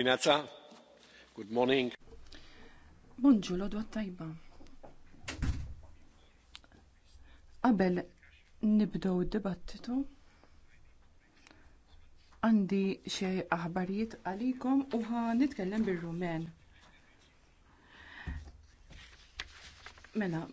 Inazza, good morning. Bonġu, l-odwa tajba. Qabel nibdow dibattitu, għandi xej aħbarijiet għalikom u nitkellem bil-Rumen. Mela,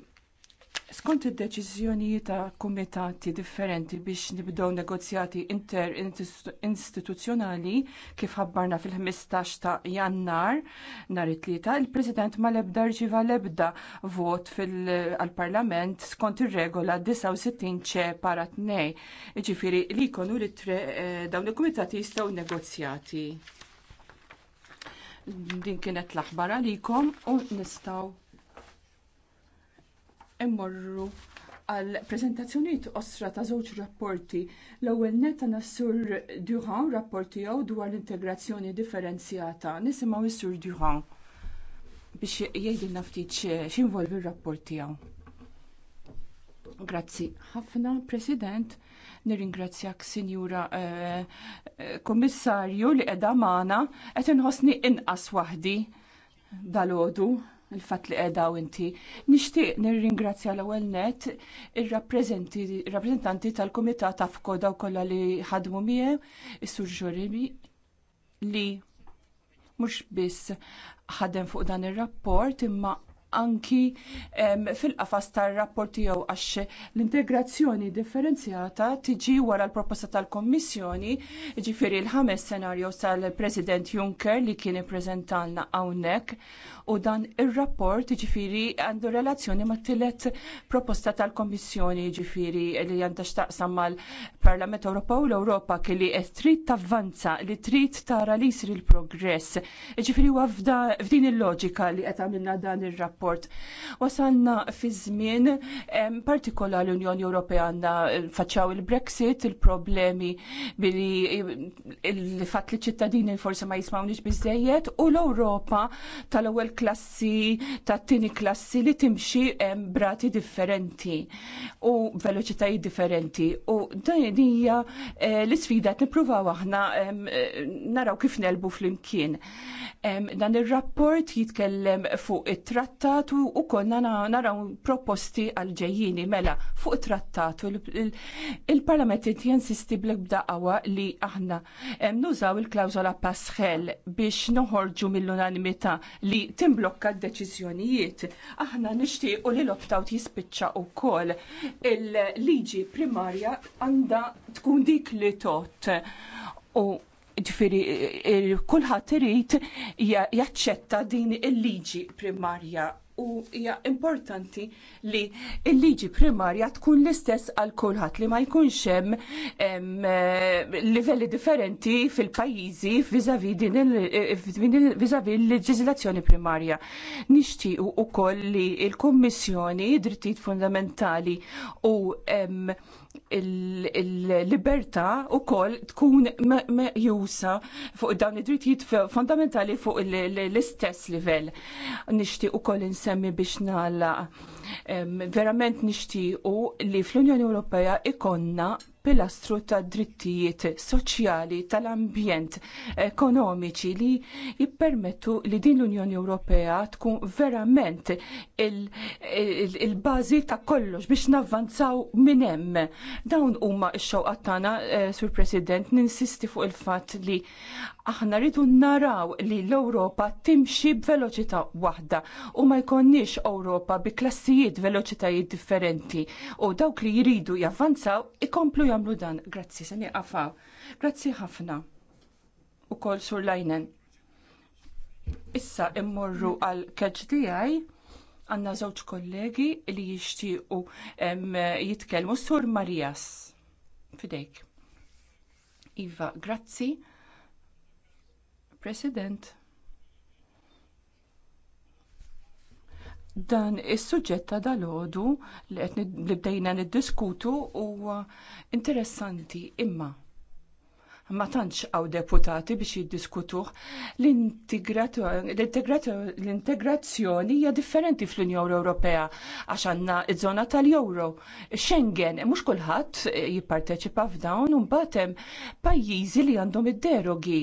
Skont id-deċiżjonijiet ta' kumitati differenti biex nibdew negozjati interinstituzzjonali kif ħabbarna fil-15 ta' jannar nhar it-tlieta, il-President ma lebda rċiva lebda vot fil-Parlament skont ir-regola 69 ċe para tnej. Ġifieri li konu li tre eh, dawn il-kumitati jistgħu negozjati. Din kienet l-aħbar għalikom u nistgħu immorru għal prezentazzjoniet osra ta' żewġ rapporti. L-ewwel net għandna sur Duran rapporti jew dwar l-integrazzjoni differenzjata. Nisimgħu s-sur Duran biex jgħidilna ftit x'involvi r-rapport tiegħu. Grazzi ħafna, President. Nirringrazzjak, Sinjura eh, eh, Kommissarju, li qiegħda magħna qed inħossni inqas waħdi dal għodu il-fat li edha u inti. Nishtiq nir-ringrazzja l ewwel net il-rappresentanti tal-Komitat ta' Fkoda u kolla li ħadmu mie, il-Sur Ġorimi, li mux biss ħadem fuq dan il-rapport imma anki fil-qafas tar-rapport jew għax l-integrazzjoni differenzjata tiġi wara l-proposta tal-Kommissjoni, ġifieri l-ħames senarju sal president Juncker li kien ippreżentalna hawnhekk u dan ir-rapport ġifiri għandu relazzjoni ma' tillet proposta tal-Kommissjoni ġifiri li għanda xtaqsam mal-Parlament Ewropew l-Ewropa kelli trid tavvanza li trid tara li jisir il-progress. Ġifiri huwa f'din il-loġika li qed għamilna dan ir-rapport. Wasalna fi żmien partikola l-Unjoni Ewropea għandna faċċaw il-Brexit, il-problemi billi il-fatt li ċittadini forsi ma jismawniex bizzejiet u l-Ewropa tal-ewwel klassi ta' tini klassi li timxi brati differenti u veloċitajiet differenti u din hija eh, l-isfida qed nippruvaw aħna eh, naraw kif nelbu flimkien. Dan ir-rapport jitkellem fuq it-trattatu u konna naraw proposti għal ġejjini mela fuq it-trattatu il-Parlament jinsisti bl-ebda qawwa li aħna nużaw il-klawżola pasħel biex noħorġu mill-unanimità li timblokka d-deċiżjonijiet. Aħna nixtiequ li l-opt-out jispiċċa wkoll. Il-liġi primarja għandha tkun dik li tot. U ġifiri, eh, eh, kullħat irid jaċċetta din il-liġi primarja u hija importanti li l-liġi primarja tkun l-istess għal kulħadd li ma jkunx hemm eh, livelli differenti fil-pajjiżi viżavi din eh, l-leġiżlazzjoni primarja. Nixtiequ ukoll li l-Kummissjoni drittijiet fundamentali u il-libertà u koll tkun meħjusa fuq dawn id-drittijiet fondamentali fuq l-istess livell. Nishti u koll insemmi biex nala verament nishti u li fl-Unjoni Ewropea ikonna pilastru ta' drittijiet soċjali, tal-ambjent, ekonomiċi li jippermettu li din l-Unjoni Ewropea tkun verament il-bażi ta' kollox biex navvanzaw minn hemm. Dawn huma x-xewqat tagħna, eh, Sur President, ninsisti fuq il-fatt li aħna rridu naraw li l-Ewropa timxi b'veloċità waħda u ma jkonniex Ewropa bi klassijiet veloċitajiet differenti u dawk li jridu javvanzaw ikomplu tagħmlu dan. Grazzi, se għafaw. Grazzi ħafna. Ukoll sur lajnen. Issa immorru għal keġ għaj. għandna żewġ kollegi li jixtiequ jitkellmu sur Marijas. Fidejk. Iva, grazzi. President. dan is-suġġett ta' dalodu li qed bdejna niddiskutu huwa interessanti imma ma tantx għaw deputati biex jiddiskutuh l-integrazzjoni hija differenti fl-Unjoni Ewropea għax għandna iż-żona tal-Euro. Schengen mhux kulħadd jipparteċipa f'dawn u mbagħad hemm pajjiżi li għandhom id-derogi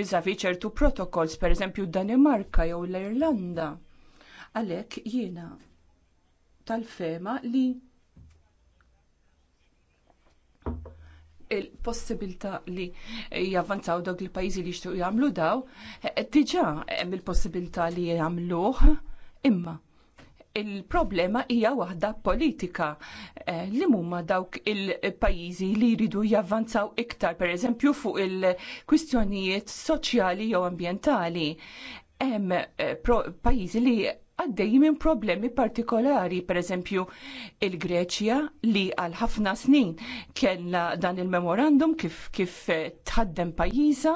vis ċertu protokolls, pereżempju d Danimarka jew l-Irlanda Għalhekk jiena tal-fema li il-possibilità li javvanzaw dawk il-pajjiżi li jixtiequ jagħmlu daw, diġà hemm il-possibilità li jagħmluh, imma il-problema hija waħda politika eh, li huma dawk il-pajjiżi li jridu javvanzaw iktar, pereżempju fuq il-kwistjonijiet soċjali jew ambjentali. Hemm eh, pajjiżi li għaddej minn problemi partikolari, per eżempju il-Greċja li għal ħafna snin kella dan il-memorandum kif, kif tħaddem pajjiża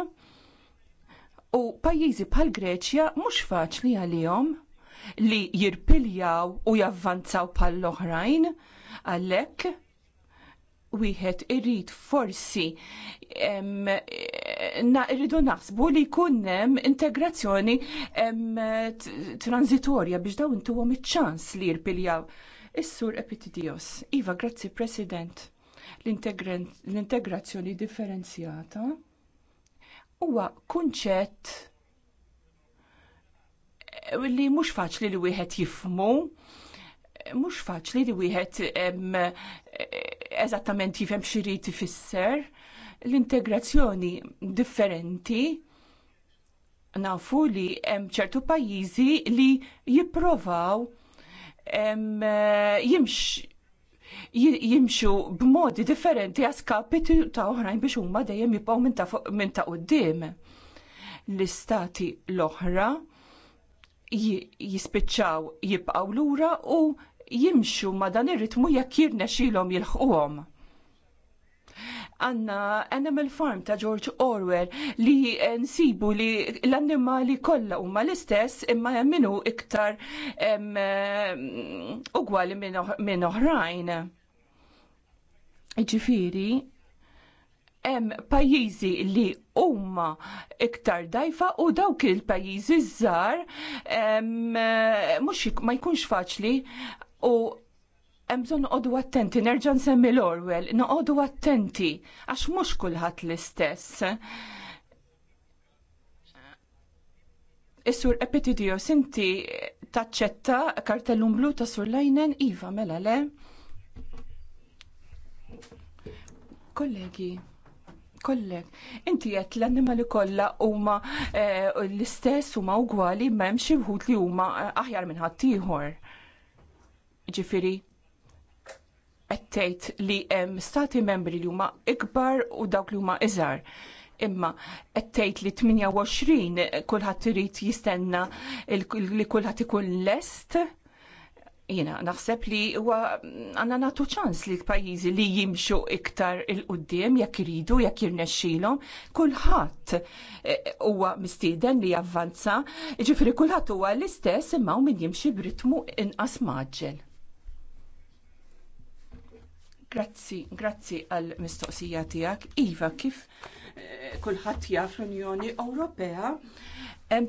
u pajjiżi bħal Greċja mhux faċli għalihom li jirpiljaw u javvanzaw bħall oħrajn għalhekk wieħed irrid forsi na irridu naħsbu li kunnem integrazzjoni transitorja biex daw intuhom iċ-ċans li jirpiljaw. Is-sur Epitidios, Iva, grazzi President, l-integrazzjoni differenzjata huwa kunċett eh, li mhux faċli li wieħed jifmu, eh, mhux faċli li wieħed eh, eżattament jifhem xi rid ifisser L-integrazzjoni differenti nafu li hemm ċertu pajjiżi li jipprovaw eh, jimx jimxu b'modi differenti għaskapitu ta' oħrajn biex huma dejjem jibqgħu minn ta' quddiem qudiem. L-istati l-oħra jispiċċaw jibqgħu lura u jimxu ma' dan ir-ritmu jekk jirnexilhom jilħquhom għanna Animal Farm ta' George Orwell li eh, nsibu li l-annimali kollha huma l-istess imma jemminu iktar eh, ugwali minn oħrajn. Ġifiri, hemm pajjiżi li huma iktar dajfa u dawk il-pajjiżi żgħar eh, mhux ma jkunx faċli u hemm bżonn noqogħdu attenti, nerġan nsemmi l-Orwell, noqogħdu attenti għax mhux kulħadd l-istess. Is-sur Epitidios inti taċċetta kartellum blu ta' sur Lajnen iva mela le. Kollegi, kolleg, inti jett l-annimali kollha huma eh, l-istess huma ugwali m'hemm xi wħud li huma eh, aħjar minn ħadd ieħor qed tgħid li hemm stati membri li huma ikbar u dawk li huma iżgħar. Imma qed tgħid li 28 kulħadd irid jistenna li kulħadd ikun lest jina naħseb li huwa għandna nagħtu ċans li pajjiżi li jimxu iktar il-qudiem jekk iridu jekk jirnexxilhom, kulħadd eh, huwa mistieden li javvanza, jiġifieri kulħadd huwa l-istess imma min jimxi b'ritmu inqas maġġel. Grazzi, grazzi għal mistoqsija tiegħek. Iva, kif eh, kulħadd jaf l-Unjoni Ewropea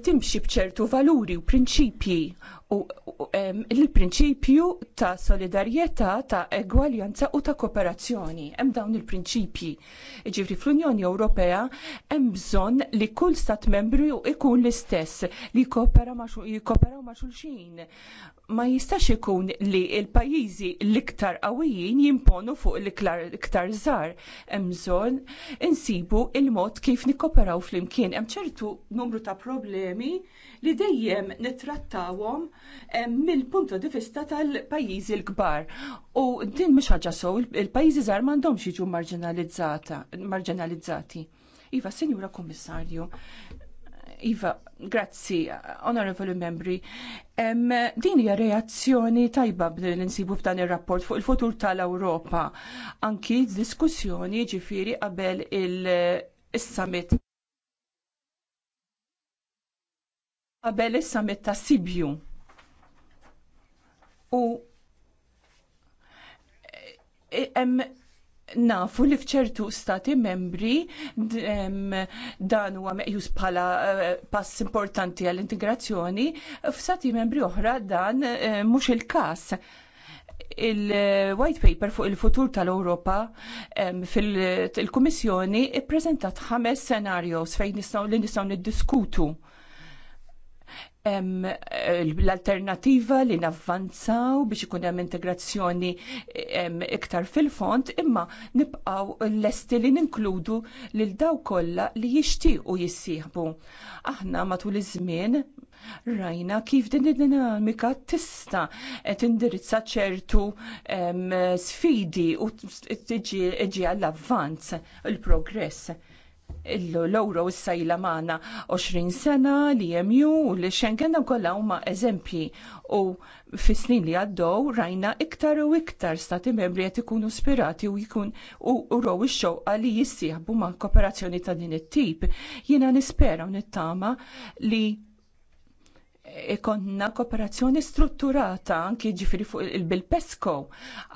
timxi bċertu valuri u prinċipji u il-prinċipju ta' solidarjetà, ta' egwaljanza u ta' kooperazzjoni. Hemm dawn il-prinċipji. Ġifri fl-Unjoni Ewropea hemm bżonn li kull stat membru ikun l-istess li jkopera ma' xulxin. Ma jistax ikun li l-pajjiżi l-iktar qawwijin jimponu fuq l-iktar żgħar. Hemm bżonn insibu il-mod kif nikkoperaw flimkien. Hemm ċertu numru ta' problemi problemi li dejjem nittrattawhom eh, mill-punt di vista tal-pajjiżi l-kbar. U din mhux ħaġa sew il-pajjiżi żgħar m'għandhomx jiġu marginalizzati. Iva, Sinjura Kommissarju, Iva, grazzi, onorevoli membri. Em, din hija reazzjoni tajba li nsibu f'dan ir-rapport fuq il-futur tal-Ewropa. Anki diskussjoni ġifiri qabel il-summit. qabel is-summit ta' Sibju. U hemm e, nafu li fċertu stati membri dan huwa meqjus bħala eh, pass importanti għall-integrazzjoni, f'stati membri oħra dan eh, mhux il-każ. Il-White Paper fuq il-futur tal-Europa fil-Kummissjoni ippreżentat ħames scenarios fejn nistgħu li nistgħu niddiskutu l-alternativa li navvanzaw biex ikun hemm integrazzjoni iktar fil-font imma nibqgħu lesti li ninkludu lil daw kollha li jixtiequ jissieħbu. Aħna matul iż-żmien rajna kif din id-dinamika tista tindirizza ċertu sfidi u tiġi għall-avvanz il-progress l-euro issa jila maħna 20 sena li jemju u li Schengen kolla huma eżempji u fi snin li għaddew rajna iktar u iktar stati membri qed ikunu spirati u jkun u row ix-xewqa li jissieħbu ma' kooperazzjoni ta' din it-tip. Jiena nispera u nittama li ikonna kooperazzjoni strutturata anki ġifiri fuq il-bil-PESCO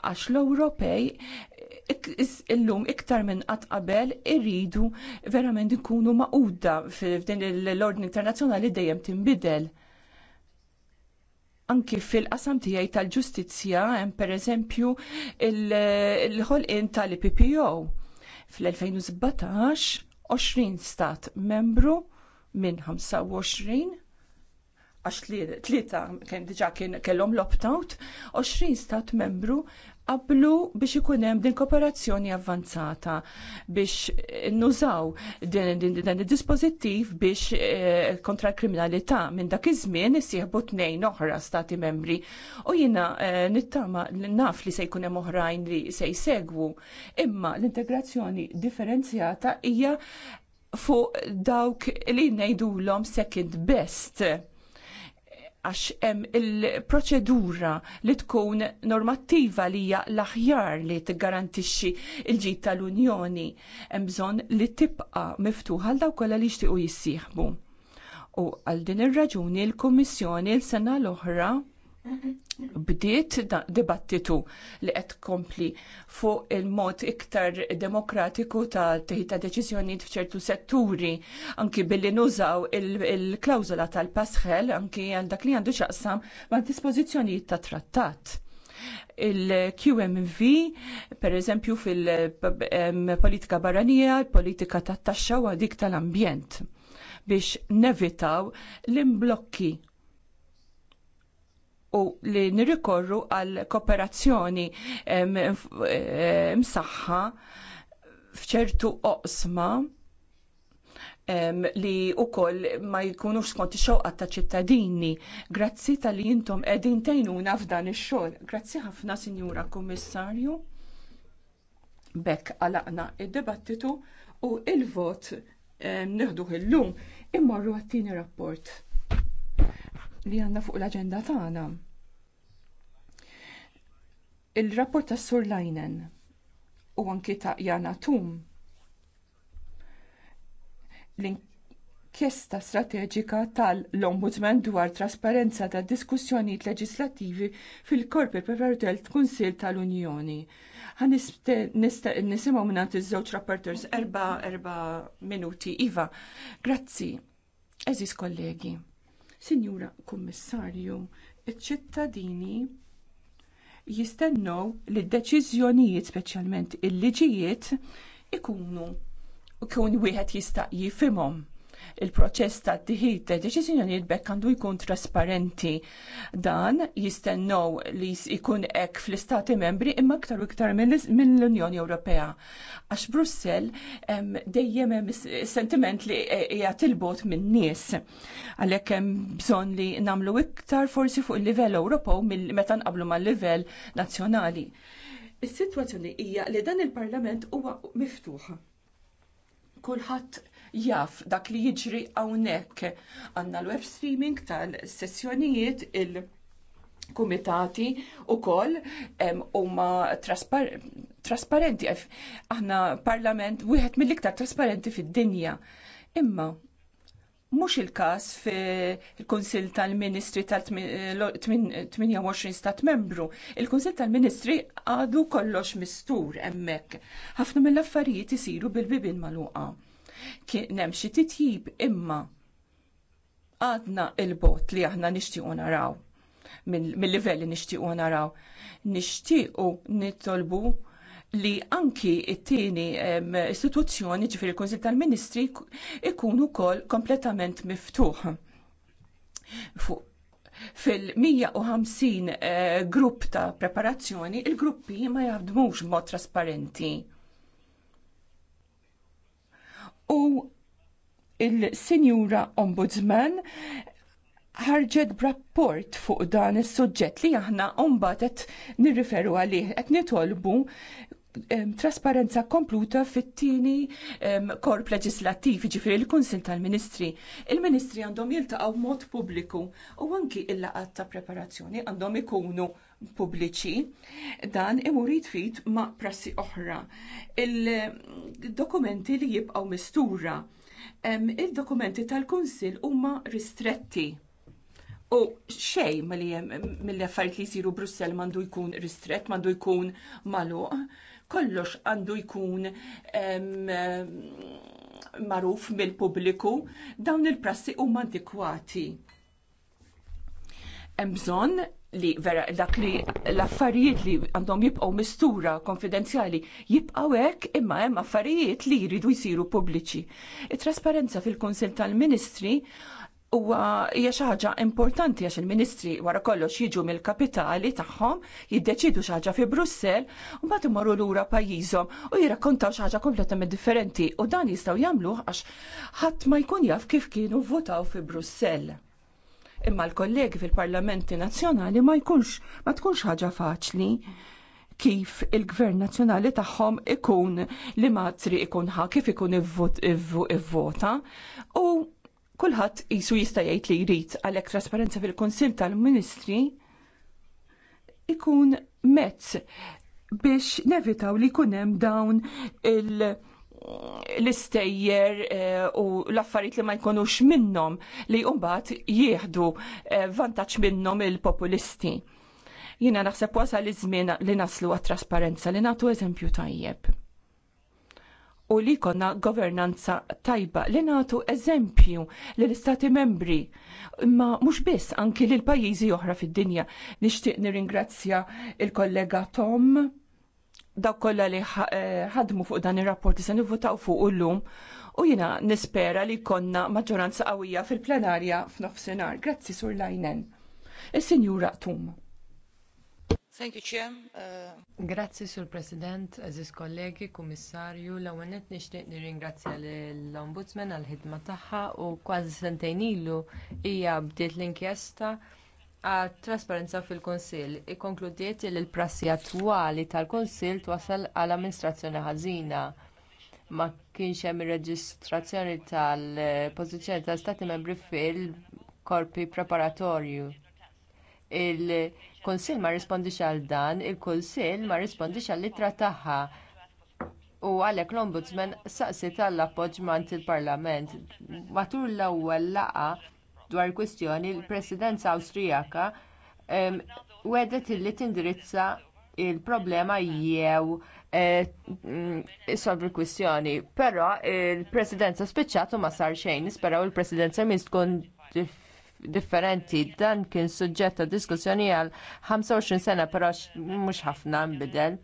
għax l-Ewropej illum iktar minn qatt qabel irridu verament ikunu maquda f'din l-ordni internazzjonali dejjem tinbidel. Anki fil-qasam tiegħi tal-ġustizzja hemm pereżempju l ħolqien tal-PPO fl-2017 20 stat membru minn 25 għax tlieta kien diġà kien kellhom l-opt-out, 20 stat membru qablu biex ikun hemm din kooperazzjoni avvanzata biex nużaw dan id-dispożittiv biex eh, kontra l-kriminalità minn dak iż-żmien isieħbu tnejn oħra stati membri u jiena eh, nittama naf li se jkun hemm oħrajn li se jsegwu. Imma l-integrazzjoni differenzjata hija fuq dawk li ngħidulhom second best għax hemm il-proċedura li tkun normattiva li hija l-aħjar li tiggarantixxi il-ġid tal-Unjoni hemm bżonn li tibqa' miftuħa l dawk kollha li jixtiequ jissieħbu. U għal din ir-raġuni l-Kummissjoni l-sena l-oħra bdiet dibattitu li qed kompli fuq il-mod iktar demokratiku ta' teħita deċiżjonijiet f'ċertu setturi anki billi nużaw il il tal-pasħel anki għal dak li għandu xaqsam ma' dispożizzjonijiet ta' trattat il-QMV, per eżempju fil-politika barranija, politika tat taxxa u dik tal-ambjent biex nevitaw l-imblokki u li nirrikorru għal kooperazzjoni msaħħa fċertu oqsma li u koll ma jkunux skont xoqqa ta' ċittadini. Grazzi tal-li jintom edin tejnuna f'dan ix-xogħol. Grazzi ħafna, Sinjura Kommissarju. Bekk għalaqna id-dibattitu u il-vot nħduħ il illum immorru għat-tieni rapport li għandna fuq l-aġenda tagħna. Il-rapport tas Sur Lajnen u anki ta' Jana Tum l-inkjesta strateġika tal-Ombudsman dwar trasparenza tad diskussjonijiet leġislattivi fil-korpi t kunsil tal-Unjoni. Għan nisimaw minnant iż-żewġ rapporters erba, erba minuti. Iva, grazzi, eżis kollegi. Sinjura Kummissarju, iċ-ċittadini jistennew li d-deċiżjonijiet speċjalment il-liġijiet ikunu kun wieħed jista' jifhimhom il-proċess ta' ta' deċiżjoni bekk għandu jkun trasparenti. Dan jistennow li jkun hekk fl-Istati membri imma aktar u iktar mill-Unjoni Ewropea. Għax Brussel dejjem hemm sentiment li hija e- tilbot min-nies. Għalhekk hemm bżonn li nagħmlu iktar forsi fuq il-livell Ewropew meta nqablu mal-livell nazzjonali. Is-sitwazzjoni hija li dan il-Parlament huwa miftuħ. Kulħadd jaf dak li jiġri hawnhekk. Għandna l-web streaming tal-sessjonijiet il- kumitati u koll huma ma trasparenti. Aħna parlament wieħed mill-iktar trasparenti fid-dinja. Imma mhux il-każ fil-Kunsill tal-Ministri tal-28 stat membru. Il-Kunsill tal-Ministri għadu kollox mistur hemmhekk. Ħafna mill-affarijiet isiru bil-bibin maluqa kien hemm xi titjib imma għadna il-bot li aħna nixtiequ naraw mill-livell li nixtiequ naraw. Nixtiequ nitolbu li anki it-tieni istituzzjoni ġifir il-Kunsil tal-Ministri ikunu kol kompletament miftuħ. fil-150 eh, grupp ta' preparazzjoni, il-gruppi ma jaħdmux mod trasparenti u il-Sinjura Ombudsman ħarġet b'rapport fuq dan is-suġġett li aħna mbagħad qed nirriferu għalih qed nitolbu trasparenza kompluta fit-tieni korp leġislattiv, ġifiri il-Kunsil tal-Ministri. Il-Ministri għandhom jiltaqgħu mod pubbliku u anki il-laqat ta' preparazzjoni għandhom ikunu pubbliċi, dan imur jitfit ma' prassi oħra. Il-dokumenti li jibqgħu mistura, il-dokumenti tal-Kunsil huma ristretti. U xej mill-affarijiet li jsiru Brussell m'għandu jkun ristret, m'għandu jkun magħluq, kollox għandu jkun magħruf mill-pubbliku, dawn il-prassi huma antikwati hemm bżonn li vera dak li l-affarijiet li għandhom jibqgħu mistura konfidenzjali jibqgħu hekk imma hemm affarijiet li jridu jsiru pubbliċi. It-trasparenza fil kunsill tal-Ministri huwa hija xi ħaġa importanti għax il-Ministri wara kollox jiġu mill-kapitali tagħhom, jiddeċidu xi ħaġa fi Brussell, u mbagħad imorru lura pajjiżhom u jirrakkontaw xi ħaġa kompletament differenti u dan jistgħu jagħmluh għax ħadd ma jkun jaf kif kienu votaw fi Brussell imma l-kollegi fil-parlamenti nazzjonali ma jkunx, ma tkunx ħaġa faċli kif il-gvern nazzjonali tagħhom ikun li matri ikun ħa kif ikun ivvota u kulħadd isu jista' jgħid li jrid għalhekk trasparenza fil-Kunsill tal-Ministri ikun mezz biex nevitaw li jkun hemm dawn il- l-istejjer eh, u l-affarijiet li ma jkunux minnhom li mbagħad jieħdu eh, vantaġġ minnhom il-populisti. Jiena naħseb wasal iż-żmien li naslu għat-trasparenza li nagħtu eżempju tajjeb. U li konna governanza tajba li nagħtu eżempju li l-istati membri imma mhux biss anki lill pajjiżi oħra fid-dinja. Nixtieq nirringrazzja il-kollega Tom dawk kollha li eh, ħadmu fuq dan ir-rapporti se nivvotaw fuq ullum u jiena nispera li konna maġġoranza qawwija fil-plenarja f'nofsinhar. Grazzi Sur Lajnen. Is-Sinjura Tum. Thank you, Chair. Uh, Grazzi Sur President, aziz kollegi, kummissarju, l-ewwel nett nixtieq nirringrazzja l-Ombudsman għall-ħidma tagħha u kważi sentejn ilu hija bdiet l-inkjesta għat trasparenza fil-kunsill ikkonkludiet li l-prassi attwali tal-kunsill twassal għal amministrazzjoni ħażina ma kienx hemm ir-reġistrazzjoni tal-pożizzjoni ta' stati membri fil-korpi preparatorju. Il-Kunsill ma rrispondix għal dan, il-Kunsill ma rrispondix għall ittra tagħha u għalhekk l-Ombudsman saqsi tal appoġġ mant il-Parlament. Matul l-ewwel laqgħa dwar il-kwistjoni l-Presidenza Awstrijaka wedet illi tindirizza l problema jew eh, mm, isolvi l-kwistjoni. Però l presidenza spiċċatu ma sar xejn, nisperaw il-Presidenza minn tkun differenti. Dan kien suġġett ta' diskussjoni għal 25 sena, però mhux ħafna nbidel.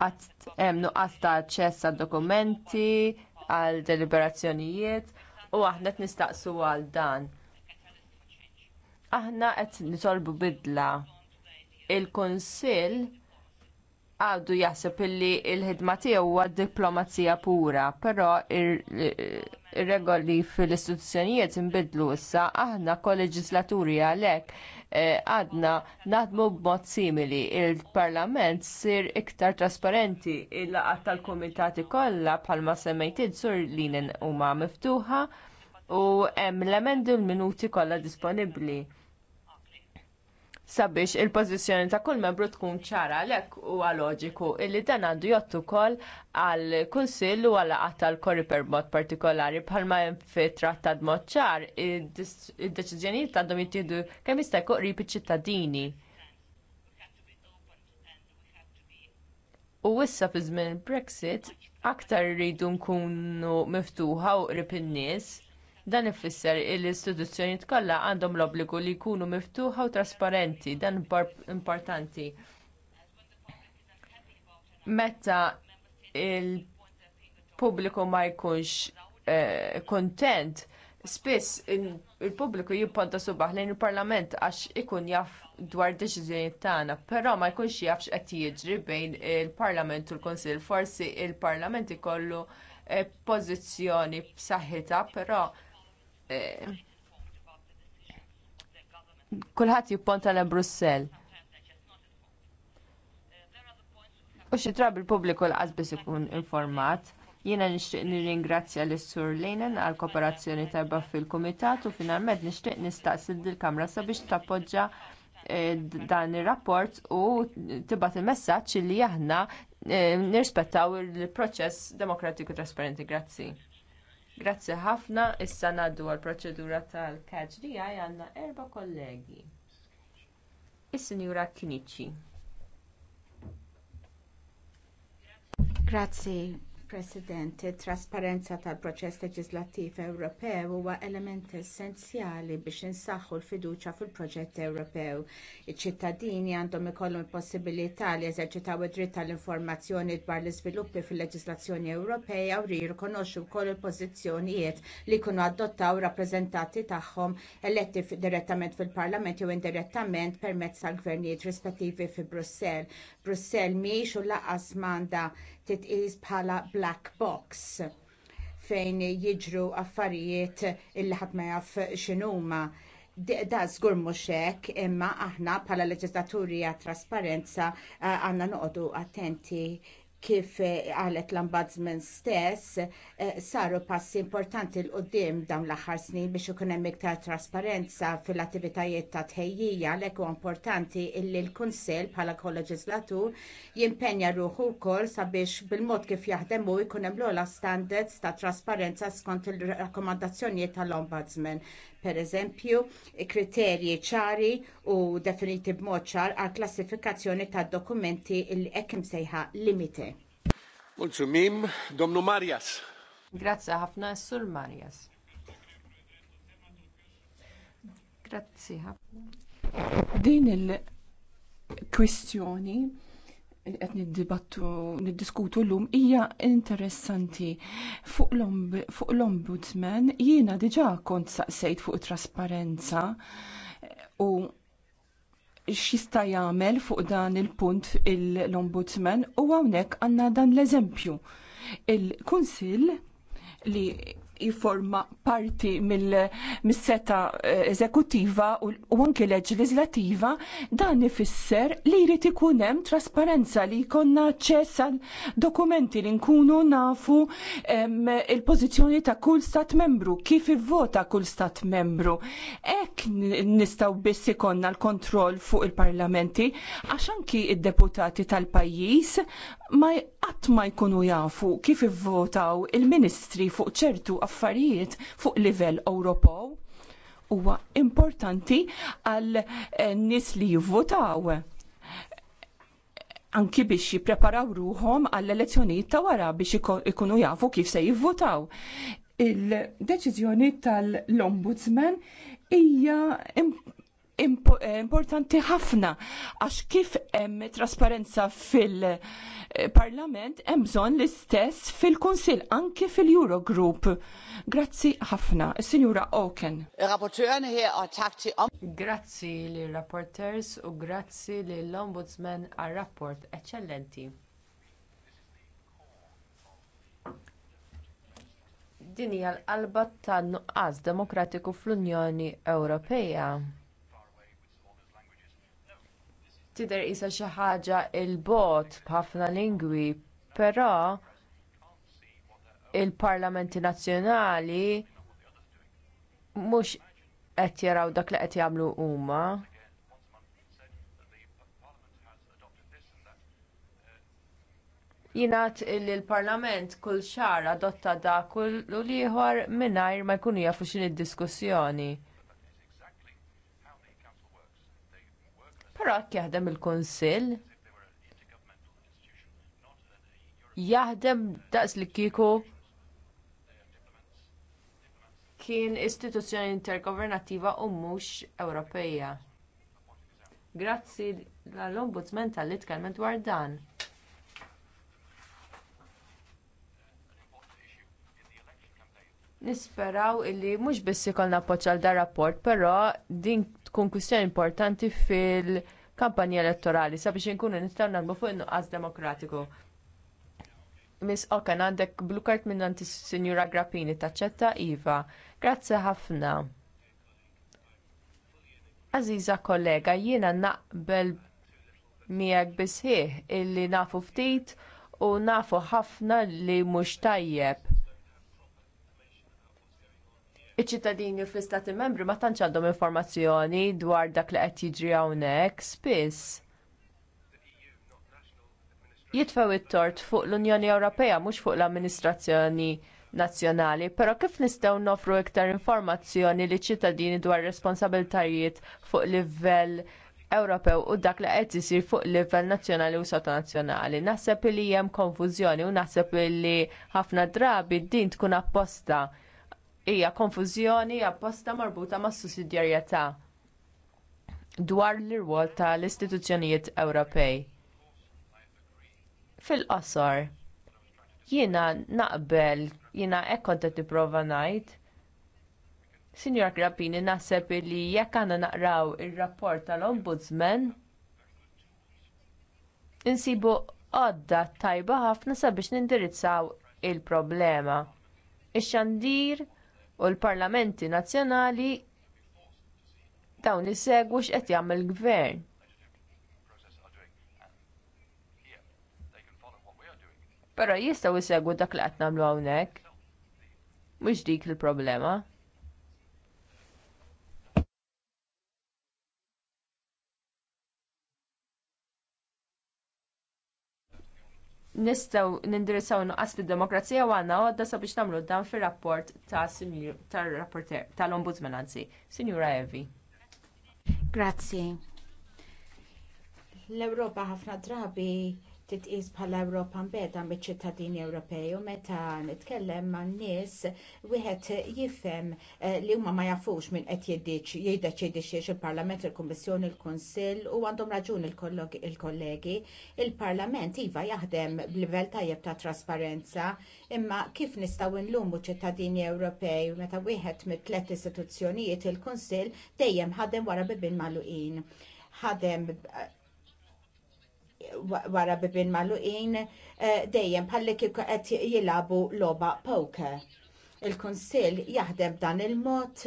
Għat hemm nuqqas ta' aċċess għad dokumenti, għal deliberazzjonijiet u aħna qed nistaqsu għal dan. Aħna qed nitolbu bidla. Il-Kunsill għaddu jaħseb illi il-ħidma tiegħu huwa diplomazija pura, però ir-regoli fil-istituzzjonijiet inbidlu issa aħna kolleġislaturi għalhekk għadna naħdmu b'mod simili. Il-Parlament sir iktar trasparenti il laqgħat tal-Kumitati kollha bħalma semmejtid sur linen huma miftuħa u hemm l-emendi l-minuti kollha disponibbli sabiex il-pożizzjoni ta' kull membru tkun ċara għalhekk huwa loġiku illi dan għandu jottu ukoll għal kunsill u għal qatt tal-koriper mod partikolari bħalma fi trattat mod ċar id-deċiżjonijiet għandhom jittieħdu kemm jista' jkun qrib iċ-ċittadini. U issa fi żmien Brexit aktar rridu nkunu miftuħa u qrib in-nies Dan ifisser li l-istituzzjonijiet kollha għandhom l-obbligu li jkunu miftuħa u trasparenti, dan importanti. Meta il-pubbliku ma jkunx eh, kuntent, spiss il-pubbliku jipponta subaħ lejn il-Parlament għax ikun jaf dwar deċiżjonijiet tagħna, però ma jkunx jafx qed jiġri bejn il-Parlament u l-Kunsill. Forsi il-Parlament ikollu eh, pożizzjoni b'saħħitha, però Eh, kulħadd jipponta le Brussell. U xi trab il pubbliku l biss ikun informat. Jiena nixtieq nirringrazzja lis sur Lejnen għal kooperazzjoni tajba fil-Kumitat u finalment nixtieq nistaqsi dil-Kamra sabiex tappoġġa eh, dan ir-rapport u tibgħat il-messaġġ li aħna eh, nirrispettaw il-proċess demokratiku trasparenti. Grazzi. Grazzi ħafna, issa ngħaddu għall proċedura tal-catch DI għandna erba' kollegi. Is-Sinjura Kniċi. Grazzi, President, it trasparenza tal-proċess leġislattiv Ewropew huwa element essenzjali biex insaħħu l-fiduċja fil-proġett Ewropew. Iċ-ċittadini għandhom ikollhom il-possibilità li jeżerċitaw id-dritt tal-informazzjoni dwar l-iżviluppi fil-leġislazzjoni Ewropea u jirrikonoxxu wkoll il-pożizzjonijiet li jkunu adottaw rappreżentanti tagħhom eletti direttament fil-Parlament jew indirettament permezz tal-gvernijiet rispettivi fi Brussell. Brussell mhix u lanqas m'għandha titqis bħala black box fejn jiġru affarijiet illi ħadd ma jaf x'inhuma. Da żgur mhux hekk, imma aħna bħala leġislaturi għat trasparenza eh, għandna noqogħdu attenti kif eh, għalet l-ombudsman stess, eh, saru passi importanti l-qoddim dawn l-axar snin biex ikun hemm iktar trasparenza fil-attivitajiet ta' tħejjija għalhekk huwa importanti illi l-Kunsill bħala kolleġislatur jimpenja ruħu wkoll sabiex bil-mod kif jaħdem hu jkun hemm l-ogħla standards ta' trasparenza skont ir rakkomandazzjonijiet tal-Ombudsman pereżempju kriterji ċari u definiti b'mod ċar għal klassifikazzjoni tad dokumenti l hekk sejħa limite. mim, domnu Marjas. Grazzi ħafna, Sur Marjas. Grazzi ħafna. Din il-kwistjoni qed niddibattu niddiskutu llum hija interessanti. Fuq l-Ombudsman jiena diġà kont saqsejt fuq trasparenza u x'jista' jagħmel fuq dan il-punt l-Ombudsman u hawnhekk għandna dan l-eżempju. Il-Kunsill li jiforma parti mill-seta eh, eżekutiva u anke leġislativa dan ifisser li jrid ikun hemm trasparenza li jkollna aċċess għal dokumenti li nkunu nafu il-pożizzjoni ta' kull stat membru, kif ivvota kull stat membru. Hekk nistgħu biss ikonna l-kontroll fuq il-parlamenti għax anki id-deputati tal-pajjiż ma qatt ma jkunu jafu kif ivvotaw il-ministri fuq ċertu affarijiet fuq livell Ewropew huwa importanti għal eh, nies li jivvotaw anki biex jippreparaw ruhom għall elezzjonijiet ta' wara biex ikunu jafu kif se jivvotaw. Il-deċiżjoni tal-Ombudsman hija Eh, importanti ħafna għax kif hemm trasparenza fil-Parlament hemm bżonn l-istess fil-Kunsill anke fil-Eurogroup. Grazzi ħafna, Sinjura Oken. Uh, grazzi li rapporters u grazzi lill ombudsman għar rapport eċċellenti. Din hija l-qalba tan-nuqqas demokratiku fl-Unjoni Ewropea tidher qisha xi ħaġa l bogħod b'ħafna lingwi, però il-parlamenti nazzjonali mhux qed jaraw dak li qed jagħmlu huma. jingħad li l-Parlament kull xahar adotta da kull liħor mingħajr ma jkunu jafu x'inhi d-diskussjoni. Però hekk jaħdem il-Kunsill jaħdem daqs li kieku kien istituzzjoni intergovernattiva u mhux Ewropeja. Grazzi l-Ombudsman tal litkalment dwar dan. Nisperaw illi mhux biss ikollna appoġġ għal dar rapport, però din tkun kwistjoni importanti fil-kampanja elettorali sabiex inkunu nistgħu nagħmlu fuq in-nuqqas demokratiku. Miss Okan għandek blu kart minn għanti Sinjura Grappini taċċetta Iva. Grazzi ħafna. Aziza kollega, jiena naqbel miegħek bisħieħ illi nafu ftit u nafu ħafna li mhux tajjeb Iċ-ċittadini fl-istati membri ma tantx għandhom informazzjoni dwar dak li qed jiġri hawnhekk spiss. Jitfew it-tort fuq l-Unjoni Ewropea mhux fuq l-amministrazzjoni nazzjonali, però kif nistgħu nofru iktar informazzjoni li ċittadini dwar responsabiltajiet fuq livell Ewropew u dak li qed isir fuq livell nazzjonali u sotanazzjonali. Naħseb li hemm konfużjoni u naħseb li ħafna drabi din tkun apposta hija konfużjoni apposta marbuta mas sussidjarjetà dwar l-irwol tal-istituzzjonijiet Ewropej. Fil-qosor, jiena naqbel, jiena hekk kont qed nipprova ngħid. Sinjor Grappini naħseb li jekk għandna naqraw ir-rapport tal-Ombudsman, insibu għodda tajba ħafna sabiex nindirizzaw il-problema. Ix-xandir il problema ix xandir u l-parlamenti nazzjonali dawn isegwu x'qed jagħmel il-gvern. Però jistgħu jsegwu dak li qed nagħmlu hawnhekk. Mhux dik il-problema. nistgħu nindirizzaw nuqqas fid-demokrazija u għandna għodda sabiex nagħmlu dan fir-rapport tal-Ombudsman anzi, Sinjura Evi. Grazzi. L-Ewropa ħafna drabi titqis bħala Ewropa mbeda miċ-ċittadini Ewropej u meta nitkellem man nies wieħed jifhem eh, li huma ma jafux min qed jiddiċ jiddeċidi xiex il-Parlament, il-Kummissjoni, il-Kunsill u għandhom raġun il-kollegi. Il-Parlament iva jaħdem b'livell tajjeb ta' trasparenza, imma kif nistgħu nlumu ċittadini Ewropej meta wieħed mit-tliet istituzzjonijiet il-Kunsill dejjem ħadem wara bibin magħluqin ħadem eh, wara bibin maluqin eh, dejjem bħalli kif qed jilabu logħba poker. Il-Kunsill jaħdem dan il-mod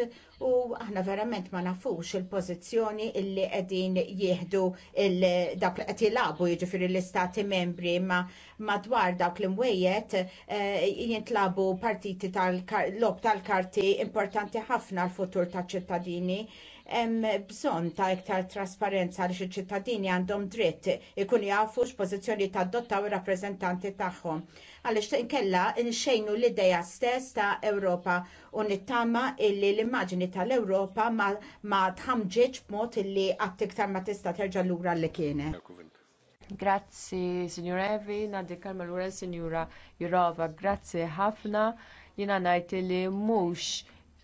u aħna verament ma nafux il-pożizzjoni illi qegħdin jieħdu dawk li qed jilabu jiġifieri l-istati membri ma madwar dawk li mwejjed eh, jintlabu partiti tal-lob tal-karti importanti ħafna l-futur taċ ċittadini hemm bżonn ta' iktar trasparenza għal xi ċittadini għandhom dritt ikun jafu x'pożizzjoni tadottaw ir-rappreżentanti tagħhom. Għaliex inkella nxejnu l-idea stess ta' Ewropa u nittama illi l-immaġni tal-Ewropa ma, ma tħamġiġ b'mod illi qatt iktar ma tista' terġa' lura li kienet. Grazzi, signor Evi, nadi kalma l-ura, signora Jurova, grazzi ħafna, jina najt li mux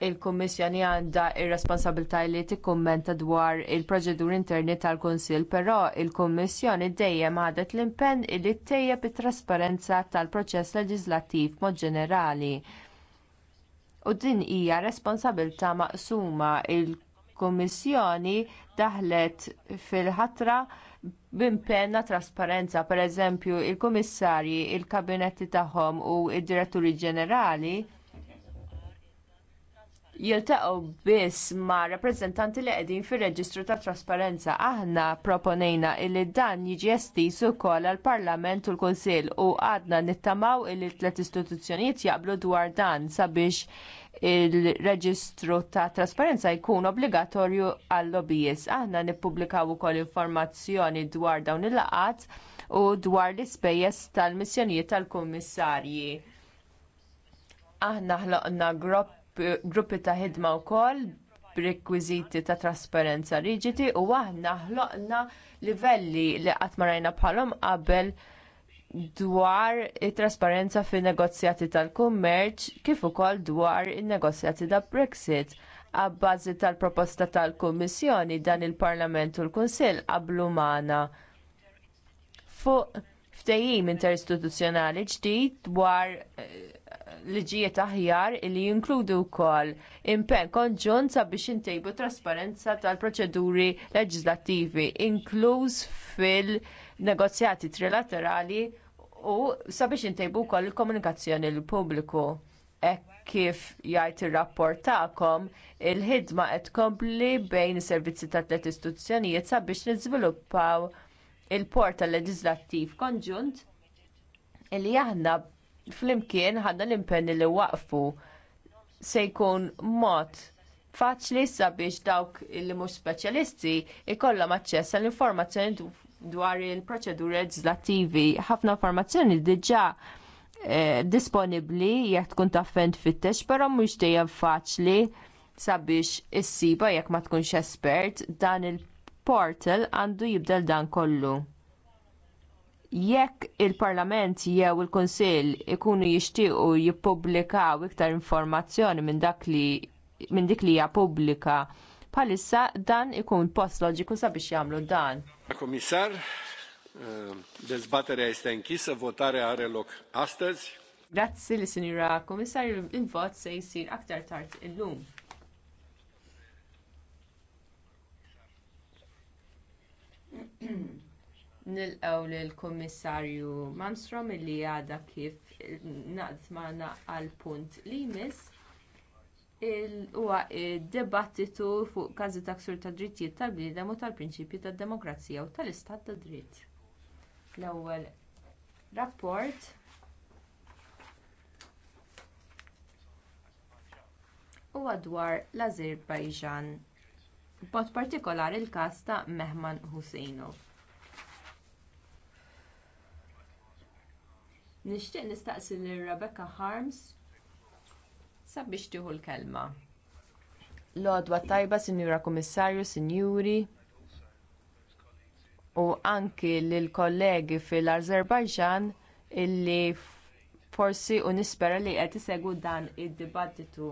il-Kummissjoni għandha r responsabilità li tikkummenta dwar il-proċeduri interni tal-Kunsill, però il kummissjoni dejjem għadet l-impenn li ttejjeb it-trasparenza tal-proċess leġislattiv mod ġenerali. U din hija responsabilità maqsuma il-Kummissjoni daħlet fil-ħatra b'impenna trasparenza, pereżempju l-Kummissarji, il-kabinetti tagħhom u d diretturi ġenerali jiltaqgħu biss ma' rappreżentanti li qegħdin fir-Reġistru tat Trasparenza. Aħna proponejna li dan jiġi estis ukoll għall Parlament u l-Kunsill u għadna nittamaw illi tliet istituzzjonijiet jaqblu dwar dan sabiex il-reġistru ta' trasparenza jkun obbligatorju għall lobbyist Aħna nippubblikaw ukoll informazzjoni dwar dawn il-laqat u dwar l-ispejjeż tal-missjonijiet tal-kummissarji aħna ħloqna grupp gruppi ta' ħidma wkoll b'rekwiżiti ta' trasparenza riġidi u aħna ħloqna livelli li qatt ma rajna bħalhom qabel dwar it-trasparenza fin negozjati tal-kummerċ kif ukoll dwar in-negozjati ta' Brexit. Abbażi tal-proposta tal-Kummissjoni dan il-Parlament u l-Kunsill qablu magħna fuq ftehim interistituzzjonali ġdid dwar eh, liġijiet aħjar li jinkludu wkoll impenn konġunt sabiex intejbu trasparenza tal-proċeduri leġislattivi inkluż fil-negozjati trilaterali u sabiex intejbu wkoll il-komunikazzjoni l pubbliku Hekk kif jgħid ir-rapport tagħkom, il-ħidma qed tkompli bejn is-servizzi tat tliet istituzzjonijiet sabiex niżviluppaw il-portal leġislattiv konġunt illi aħna flimkien ħadna l-impenni li waqfu se jkun mod faċli sabiex dawk li mhux speċjalisti jkollhom aċċess għall informazzjoni dwar il-proċeduri legislattivi. Ħafna informazzjoni diġà eh, disponibbli jekk tkun taffent fittex, però mhux dejjem faċli sabiex issiba jekk ma tkunx espert dan il-portal għandu jibdel dan kollu jekk il-Parlament jew il-Kunsill ikunu jixtiequ jippubblikaw iktar informazzjoni minn dak li minn dik li hija pubblika bħalissa dan ikun post loġiku sabiex jagħmlu dan. Komissar, eh, Grazzi li sinjura Komissarju, il-vot se jsir aktar tard illum. mm nilqgħu lill kummissarju Malmstrom illi għadha kif naqt magħna għal punt li jmiss huwa d-dibattitu fuq każi ta' ksur tad drittijiet tal-bniedem u tal-prinċipji tad-demokrazija u tal-istat ta' dritt. L-ewwel rapport huwa dwar l-Azerbajġan b'mod partikolari l-każ ta' Mehman Husseinov. Nixtieq nistaqsi lil Rebecca Harms sabiex tieħu l-kelma. Lodwa tajba, Sinjura komissarju, Sinjuri, u anki lill kollegi fil-Azerbajġan illi forsi u nispera li qed isegwu dan id-dibattitu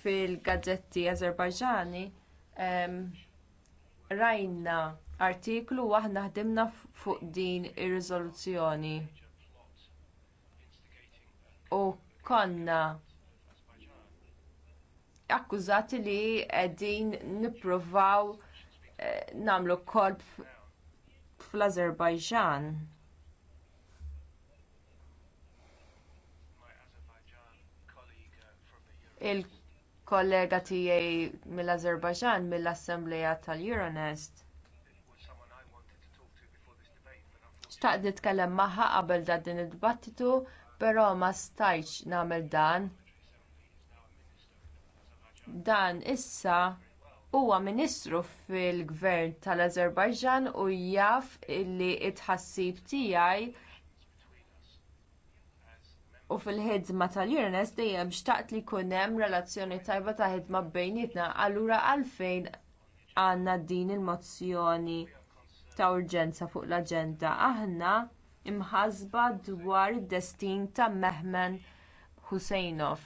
fil-gazzetti Azerbajġani. Um, rajna artiklu u aħna ħdimna fuq din ir-riżoluzzjoni. U konna akkużati li qegħdin nippruvaw eh, nagħmlu kolb fl-Azerbajġan. il kollega tiegħi mill-Azerbajġan mill-Assembleja tal-Euronest. Xtaqt nitkellem magħha qabel dan din id-dibattitu, però ma stajtx nagħmel dan. Dan issa huwa ministru fil-gvern tal-Azerbajġan u jaf li t tħassib tiegħi u fil-ħidma tal-Euronest dejjem xtaqt li jkun hemm relazzjoni tajba ta' ħidma bejnietna, allura għalfejn għandna din il-mozzjoni ta' urġenza fuq l-aġenda. Aħna imħasba dwar id-destin ta' Mehmen Husseinov.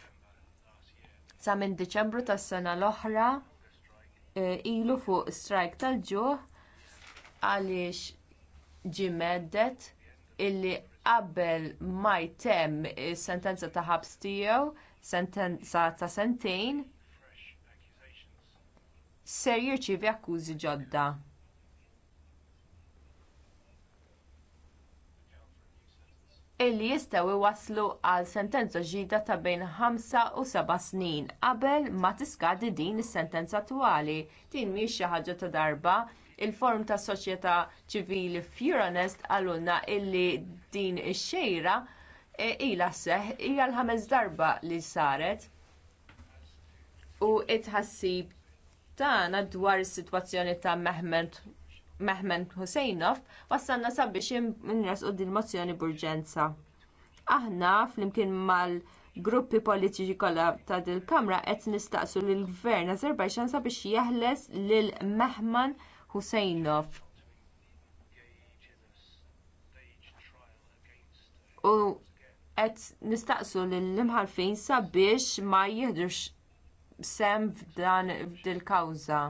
Sa minn Diċembru tas-sena l-oħra e, ilu fuq strajk tal-ġuħ għaliex ġie medet illi qabel ma jtemm is-sentenza ta' ħabs tiegħu, sentenza ta' sentejn, ser jirċievi akkużi ġodda. Illi jistgħu iwasslu għal sentenza ġdida ta' bejn 5 u 7 snin qabel ma tiskadi din is-sentenza attwali. Din mhix xi ħaġa ta' darba il-form ta' soċjetà ċivili f'Euronest għalunna illi din ix-xejra e, ilha seħħ hija l-ħames darba li saret u t tħassib tagħna dwar is-sitwazzjoni ta' Mehmet Mehmet Husejnov wassalna sabiex inres u din mozzjoni b'urġenza. Aħna flimkien mal-gruppi politiċi kollha ta' dil-Kamra qed nistaqsu lill gvern Azerbajxan sabiex jeħles lil Mehman Huseynov. U qed nistaqsu lill-imħalfin sabiex ma jihdux sem f'dan f'dil kawża.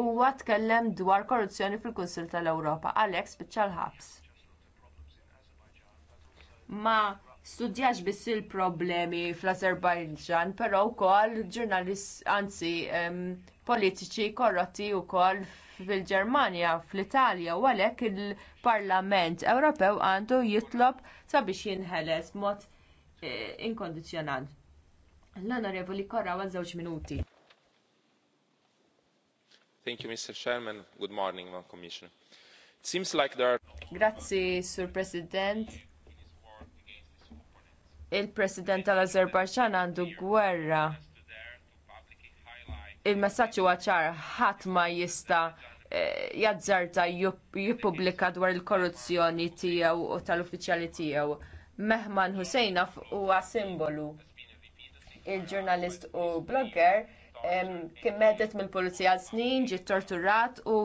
Huwa tkellem dwar korruzzjoni fil-Kunsil tal-Ewropa għalhekk spiċċa l-ħabs. Ma' studjax biss il-problemi fl-Azerbajġan, però wkoll ġurnalist anzi politiċi korrotti wkoll fil-Ġermanja, fl-Italja u għalhekk il-Parlament Ewropew għandu jitlob sabiex jinħeles b'mod e, inkondizzjonat. L-Onorevoli Korra għal żewġ minuti. Thank you, Mr. Chairman. Good morning, Commissioner. It seems like there are... Grazzi, Sur President il-President tal-Azerbajġan għandu gwerra. Il-messaġġ huwa ċar ħadd ma jista' eh, jazzarta jippubblika dwar il-korruzzjoni tiegħu u tal-uffiċjali tiegħu. Mehman Husejnaf huwa simbolu. Il-ġurnalist u blogger kien medet mill-pulizija snin, ġie torturat u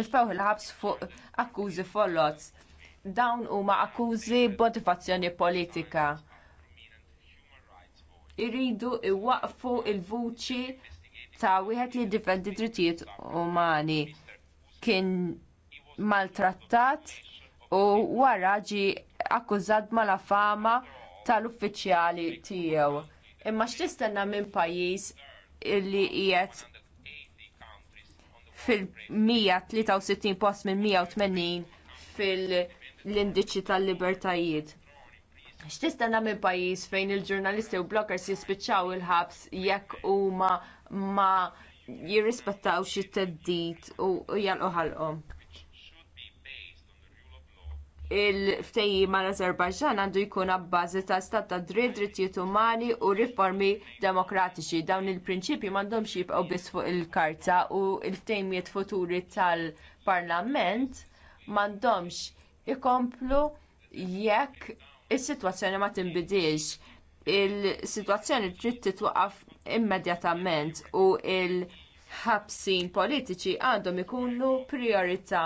mifew il-ħabs fuq akkużi follots. Dawn huma akkużi b'motivazzjoni politika irridu iwaqfu il-vuċi ta' wieħed li jiddifendi drittijiet umani kien maltrattat u wara ġie akkużat mala fama tal-uffiċjali tiegħu. Imma x'tistenna minn pajjiż li qiegħed fil-163 post minn 180 fil-indiċi tal-libertajiet. X'tista' nagħmel pajjiż fejn il-ġurnalisti u bloggers jispiċċaw il-ħabs jekk huma ma jirrispettawx it-teddid u jalqu Il-ftejji l azerbajġan għandu jkun abbażi ta' stat ta' dritt, drittijiet umani u riformi demokratiċi. Dawn il-prinċipji m'għandhomx jibqgħu biss fuq il-karta u l-ftejmiet futuri tal-Parlament m'għandhomx ikomplu jekk is-sitwazzjoni ma tinbidilx. Il-sitwazzjoni trid titwaqaf immedjatament u l ħabsin politiċi għandhom ikunu priorità.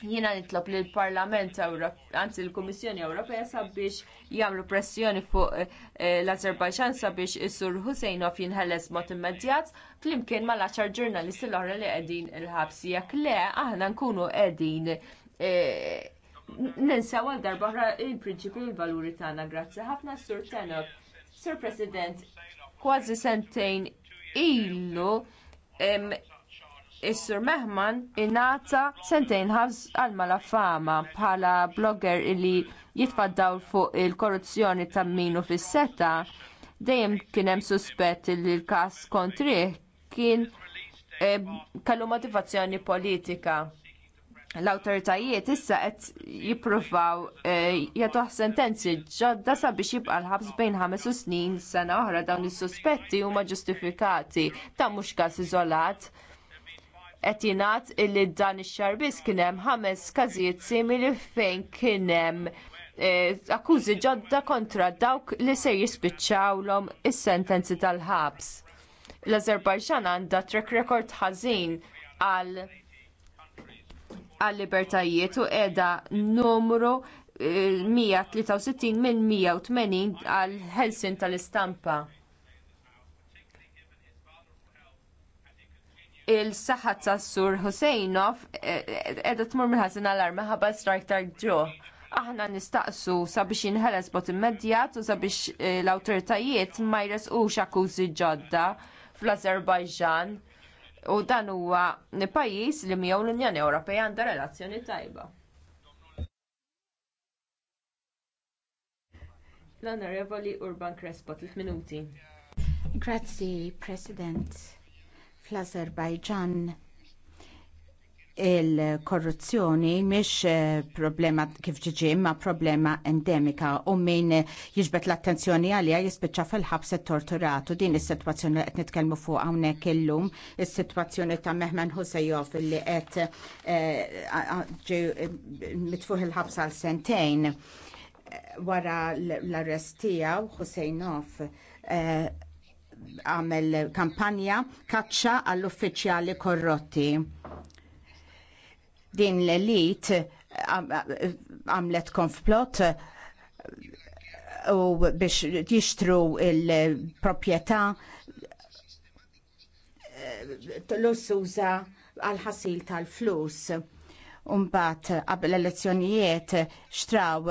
Jiena nitlob lill parlament anzi l-Kummissjoni Ewropea sabiex jagħmlu pressjoni fuq eh, l-Azerbajġan sabiex is-Sur Husejnov jinħeles mod immedjat flimkien mal-10 ġurnalisti l-oħra li qegħdin il-ħabsi jekk le aħna nkunu qegħdin eh, ninsaw għal darbaħra il-prinċipi u l-valuri tagħna. Grazzi ħafna Sur Tenok. Sur President, kważi sentejn ilu Is-Sur Mehman ingħata sentejn ħabs għal malafama bħala blogger illi jitfaddaw fuq il-korruzzjoni ta' minu fis-seta dejjem kien hemm suspett li l-każ kontrih kien eh, kellu motivazzjoni politika l-awtoritajiet issa qed jippruvaw eh, jagħtuh sentenzi ġodda sabiex jibqa' l-ħabs bejn ħames u snin sena oħra dawn is-suspetti huma ġustifikati ta' mhux każ iżolat. Qed jingħad illi dan ix-xahar biss kien hemm ħames każijiet simili fejn kien hemm eh, akkużi ġodda kontra dawk li se jispiċċawlhom is-sentenzi tal-ħabs. L-Azerbajġan għandha track record ħażin għal għal-libertajiet u qiegħda numru 163 eh, minn 180 għal ħelsien tal-istampa. Il-saħħa tas Sur Huseinov qiegħda eh, tmur mill-ħażin għall-arma ħabba straktar tal Aħna nistaqsu sabiex jinħeles bot immedjat u sabiex eh, l-awtoritajiet ma jresqux akkużi ġodda fl-Azerbajġan u dan huwa pajjiż li miegħu l-Unjoni Ewropea għandha relazzjoni tajba. L-Onorevoli Urban Crespo, 3 minuti. Grazzi, President. Fl-Azerbajġan il-korruzzjoni mhix eh, problema kif ġiġi ma problema endemika u min jiġbet l-attenzjoni għalija jispiċċa fil-ħabs torturatu din is-sitwazzjoni li qed nitkellmu fuq hawnhekk illum is-sitwazzjoni ta' Mehmen Husejjov li qed eh, mitfuħ il-ħabs għal sentejn eh, wara l-arrest tiegħu Husejnov għamel kampanja kaċċa għall-uffiċjali korrotti Din l-elit għamlet konflott u biex jixtru il-propieta l ussuza għal-ħasil tal-flus. Umbat qabel elezzjonijiet xtraw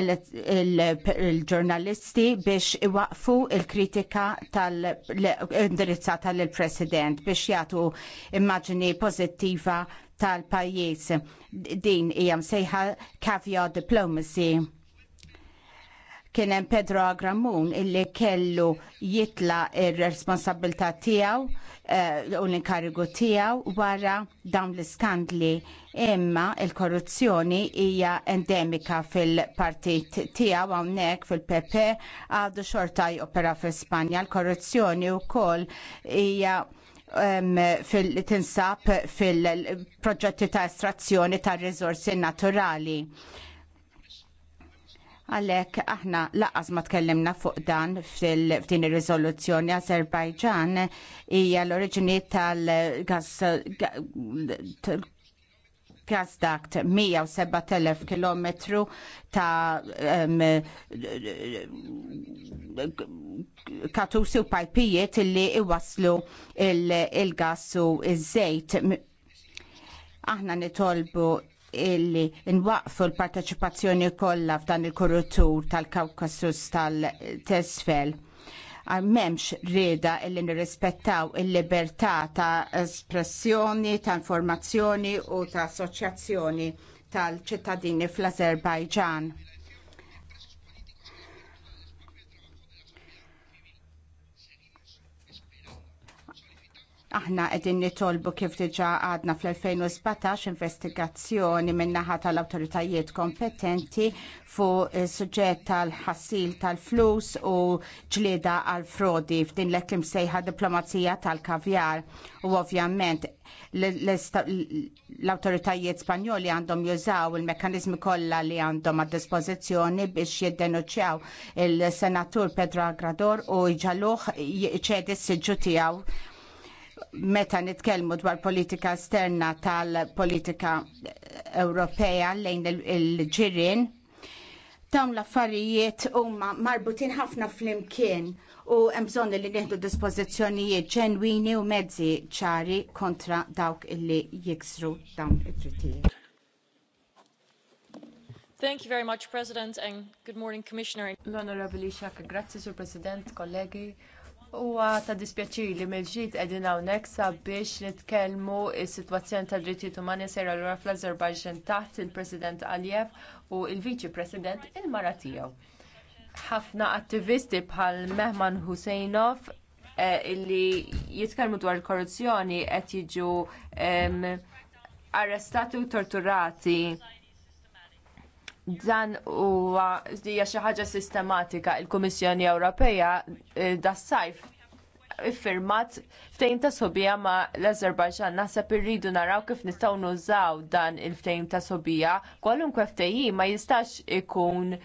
il-ġurnalisti biex iwaqfu il-kritika tal-indirizzata l-president biex jagħtu immaġni pozittiva tal-pajjiż. Din hija msejħa kavja diplomacy kien hemm Pedro Agramun illi kellu jitla ir-responsabilità tiegħu eh, u l-inkarigu tiegħu wara dawn l-iskandli imma il-korruzzjoni hija endemika fil-partit tiegħu hawnhekk fil-PP għadu xorta jopera fl-Spanja. L-korruzzjoni wkoll hija tinsab fil-proġetti ta' estrazzjoni ta' rizorsi naturali. Għalek, aħna laqqas ma tkellimna fuq dan f'din ir-riżoluzzjoni Azerbajġan hija l-oriġini tal-gas Gasdakt 107.000 km ta' um, katusi u pajpijiet illi iwaslu il-gas u iż-żejt. Aħna nitolbu illi nwaqfu l-parteċipazzjoni kollha f'dan il-korrutur tal-Kawkasus tal-Tesfel. tal kawkasus tal tesfel memx rieda illi nirrispettaw il-libertà ta' espressjoni, ta' informazzjoni u ta' assoċjazzjoni tal-ċittadini fl-Azerbajġan Aħna qegħdin nitolbu kif diġà għadna fl-2017 investigazzjoni min-naħa tal-awtoritajiet kompetenti fuq suġġett tal-ħassil tal-flus u ġlieda għal frodi f'din l kim sejħa diplomazija tal-kavjar. U ovvjament l-awtoritajiet Spanjoli għandhom jużaw il mekanizmi kollha li għandhom għad dispożizzjoni biex jiddenuċjaw il-senatur Pedro Agrador u jġalluh ċedi s-siġġu tiegħu meta nitkellmu dwar politika esterna tal-politika Ewropea lejn il-ġirien, dawn l-affarijiet huma marbutin ħafna flimkien u hemm bżonn li nieħdu dispożizzjonijiet ġenwini u mezzi ċari kontra dawk illi jiksru dawn it drittijiet Thank you very much, President, and good morning, Commissioner. L-Onorabili Xhaka, grazzi, Sur President, kollegi. Huwa ta' dispjaċir li mill-ġdid qegħdin hawnhekk sabiex nitkellmu s-sitwazzjoni tad drittijiet umani sejra lura fl-Azerbajġan taħt il-President Aliyev u l viċi President il-mara tiegħu. Ħafna attivisti bħal Mehman Husseinov eh, illi jitkellmu dwar il-korruzzjoni qed jiġu arrestati u torturati dan huwa hija xi ħaġa sistematika il-Kummissjoni Ewropea das-sajf iffirmat ftehim ta' sobija ma' l-Azerbajġan naħseb irridu naraw kif nistgħu nużaw dan il-ftehim ta' sobija kwalunkwe ftehim ma jistax ikun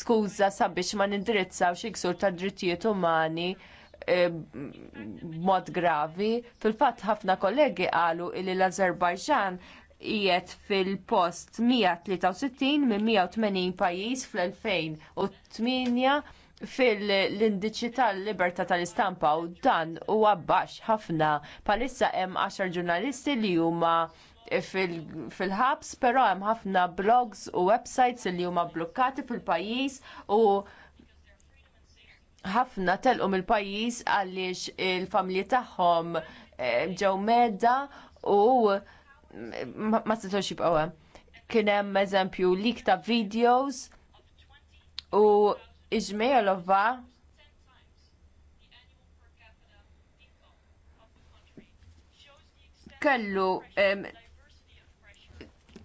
skuża sabiex ma nindirizzaw xi ksur ta' drittijiet umani b'mod gravi. Fil-fatt ħafna kollegi qalu li l-Azerbajġan ijet fil-post 163 minn 180 pajjiż fl-2008 fil-indiċi tal-libertà tal-istampa u dan huwa baxx ħafna palissa hemm 10 ġurnalisti li huma fil-ħabs, fil però hemm ħafna blogs u websites li huma blukkati fil-pajjiż u ħafna telqu mill-pajjiż għaliex il-familji tagħhom eh, ġew medda u ma s-sitoċi hemm. Kien hemm eżempju lik ta' videos u l-ovva kellu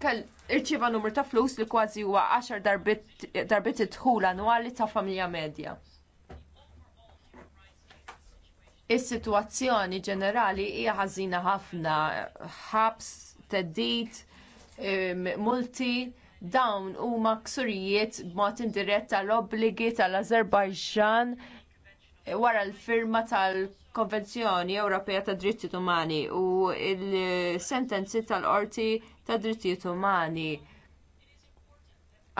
kell irċiva numru ta' flus li kważi huwa 10 darbit id-dħul annwali ta' familja medja. Is-sitwazzjoni ġenerali hija ħażina ħafna ħabs theddid, multi, dawn huma ksurijiet b'mod indirett tal-obbligi tal-Azerbajġan wara l-firma tal-Konvenzjoni Ewropea tad Drittijiet Umani u l-sentenzi tal-Qorti tad Drittijiet Umani.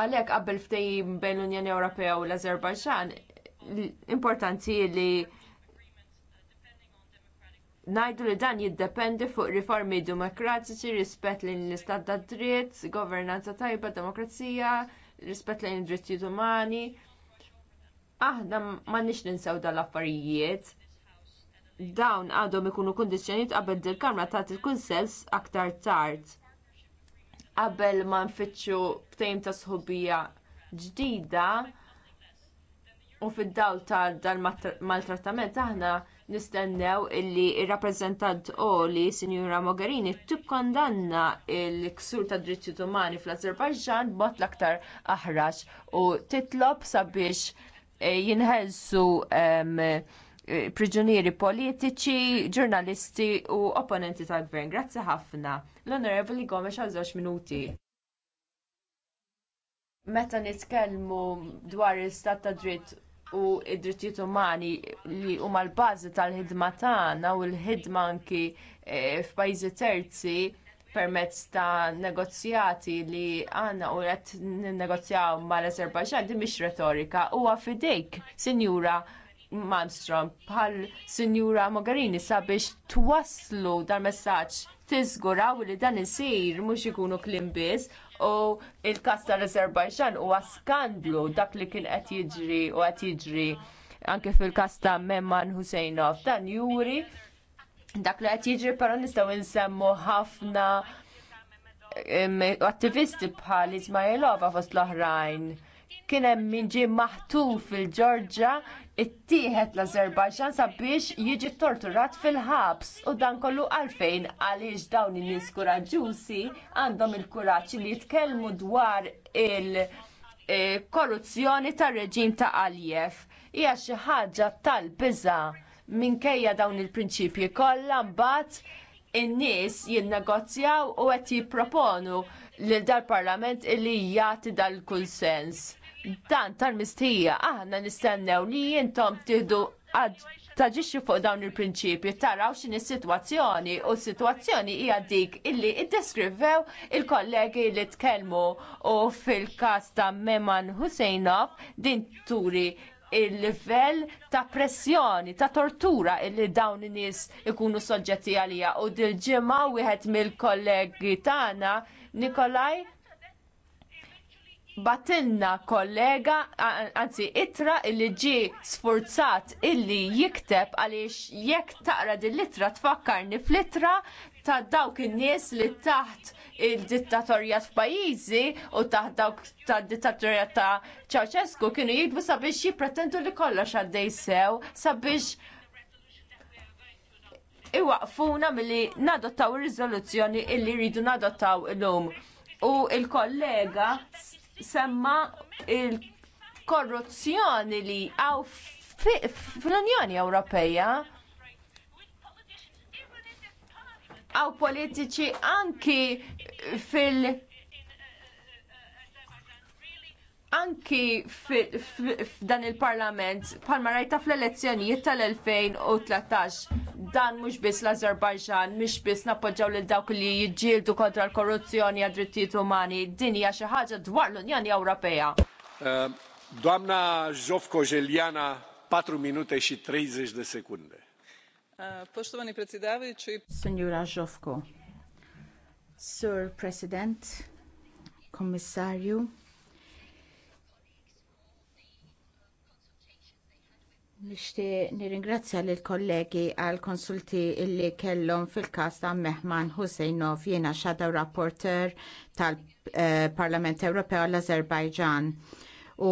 Għalhekk qabel ftehim bejn l-Unjoni Ewropea u l-Azerbajġan importanti li ngħidu li dan jiddependi fuq riformi demokratiċi, rispett lejn l-istat tad dritt, governanza tajba, demokrazija, rispett lejn id-drittijiet umani. Aħna ma nix ninsew dal-affarijiet. Dawn għadhom ikunu kundizzjonijiet qabel dil-Kamra ta' il-kunsels aktar tard qabel ma nfittxu ftehim ta' sħubija ġdida u fid-dawl tal maltrattament aħna nistennew illi ir-rappreżentant oli Sinjura Mogherini tikkondanna l-ksur tad drittijiet umani fl-Azerbajġan b'mod l-aktar aħraġ u titlob sabiex eh, jinħelsu eh, priġunieri politiċi, ġurnalisti u opponenti tal-gvern. Grazzi ħafna. L-Onorevoli Gomes għal żewġ minuti. Meta nitkellmu dwar il-stat ta' dritt u id-drittijiet umani li huma l-bażi tal-ħidma tagħna u l-ħidma anki eh, f'pajjiżi terzi permezz ta' negozjati li għandna u qed negozjaw mal-Azerbajġan di mish retorika huwa fidejk, Sinjura Malmstrom bħal Sinjura Mogherini sabiex twasslu dal messaġġ tiżguraw li dan isir mhux ikunu kliem biss u il-kas tal-Azerbajġan huwa skandlu dak li kien qed jiġri u qed jiġri anke fil-kas ta' Memman Husejnov dan juri dak li qed jiġri però nistgħu nsemmu ħafna attivisti bħal Ismajlova fost l-oħrajn Kien hemm min ġie maħtuf fil-Ġorġa ittieħed l-Azerbajġan sabiex jiġi torturat fil-ħabs u dan kollu għalfejn għaliex dawn in skuraġusi għandhom il-kuraġġ li jitkellmu dwar il-korruzzjoni eh, tar-reġim ta' Aliyev. Hija xi ħaġa tal-biża' minkejja dawn il-prinċipji kollha mbagħad in-nies jinnegozjaw u qed jipproponu lil dal-Parlament illi jagħti dal-kull sens dan tal-mistija aħna nistennew li jintom tiħdu għad taġiċi fuq dawn il-prinċipju taraw xin is-sitwazzjoni u s-sitwazzjoni hija dik illi iddeskrivew il-kollegi li tkellmu u fil-kas ta' Meman Husseinov din turi il-livell ta' pressjoni, ta' tortura illi dawn in-nies ikunu soġġetti għalija u dil-ġimgħa wieħed mill-kollegi tagħna Nikolaj batilna kollega, anzi itra illi ġie sforzat illi jikteb għaliex jekk taqra din l tfakkarni fl-itra ta' dawk in-nies li taħt il-dittatorja f'pajjiżi u taħt dawk ta' dittatorja ta' Ceausescu kienu jikbu sabiex jippretendu li kollox għaddej sew sabiex iwaqfuna milli nadottaw ir-riżoluzzjoni illi rridu nadottaw illum u l kollega semma il-korruzzjoni li għaw fl-Unjoni Ewropeja għaw politiċi anki fil- anki f'dan il-parlament palma rajta fl-elezzjonijiet tal-2013 dan mhux biss l-Azerbajġan mhux biss nappoġġaw lil dawk li jiġġieldu kontra l-korruzzjoni għad drittijiet umani din hija xi ħaġa dwar l-Unjoni Ewropea. Ehm, doamna Jovko Željana, 4 minute xi 30 de Poštovani predsjedavajući. Signora Žovko, Sir President, komisarju, Nixtieq nirringrazzja lill kollegi għal konsulti illi kellhom fil każ ta' Mehman Husejnov jiena shadow Rapporter tal-Parlament Ewropew għall-Azerbajġan u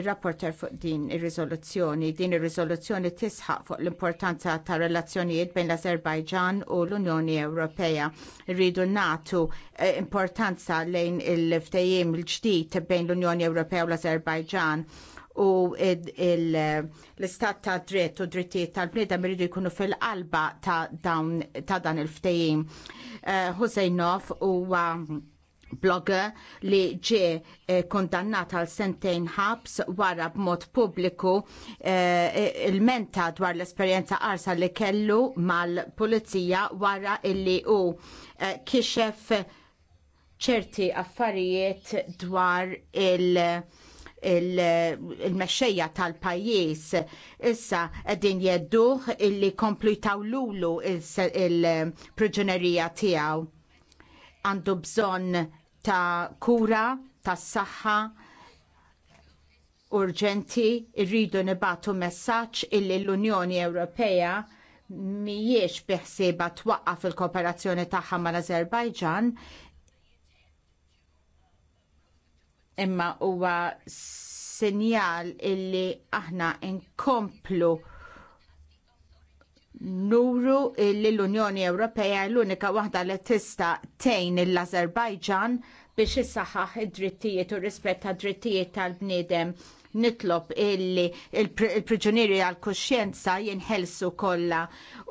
ir-rapporter fuq din ir-riżoluzzjoni. Din ir-riżoluzzjoni tisħaq fuq l-importanza ta' relazzjonijiet bejn l-Azerbajġan u l-Unjoni Ewropea. Rridu natu eh, importanza lejn il ftejim il-ġdid bejn l-Unjoni Ewropea u l-Azerbajġan u l-istat ta' dritt u drittijiet tal-bnedem rridu jkunu fil-qalba ta' dan il-ftejim. Eh, Husejnov huwa blogger li ġie eh, kondannat għal sentejn ħabs wara b'mod pubbliku eh, il-menta dwar l-esperjenza qarsa li kellu mal-pulizija wara illi hu eh, kixef ċerti affarijiet dwar il- il-mexxejja tal-pajjiż issa qegħdin jedduh illi komplu jtawlulu il-proġenerija tiegħu. Għandu bżonn ta' kura, tas saħħa urġenti, rridu nibatu messaġġ illi l-Unjoni Ewropea mhijiex biħsieba twaqqaf il-kooperazzjoni tagħha mal-Azerbajġan imma huwa sinjal illi aħna inkomplu nuru illi l-Unjoni Ewropea l-unika waħda li tista tejn l-Azerbajġan biex issaħħaħ id-drittijiet u rispett tad drittijiet tal-bniedem nitlob illi il-priġunieri għal kuxjenza jinħelsu kollha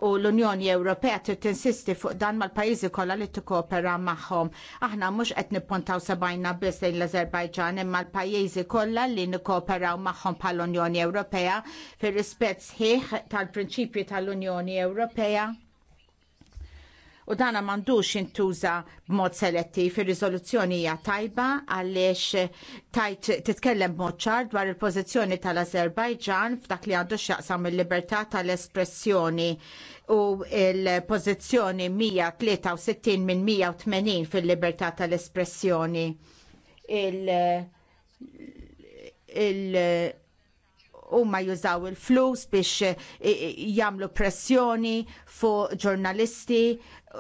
u l-Unjoni Ewropea trid tinsisti fuq dan mal-pajjiżi kollha li t-kopera magħhom. Aħna mhux qed nippontaw sabajna biss lejn l-Azerbajġan imma l-pajjiżi kollha li nikkooperaw magħhom l unjoni Ewropea fir-rispett sħiħ tal-prinċipji tal-Unjoni Ewropea u dana mandux intuża b'mod selettiv ir-riżoluzzjoni hija tajba għaliex tajt titkellem b'mod ċar dwar il-pożizzjoni tal-Azerbajġan f'dak li għandu x'jaqsam il-libertà tal-espressjoni u il-pożizzjoni 163 minn 180 fil-libertà tal-espressjoni. Il, il, huma jużaw il-flus biex jagħmlu pressjoni fuq ġurnalisti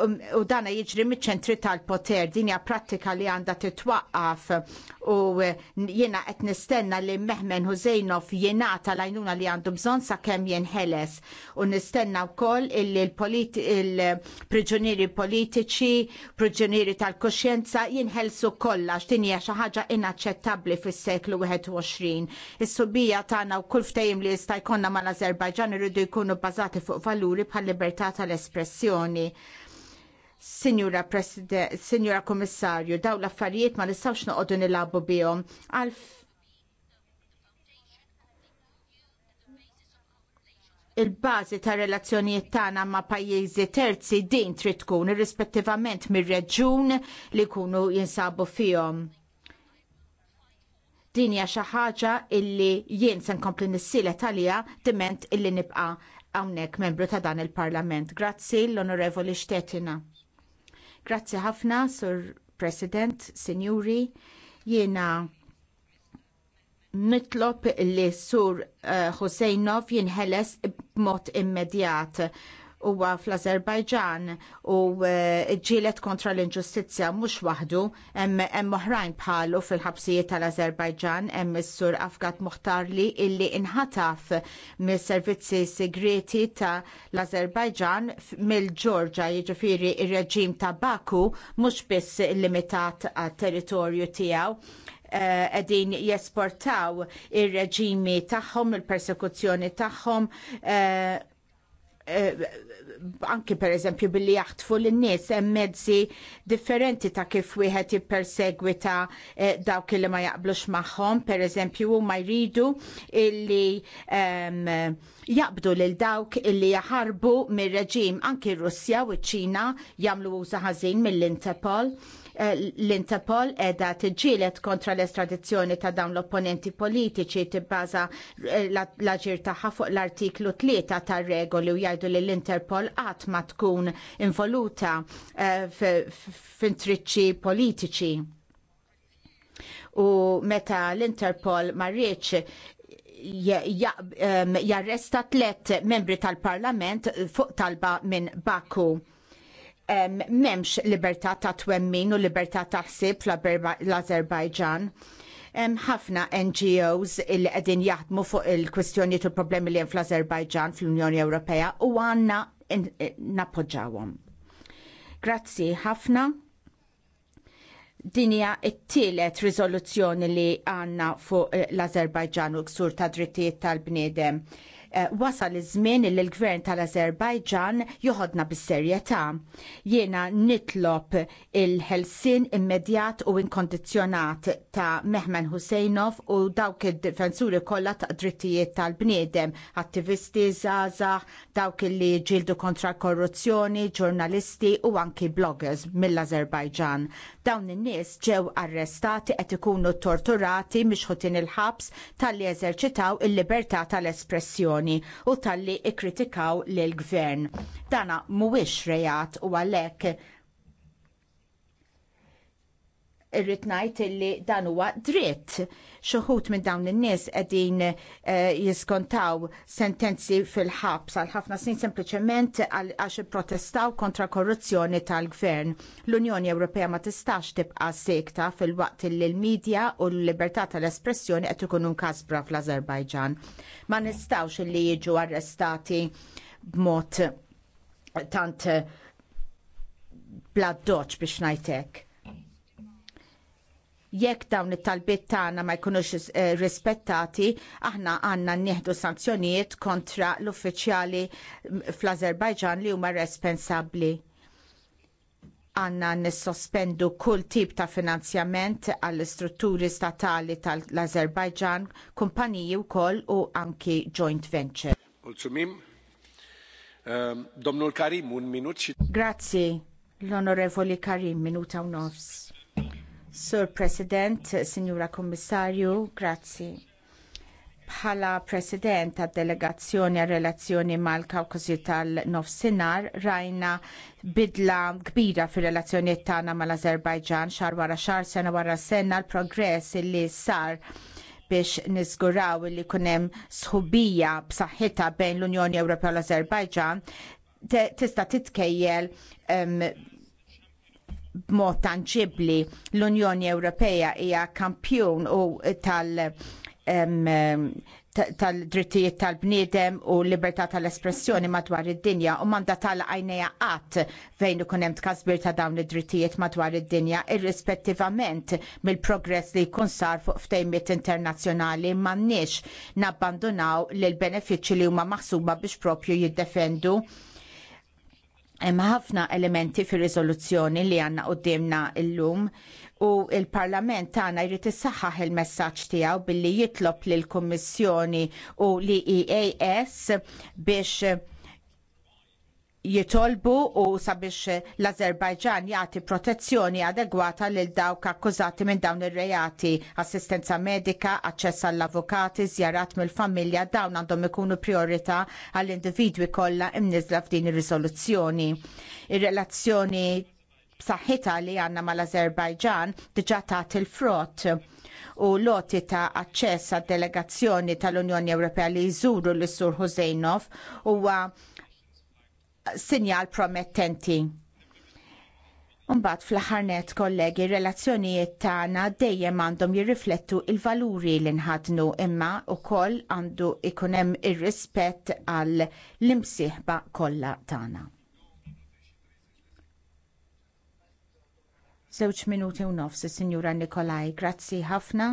Um, u dana jiġri miċ-ċentri tal-poter, din hija prattika li għandha titwaqqaf u eh, jiena qed nistenna li Mehmen Hużejnov jingħata l-għajnuna li għandu bżonn sakemm jinħeles u nistenna wkoll illi l-priġunieri politiċi, priġunieri tal-kuxjenza jinħelsu kollha x'din hija xi ħaġa inaċċettabbli fis-seklu 21. Is-subija tagħna u kull ftehim li jista' jkollna mal-Azerbajġan irridu jkunu bbażati fuq valuri bħal libertà tal-espressjoni Signora President, Signora Kommissarju, daw l-affarijiet ma nistawx noqogħdu nilabu bihom. Għalf il-bażi ta' relazzjonijiet tagħna ma' pajjiżi terzi din trid tkun irrispettivament mir-reġjun li jkunu jinsabu fihom. Din hija xi ħaġa illi jien se nkompli nissilet għalija diment illi nibqa' hawnhekk membru ta' dan il-Parlament. Grazzi l-Onorevoli Xtetina. Grazzi ħafna, Sur President, Sinjuri, jiena nitlob li Sur eh, Husejnov jinħeles b'mod immedjat huwa fl-Azerbajġan u e, ġielet kontra l-inġustizzja mhux waħdu hemm oħrajn bħalu fil-ħabsijiet tal-Azerbajġan hemm is-sur Afgat Muħtarli illi inħataf mis-servizzi segreti ta' l-Azerbajġan mill-Ġorġa jiġifieri ir-reġim ta' Baku mhux biss limitat għat-territorju tiegħu e, qegħdin jesportaw ir-reġimi tagħhom, il-persekuzzjoni tagħhom uh, Eh, anki per eżempju billi jaħtfu l-nies hemm mezzi differenti ta' kif wieħed jippersegwita eh, dawk li ma jaqblux magħhom, per eżempju huma jridu illi ehm, jaqbdu lil dawk illi jaħarbu mir-reġim anki r Russja u ċ-Ċina jagħmlu użu ħażin mill-Interpol. Eh, L-Interpol edha tiġġielet kontra l-estradizzjoni ta' dawn l-opponenti politiċi tibbaża eh, l-aġir tagħha fuq l-artiklu 3 tar regoli u jgħidu li l-Interpol qatt ma tkun involuta eh, f'intriċċi politiċi. U meta l-Interpol ma rridx jarresta tliet membri tal-parlament fuq talba minn Baku memx libertà ta' twemmin u libertà ta' ħsieb fl-Azerbajġan hemm ħafna NGOs il qegħdin jaħdmu fuq il-kwistjoni u problemi li hemm fl-Azerbajġan fl-Unjoni Ewropea u għandna nappoġġawhom. Grazzi ħafna. Dinja it-tielet riżoluzzjoni li għandna fuq l-Azerbajġan u ksur ta' drittijiet tal-bniedem. Eh, wasal iż-żmien li l-gvern tal-Azerbajġan joħodna bis-serjetà. Jiena nitlob il-ħelsin immedjat u inkondizzjonat ta' Mehmen Husseinov u dawk id-difensuri kollha ta' drittijiet tal-bniedem, attivisti, żgħażagħ, dawk li ġildu kontra korruzzjoni, ġurnalisti u anki bloggers mill-Azerbajġan. Dawn in-nies ġew arrestati qed ikunu torturati mixħutin il-ħabs tal-li eżerċitaw il-libertà tal-espressjoni oppożizzjoni u talli ikkritikaw lill gvern Dana mhuwiex reat u għalhekk irrid ngħid illi dan huwa dritt. Xuħut minn dawn in-nies qegħdin eh, jiskontaw sentenzi fil-ħabs għal ħafna snin sempliċement għax protestaw kontra korruzzjoni tal-gvern. L-Unjoni Ewropea ma tistax tibqa' sekta fil-waqt li l-medja u l-libertà tal-espressjoni qed ikunu nkasbra fl-Azerbajġan. Ma nistawx li jiġu arrestati b'mod tant bla doċ biex najtek. Jekk dawn it-talbiet tagħna ma jkunux eh, rispettati, aħna għandna nieħdu sanzjonijiet kontra l-uffiċjali fl-Azerbajġan li huma responsabbli għanna nissospendu kull tip ta' finanzjament għall istrutturi statali tal-Azerbajġan, kumpaniji wkoll u anki joint venture. Ulzumim, ehm, domnul Karim, un minut. Grazzi, l-onorevoli Karim, minuta u nofs. Sur President, Signora Kommissarju, grazzi. Bħala President tad delegazzjoni għal relazzjoni mal-Kawkazju tal-Nofsinar rajna bidla kbira fir relazzjonijiet tagħna mal-Azerbajġan xar wara xar sena wara sena l-progress li sar biex nizguraw li kunem sħubija b'saħħitha bejn l-Unjoni Ewropea u l-Azerbajġan tista' titkejjel b'mod tanġibbli l-Unjoni Ewropea hija kampjun u tal- tal-drittijiet tal-bniedem u libertà tal-espressjoni madwar id-dinja u manda tal-għajneja qatt fejn ikun hemm tkasbir ta' dawn id-drittijiet madwar id-dinja irrispettivament mill-progress li jkun sar fuq ftejmiet internazzjonali m'għandniex nabbandunaw lil benefiċċji li huma maħsuba biex propju jiddefendu Hemm ħafna elementi fir-riżoluzzjoni li għandna qudiemna llum u l parlament tagħna jrid issaħħaħ il-messaġġ tiegħu billi jitlob lill-Kummissjoni u l-EAS biex jitolbu u sabiex l-Azerbajġan jagħti protezzjoni adegwata lil dawk akkużati minn dawn ir-reati, assistenza medika, aċċess għall-avukati, żjarat mill-familja dawn għandhom ikunu priorità għall-individwi kollha imniżla f'din ir-riżoluzzjoni. Ir-relazzjoni b'saħħitha li għandna mal-Azerbajġan diġà tat il-frott u loti ta' aċċess għad delegazzjoni tal-Unjoni Ewropea li jżuru l-Sur Husseinov huwa sinjal promettenti. Umbat fl-ħarnet kollegi, relazzjonijiet tagħna dejjem għandhom jirriflettu il-valuri li nħadnu imma u koll għandu ikunem ir-rispett għal l-imsieħba kollha tagħna. Żewġ minuti u nofs, Sinjura Nikolaj, grazzi ħafna,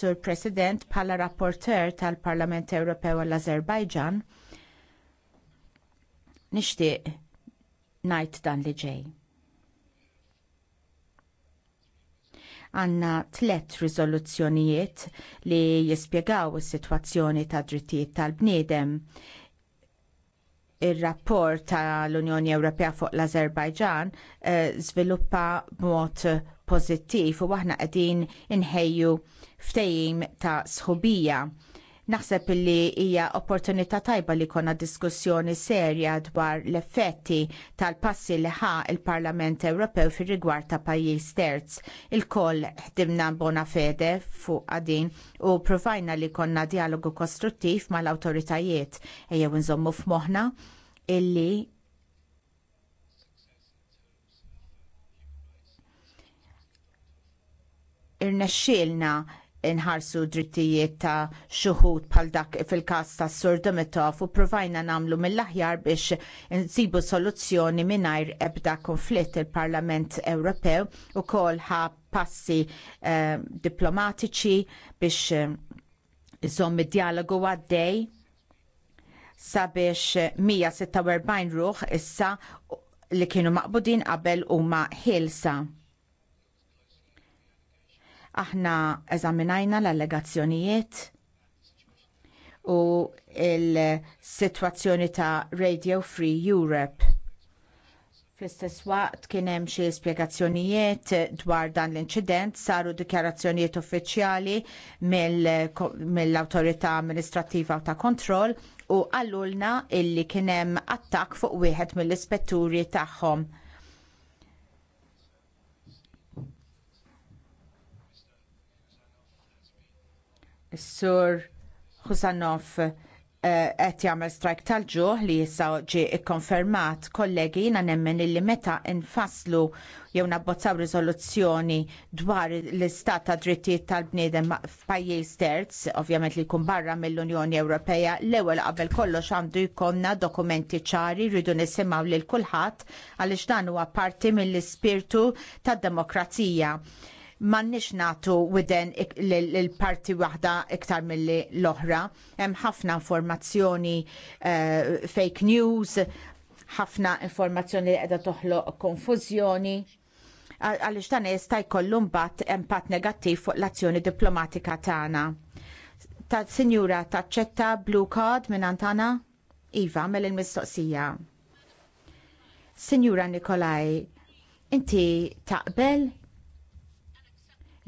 Sur President, bħala rapporteur tal-Parlament Ewropew għall-Azerbajġan nixtieq ngħid dan li ġej. għanna tlet riżoluzzjonijiet li jispjegaw is-sitwazzjoni ta' drittijiet tal-bniedem. Ir-rapport tal-Unjoni Ewropea fuq l-Azerbajġan eh, żviluppa b'mod pożittiv u aħna qegħdin inħejju ftehim ta' sħubija Naħseb li hija opportunità tajba li jkollna diskussjoni serja dwar l-effetti tal-passi li ħa il-Parlament Ewropew fir rigward ta' pajjiż terz. Il-koll ħdimna bona fede fuq għadin u provajna li konna dialogu kostruttiv mal awtoritajiet ejjew nżommu f'moħħna illi irnexxielna inħarsu drittijiet ta' xuħud bħal dak fil każ tas Sur Domitov u provajna nagħmlu mill-aħjar biex nsibu soluzzjoni mingħajr ebda konflitt il-Parlament Ewropew ukoll ħa passi eh, diplomatiċi biex eh, iżomm id-dialogu għaddej sabiex 146 ruħ issa li kienu maqbudin qabel huma ħilsa Aħna eżaminajna l-allegazzjonijiet u il-situazzjoni ta' Radio Free Europe. Fl-istess waqt kien hemm xi spjegazzjonijiet dwar dan l-inċident saru dikjarazzjonijiet uffiċjali mill-Awtorità mill Amministrattiva ta' Kontroll u għallulna illi kien hemm attakk fuq wieħed mill-ispetturi tagħhom. Sur Husanov eh, qed jagħmel strajk tal-ġuħ li issa ġie ikkonfermat kollegi jiena nemmen illi meta nfasslu jew nabbozzaw riżoluzzjoni dwar l-istat ta' drittijiet tal-bniedem f'pajjiż terz, ovvjament li jkun barra mill-Unjoni Ewropea, l-ewwel qabel kollox għandu jkollna dokumenti ċari rridu nisimgħu lil kulħadd għaliex dan huwa parti mill-ispirtu tad-demokrazija m'għandniex nagħtu widen l-parti waħda iktar milli l-oħra. Hemm ħafna informazzjoni uh, fake news, ħafna informazzjoni li qiegħda toħloq konfużjoni għaliex dan jista' jkollu mbagħad impatt negattiv fuq l-azzjoni diplomatika tagħna. Ta' sinjura taċċetta blue card minn antana? Iva, mill-mistoqsija. Sinjura Nikolaj, inti taqbel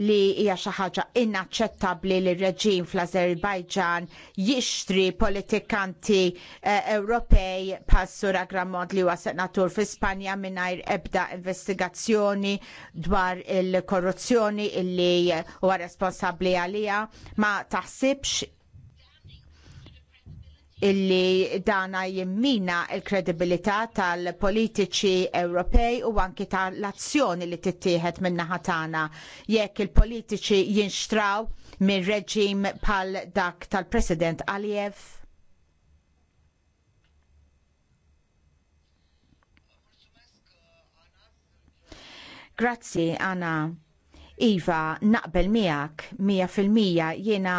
li hija xi ħaġa inaċċettabbli li r-reġim fl-Azerbajġan jixtri politikanti eh, Ewropej bħal Sur Agramont li huwa senatur fi Spanja mingħajr ebda investigazzjoni dwar il-korruzzjoni illi huwa responsabbli għaliha ma taħsibx illi dana jimmina l kredibilità tal-politiċi Ewropej u anki tal-azzjoni li tittieħed min-naħa tagħna jekk il-politiċi jinxtraw minn reġim bħal dak tal-President Aliyev. Grazzi, Anna. Iva, naqbel miegħek mija fil-mija jiena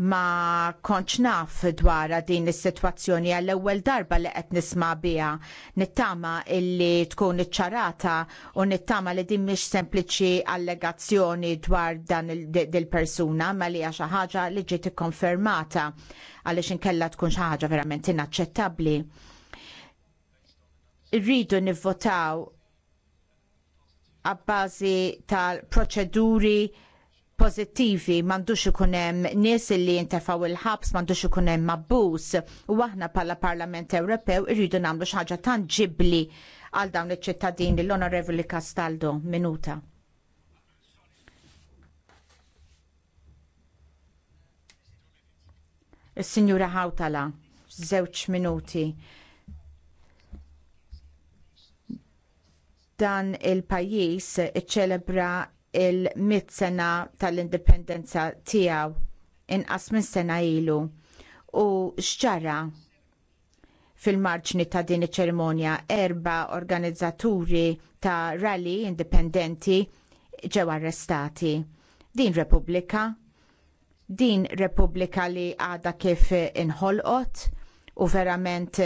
ma konċ naf dwar din is-sitwazzjoni għall ewwel darba li qed nisma' biha. Nittama illi tkun iċċarata u nittama li din mhix sempliċi allegazzjoni dwar dan il-persuna ma li xi ħaġa li ġiet ikkonfermata għaliex inkella tkun xi ħaġa verament inaċċettabbli. Irridu nivvotaw għabbażi tal-proċeduri pożittivi m'għandux ikun hemm nies li jintefgħu il-ħabs, m'għandux ikun hemm abbuż. U aħna bħala Parlament Ewropew irridu nagħmlu xi ħaġa tanġibbli għal dawn iċ-ċittadini l-Onorevoli Castaldo minuta. Is-Sinjura Hawtala, żewġ minuti. Dan il-pajjiż iċċelebra il-mit sena tal-indipendenza tiegħu inqas minn sena ilu u xġara fil-marġni ta' din iċ-ċerimonja erba organizzaturi ta' rally indipendenti ġew arrestati. Din Repubblika, din Repubblika li għadha kif inħolqot u verament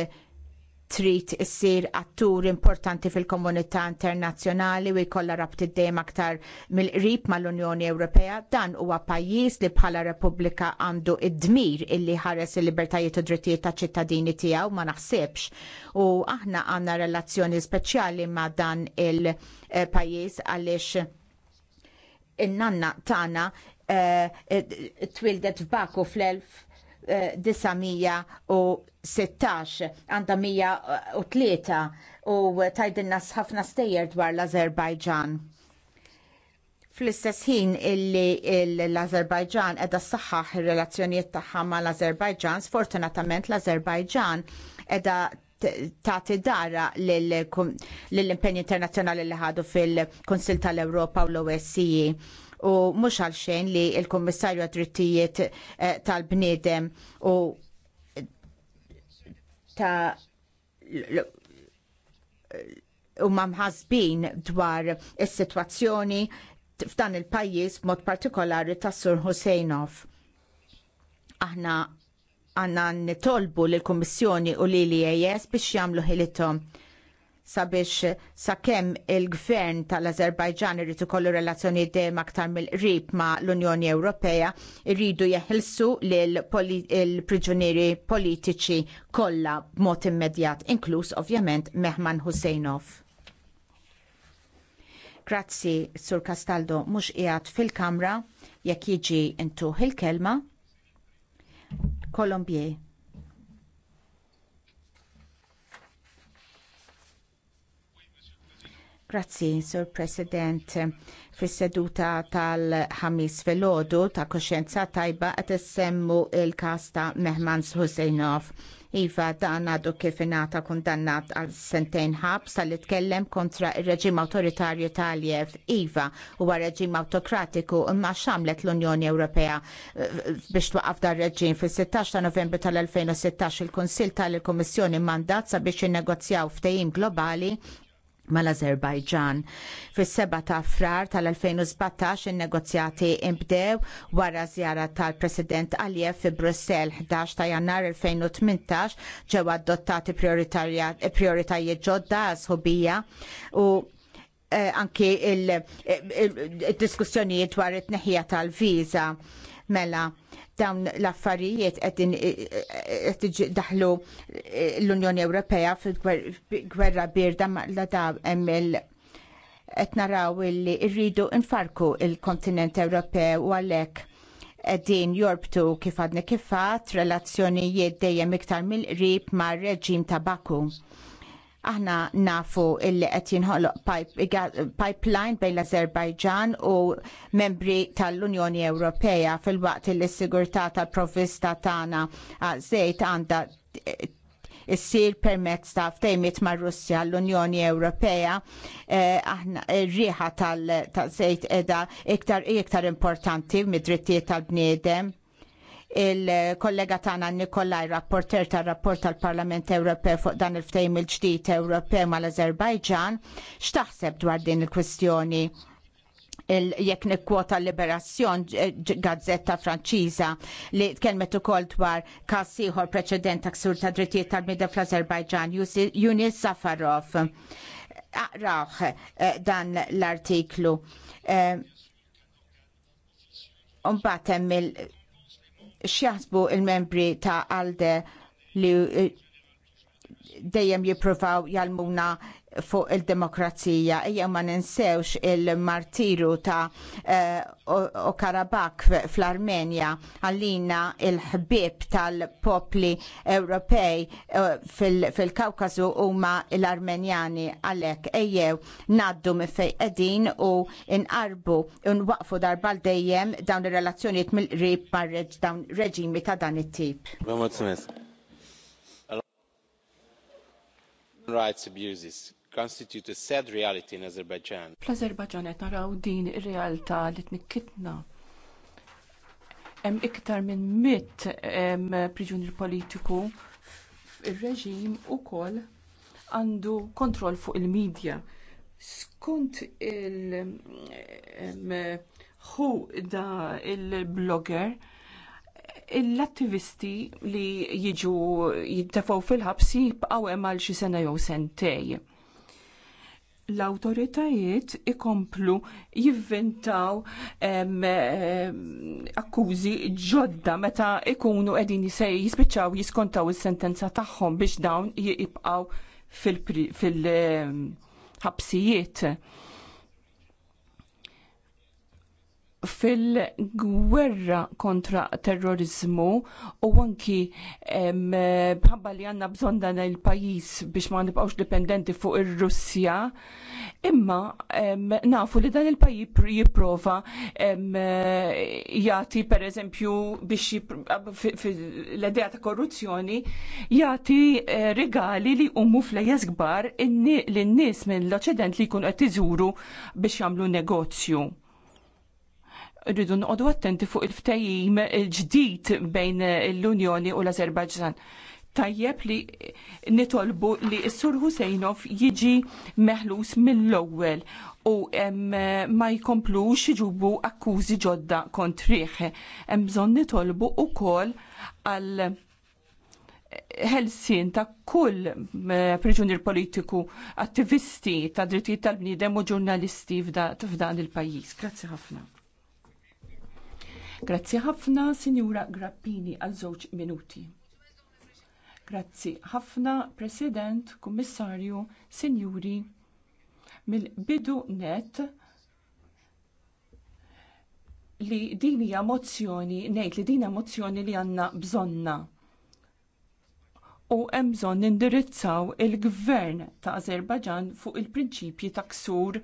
trid issir attur importanti fil-komunità internazzjonali u jkollha rabti dejjem aktar mill-qrib mal-Unjoni Ewropea, dan huwa pajjiż li bħala Repubblika għandu id-dmir illi ħares il-libertajiet u drittijiet ta' ċittadini tiegħu ma naħsibx. U aħna għandna relazzjoni speċjali ma' dan il-pajjiż għaliex in-nanna tagħna twildet f'Baku fl-1000 1916 għandha 103 u tajdinna ħafna stejjer dwar l-Azerbajġan fl-istess ħin illi l-Azerbajġan edha s-saxħaħ il-relazzjoniet tagħha ma l-Azerbajġan, sfortunatament l-Azerbajġan edha tagħti dara lill impegni internazzjonali li ħadu fil-Konsil tal-Ewropa u l-OSCE u mhux għalxejn li l-Kummissarju għad-drittijiet eh, tal-bniedem u ta' u mamħazbin dwar is-sitwazzjoni f'dan il-pajjiż b'mod partikolari tas Sur Husseinov. Aħna għanna nitolbu lill kummissjoni u l li biex jagħmlu ħilithom sabiex sakemm il-gvern tal-Azerbajġan irid ikollu relazzjonijiet dejjem aktar mill-qrib ma' l-Unjoni Ewropea irridu jeħilsu lill priġunieri politiċi kollha b'mod immedjat, inkluż ovvjament Mehman Husseinov. Grazzi, Sur Castaldo, mhux qiegħed fil-kamra jekk jiġi intuħ il-kelma. Colombier. Grazzi, Sur President. Fis-seduta tal-ħamis fil-ħodu ta' koxenza tajba qed semmu il kasta ta' Mehmans Husejnov. Iva dan għadu kif ingħata kundannat għal sentejn ħabs tal tkellem kontra ir-reġim awtoritarju Taljev. Iva huwa reġim awtokratiku imma xamlet l-Unjoni Ewropea eh, biex twaqaf dar reġim fis-16 ta' Novembru tal-2016 il-Kunsill tal-Kummissjoni mandat sabiex jinnegozjaw ftehim globali mal-Azerbajġan. Fis-7 ta' frar tal-2017 in-negozjati imbdew wara żjara tal-President Aliyev fi Brussell 11 ta' Jannar 2018 ġew adottati prioritajiet ġodda sħubija u eh, anki il-diskussjonijiet dwar it-neħija tal-viża mela dawn l-affarijiet qed daħlu l-Unjoni Ewropea fil-gwerra birda ma da hemm il qed naraw illi rridu nfarku il-kontinent Ewropew u għalhekk din jorbtu kif għadni kifat relazzjonijiet dejjem iktar mill-qrib mar reġim ta' Baku Aħna nafu illi qed jinħoloq pipeline bejn l-Azerbajġan u membri tal-Unjoni Ewropea fil-waqt li s-sigurtà tal-provvista tagħna żejt għandha issir permezz ta' ftejmiet mar Russja l-Unjoni Ewropea eh, Aħna aħna rieħa tal-żejt edha iktar, iktar importanti mid-drittijiet tal-bniedem il-kollega tagħna Nikolaj, rapporter tar-rapport tal-Parlament Ewropew fuq dan il-ftehim il-ġdid Ewropew mal-Azerbajġan, x'taħseb dwar din il-kwistjoni jekk nikkwota liberazzjon gazzetta franċiża li tkellmet ukoll dwar każ ieħor preċedent ta' ksur ta' drittijiet tal-midda fl-Azerbajġan, Junis Safarov. Aqraħ eh, dan l-artiklu. Umbat eh, hemm x'jaħsbu il-membri ta' ALDE li eh, dejjem jippruvaw jalmuna fuq il-demokrazija. Ejja ma ninsewx il-martiru ta' uh, eh, Okarabak fl-Armenja għallina il-ħbib tal-popli Ewropej uh, fil-Kawkazu -fil huma l-Armenjani għalek ejjew naddu mifej edin u inqarbu unwaqfu darba dejjem dawn ir-relazzjonijiet mill-qrib mar dawn reġimi ta' dan it-tip. rights abuses constitute a sad reality in Azerbaijan. Fl-Azerbaijan qed naraw din ir-realtà li tnikkitna. Hemm iktar minn mit priġunier politiku ir-reġim ukoll għandu kontroll fuq il-medja. Skont il- ħu da il-blogger l-attivisti li jiġu jittafaw fil ħabsi jibqgħu hemm għal xi sena jew sentej l-autoritajiet ikomplu jivvintaw akkużi ġodda meta ikunu qegħdin jispiċċaw jiskontaw is-sentenza tagħhom biex dawn jibqgħu fil-ħabsijiet. Fil fil-gwerra kontra terrorizmu u anki bħabba li għanna bżonda dan il-pajis biex ma nibqawx dipendenti fuq ir-Russja, imma em, nafu li dan il-pajis jiprofa jati per eżempju biex l-edja ta' korruzzjoni jati eh, regali li umu fleja zgbar l-nis minn l-Oċident li jkun qed iżuru biex jagħmlu negozju rridu nqodu attenti fuq il-ftejim ġdid bejn l-Unjoni u l-Azerbaġġan. Tajjeb li nitolbu li s-Sur Husejnov jiġi meħlus mill-ewwel u ma jkomplux iġubu akkużi ġodda kontriħ. Hemm bżonn nitolbu ukoll għal ħelsin ta' kull eh, priġunier politiku, attivisti ta' drittijiet tal-bniedem u ġurnalisti f'dan il-pajjiż. Grazzi ħafna. Grazzi ħafna, Sinjura Grappini, għal żewġ minuti. Grazzi ħafna, President, Kummissarju, Sinjuri, mill-bidu net li din mozzjoni, ngħid li din hija mozzjoni li għandna bżonna u hemm bżonn nindirizzaw il-gvern ta' Azerbajġan fuq il-prinċipji ta' ksur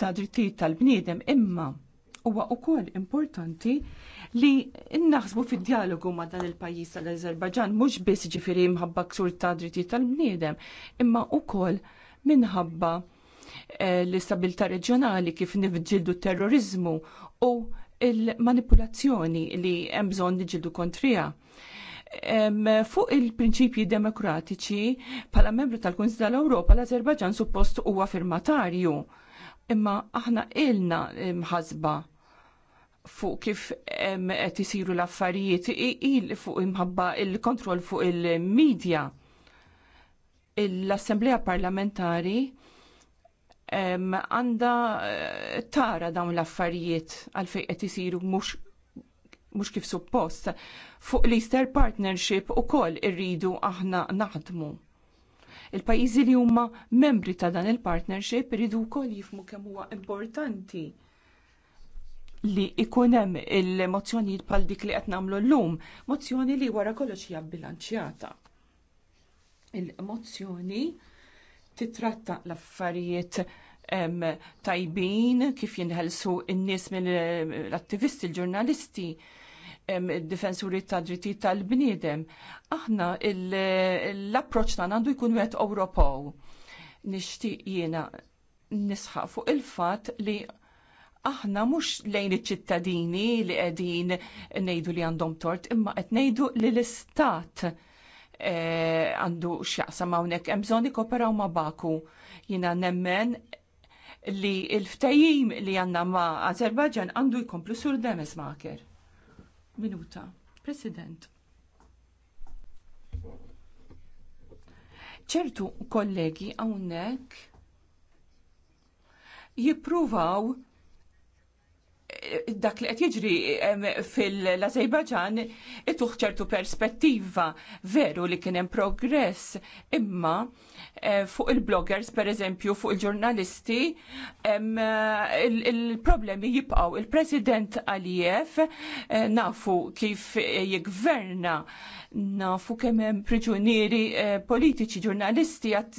ta' drittijiet tal-bniedem imma huwa wkoll importanti li naħsbu fid-dialogu ma' dan il-pajjiż tal-Azerbajġan mhux biss ġifieri mħabba ksur ta' drittijiet tal-bniedem, imma wkoll minħabba eh, l-istabilità reġjonali kif nifġildu terrorizmu u il-manipulazzjoni li hemm bżonn niġildu kontrija. Fuq il-prinċipji demokratiċi, pala membru tal-Kunsil tal-Ewropa, l-Azerbaġan suppost huwa firmatarju imma aħna ilna mħazba fuq kif qed isiru l-affarijiet il fuq imħabba il-kontroll fuq il-medja. l assembleja Parlamentari għanda eh, tara dawn l-affarijiet għalfejn qed isiru mhux mux kif suppost, fuq l-Easter Partnership u koll irridu aħna naħdmu. Il-pajjiżi li huma membri ta' dan il-partnership iridu wkoll jifmu kemm huwa importanti li ikun hemm il-mozzjonijiet bħal dik li qed nagħmlu llum, mozzjoni li wara kollox hija bbilanċjata. Il-mozzjoni titratta l-affarijiet tajbin kif jinħelsu n-nies mill-attivisti, l-ġurnalisti, difensuri ta' dritti tal-bniedem. Aħna l-approċ ta' għandu jkun wet Ewropew. Nixtieq jiena nisħaq fuq il-fatt li aħna mhux lejn iċ-ċittadini li qegħdin ngħidu li għandhom tort, imma qed ngħidu li l-istat eh, għandu x'jaqsam hawnhekk hemm bżonn ikoperaw ma' Baku. Jiena nemmen li l-ftajim li għandna ma' Azerbaġan għandu jkomplu sur Demes Maker. Minuta. President. ċertu kollegi hawnhekk jippruvaw dak li qed jiġri fil azerbaġan ituħ ċertu perspettiva veru li kien hemm progress imma eh, fuq il-bloggers pereżempju fuq il-ġurnalisti il-problemi jibqgħu il-President Aliyev eh, nafu kif eh, jigverna nafu kemm hemm priġunieri politiċi ġurnalisti għad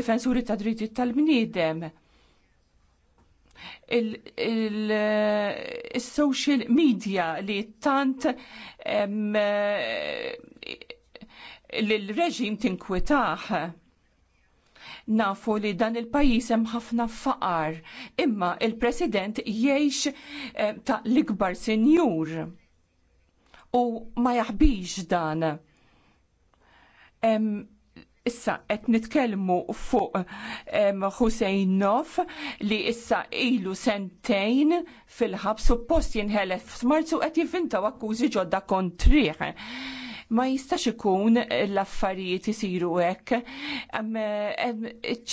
difensuri ta' drittijiet tal-bniedem il-social eh, media li tant eh, l-reġim tinkwitaħ nafu li dan il-pajis hemm ħafna faqar, imma il-President jgħix eh, ta' l-ikbar senjur u ma jaħbix dan issa qed nitkellmu fuq Hussein Nof li issa ilu sentejn fil-ħabs suppost jinħelef smarzu qed jivvintaw akkużi ġodda kontriħ. Ma jistax ikun l-affarijiet isiru hekk.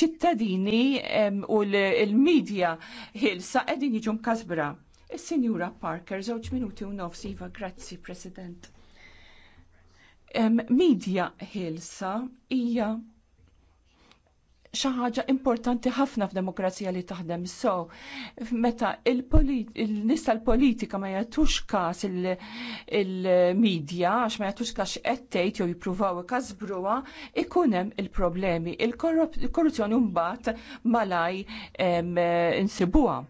Ċittadini u l-medja ħilsa qegħdin jiġu mkasbra. Is-Sinjura Parker, żewġ minuti u nofs, Iva, grazzi, President. Media ħilsa hija xi ħaġa importanti ħafna f'demokrazija li taħdem. So, meta il-nista l-politika ma jagħtux każ il-medja għax ma jagħtux kas qed tgħid jew jippruvaw ikasbruha, ikun hemm il-problemi. Il-korruzzjoni mbagħad malaj insibuha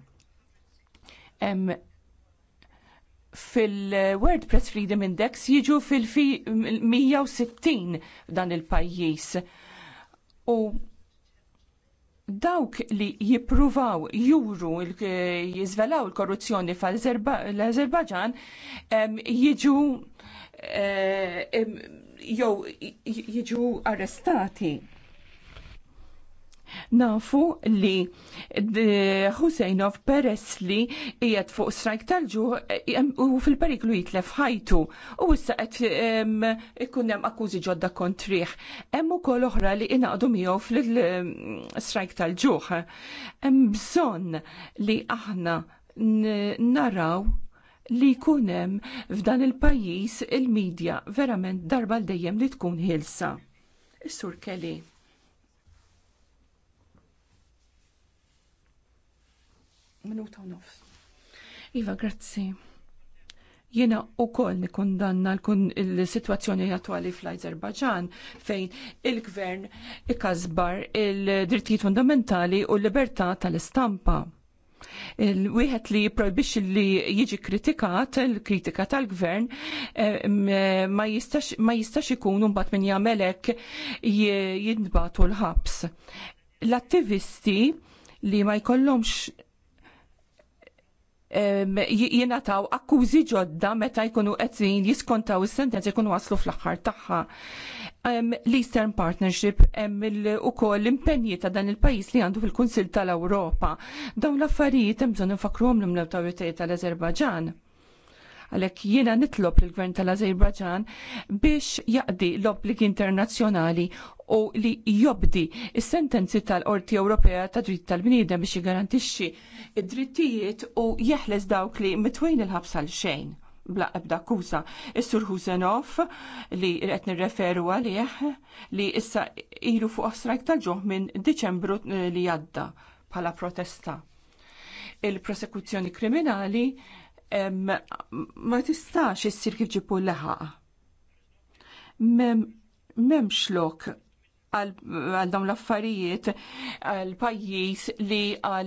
fil-WordPress Freedom Index jiġu fil-160 dan il-pajjiż. U dawk li jippruvaw juru jizvelaw il-korruzzjoni fl-Azerbaġan jiġu eh, jew jiġu arrestati. Nafu li Husejnov peress li qiegħed fuq strajk tal-ġu u fil-periklu jitlef ħajtu u issa qed ikun hemm akkużi ġodda kontriħ. Hemm ukoll oħra li inaqdu miegħu fil-strajk tal-ġuħ. Hemm bżonn li aħna naraw li kunem f'dan il-pajis il-medja verament darba l-dejjem li tkun ħilsa. Is-sur Kelly. Minuta u nofs. Iva, grazzi. Jiena u koll nikundanna l-situazzjoni attuali fl-Azerbajġan fejn il-gvern ikazbar il-drittijiet fundamentali u l-libertà tal-istampa. Il-wieħed li jipprojbix li jiġi kritikat, il-kritika tal-gvern, eh, eh, ma jistax ikun mbagħad min jamelek jindbatu l-ħabs. L-attivisti li ma jkollhomx jenataw akkużi ġodda meta jkunu qedzin jiskontaw is-sentenza jkunu waslu fl-aħħar tagħha. L-Eastern Partnership hemm ukoll l-impenji ta' dan il-pajjiż li għandu fil-Kunsill tal-Ewropa. Dawn l-affarijiet hemm bżonn infakruhom l-awtoritajiet tal azerbaġan għalek jiena nitlob l-gvern tal azerbaġan biex jaqdi l-obbligi internazzjonali u li jobdi is-sentenzi tal-Qorti Ewropea ta' dritt tal-bniedem biex jiggarantixxi id-drittijiet u jeħles dawk li mitwejn il-ħabs għal xejn bla ebda kuza. Is-Sur Husenov li qed nirreferu għalih li issa ilu fuq strajk tal-ġuħ minn Diċembru eh, li għadda bħala protesta. Il-prosekuzzjoni kriminali ma tistax issir kif ġipu leħaq memx lok għal dawn l-affarijiet għal pajjiż li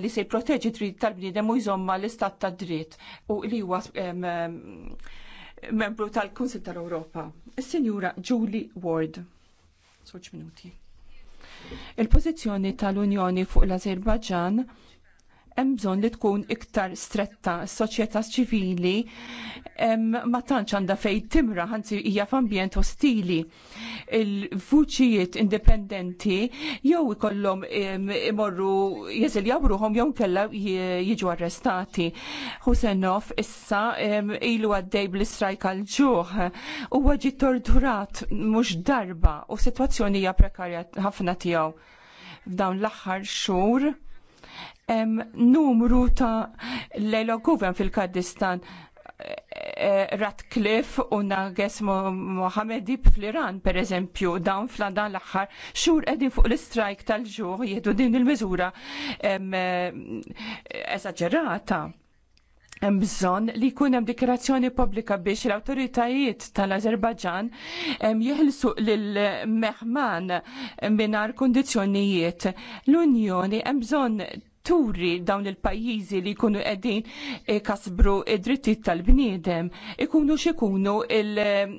li se jproteġi dritt tal-bniedem u jżomma l-istat ta' dritt u li huwa membru tal-Kunsil tal-Ewropa. Is-Sinjura Julie Ward. Soċ minuti. Il-pożizzjoni tal-Unjoni fuq l azerbaġan hemm bżonn li tkun iktar stretta s-soċjetà ċivili ma tantx għandha fejn timra ħanzi hija f'ambjent ostili. Il-vuċijiet indipendenti jew ikollhom imorru jeżiljaw ruhom jew kellha jiġu arrestati. Husenov issa ilu għaddej bl-istrajk għal ġuħ huwa ġi torturat mhux darba u sitwazzjoni hija prekarja ħafna tiegħu f'dawn l-aħħar xhur numru ta' lejla guvern fil kaddistan eh, eh, Ratcliffe u Nages Mohamedi fl-Iran, per eżempju, dawn fl-dan l-axħar, xur edin fuq l-strajk tal-ġuħ jihdu din il-mizura eżagġerata hemm bżonn li jkun hemm dikjerazzjoni pubblika biex l-awtoritajiet tal-Azerbajġan jeħilsu lil meħman mingħajr kundizzjonijiet. L-Unjoni hemm bżonn turi dawn il-pajjiżi li jkunu qegħdin eh, kasbru id-drittijiet tal-bniedem ikunu x'ikunu il-rabtiet mm,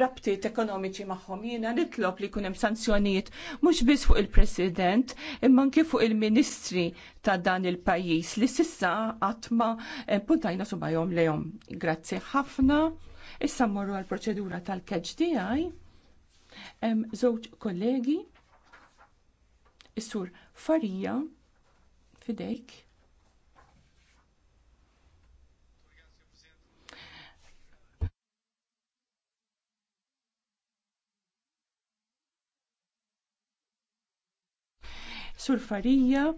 eh, ekonomiċi magħhom jiena nitlob li jkun hemm sanzjonijiet mhux biss fuq il-President imma anke fuq il-Ministri ta' dan il-pajjiż li sissa qatt ma eh, puntajna subajhom lejhom. Grazzi ħafna. Issa mmorru għall proċedura tal-catch DI. Żewġ kollegi, is-sur Farija fidejk. Sur Farija,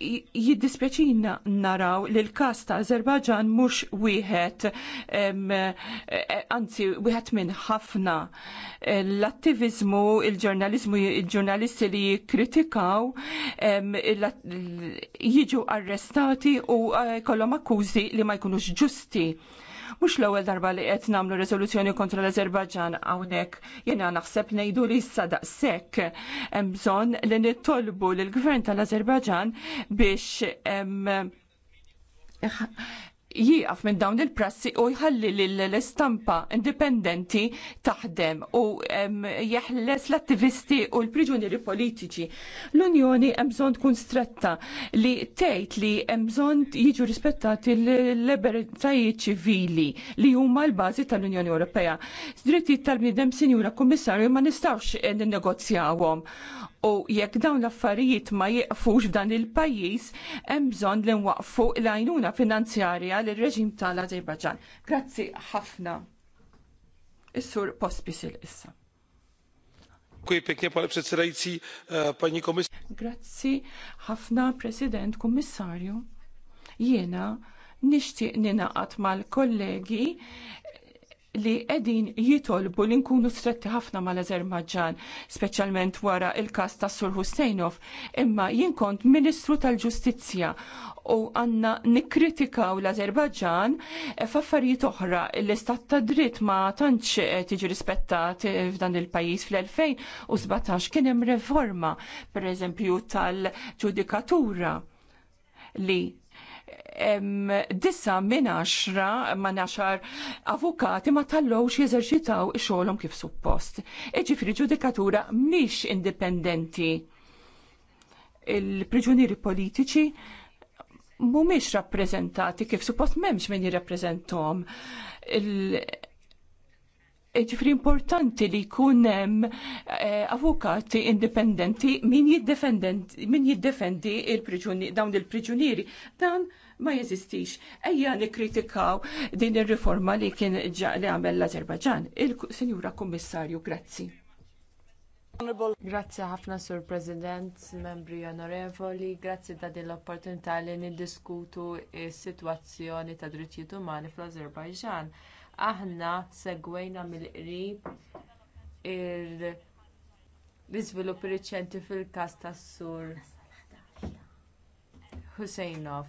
jiddispjaċina naraw li l-kas ta' Azerbaġan mhux wieħed eh, eh, anzi wieħed minn ħafna l-attivizmu, il-ġurnalizmu, il-ġurnalisti li jikkritikaw jiġu arrestati u eh, kollhom akkużi li ma jkunux ġusti Mhux l-ewwel darba li qed nagħmlu riżoluzzjoni kontra l-Azerbajġan hawnhekk jiena naħseb ngħidu li issa daqshekk hemm bżonn li nittolbu lill gvern tal-Azerbajġan biex jieqaf minn dawn il-prassi u jħalli l-istampa indipendenti taħdem u jeħles l-attivisti u l-priġunieri politiċi. L-Unjoni hemm bżonn tkun stretta li tgħid li hemm bżonn jiġu rispettati l-libertajiet ċivili li huma l-bażi tal-Unjoni Ewropea. Drittijiet tal-bniedem Sinjura Kummissarju ma nistgħux eh, ninnegozjawhom u jekk dawn l-affarijiet ma jieqfux f'dan il-pajjiż hemm bżonn li nwaqfu l-għajnuna finanzjarja tal-reġim tal azerbaġan Grazzi ħafna. Is-sur Pospisil issa. Kuj pekne pale predsedajci, pani komis. Grazzi ħafna, President, Kommissarju. Jena, nixtieq ninaqat mal-kollegi li edin jitolbu li nkunu stretti ħafna mal-Azerbaġġan, speċjalment wara il-kas ta' Sur Husseinov, imma jien kont Ministru tal-Ġustizzja u għanna nikritikaw l-Azerbaġġan f'affarijiet oħra l-istat ta' dritt ma tantx tiġi rispettat f'dan il-pajjiż fl-2017 kien hemm per pereżempju tal-ġudikatura li disa minn għaxra ma' naxar avukati ma tallowx jeżerċitaw xogħolhom kif suppost. Iġifieri ġudikatura mhix indipendenti. Il-priġunieri politiċi mhumiex rappreżentati kif suppost m'hemmx min jirrappreżentom ġifri importanti li jkun hemm eh, avukati indipendenti min jiddefendi il dawn il-priġunieri. Dan ma jeżistix. Ejja nikkritikaw din ir-riforma li kien li għamel l-Azerbajġan. Il-Sinjura Kummissarju, grazzi. Grazie ħafna Sur President, membri onorevoli, grazie ta' din l-opportunità li niddiskutu s-sitwazzjoni ta' drittijiet umani fl-Azerbajġan aħna segwejna mill-qrib l-iżvilupp riċenti fil-każ tas-sur Husseinov.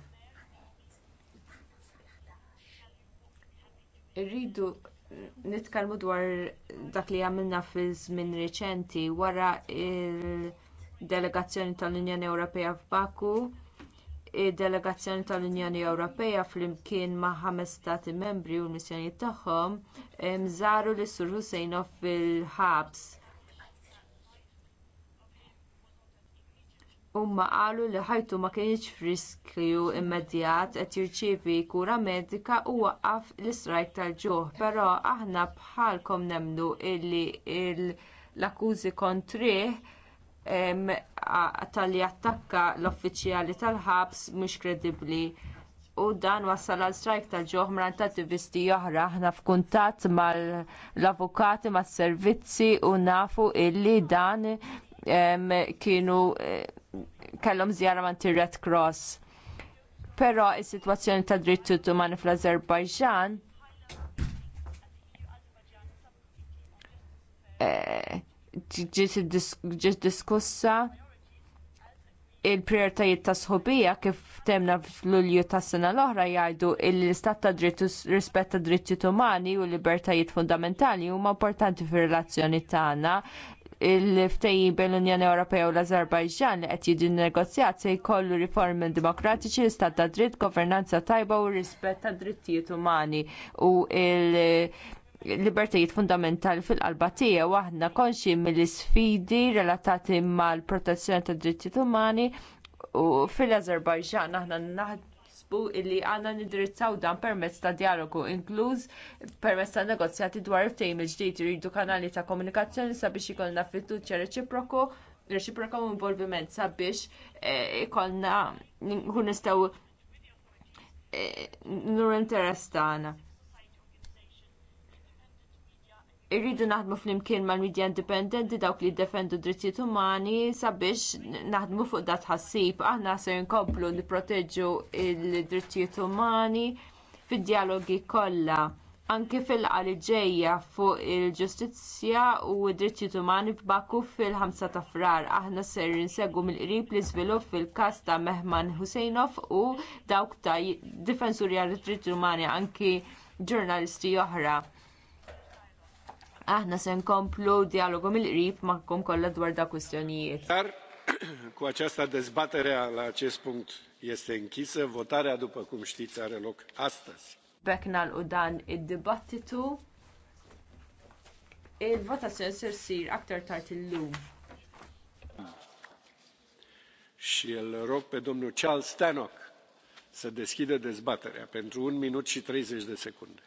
Irridu nitkellmu dwar dak li għamilna fi żmien riċenti wara l delegazzjoni tal-Unjoni Ewropea f'Baku id-delegazzjoni tal-Unjoni Ewropea flimkien ma' ħames stati membri u l-missjonijiet tagħhom żaru lis sur Husseinov fil-ħabs. Huma qalu li ħajtu ma kienx friskju immedjat qed jirċievi kura medika u waqqaf l-istrajk tal-ġuħ, però aħna bħalkom nemmnu illi l-akkużi kontrih tal-li attakka l-uffiċjali tal-ħabs mhux kredibbli u dan wassal għal strajk tal-ġoħmran ta' attivisti oħra aħna f'kuntatt mal-avukati mas-servizzi u nafu illi dan kienu eh, kellhom żjara man red Cross. Però is-sitwazzjoni tad dritt umani fl-Azerbajġan eh, ġiet diskussa il-prioritajiet ta' sħobija kif temna f'Lulju tas-sena l-oħra jgħidu li l-istat ta' dritt u rispett ta' drittijiet umani u l-libertajiet fundamentali huma importanti fir-relazzjoni tagħna il-ftejjin bejn l-Unjoni Ewropea u l-Azerbajġan li qed jiġi negozjat se jkollu riformi demokratiċi, l-istat ta' dritt, governanza tajba u rispett tad drittijiet umani u libertajiet fundamentali fil-qalba tiegħu aħna konxi mill-isfidi relatati mal-protezzjoni tad drittijiet umani u fil-Azerbajġan aħna naħsbu li għandna nidrizzaw dan permezz ta' dialogu inkluż permezz ta' negozjati dwar il-ftehim il-ġdid iridu kanali ta' komunikazzjoni sabiex ikollna fiduċja reċiproku reċiproka u involviment sabiex eh, ikollna nkun nistgħu eh, nur interess tagħna irridu naħdmu flimkien mal-medja indipendenti dawk li jiddefendu drittijiet umani sabiex naħdmu fuq dat ħassib. Aħna se nkomplu li proteġu drittijiet umani fid-dialogi kollha anke fil-qali ġejja fuq il-ġustizzja u d-drittijiet umani f'Baku fil-5 ta' frar. Aħna ser insegwu mill-qrib li żvilupp fil-każ ta' Mehman Husejnov u dawk ta' difensuri għal drittijiet umani anki ġurnalisti oħra Aħna se nkomplu dialogu mill-qrib magħkom kollha dwar da kwistjonijiet. Cu aceasta dezbatere għal acest punkt este închisă. votare după cum știți, are loc astas. Bekna l dan id-dibattitu. Il-votazzjoni sir sir aktar tart il-lum. Xiel rog pe domnul Charles Stanock să deschidă dezbaterea pentru un minut și 30 de secunde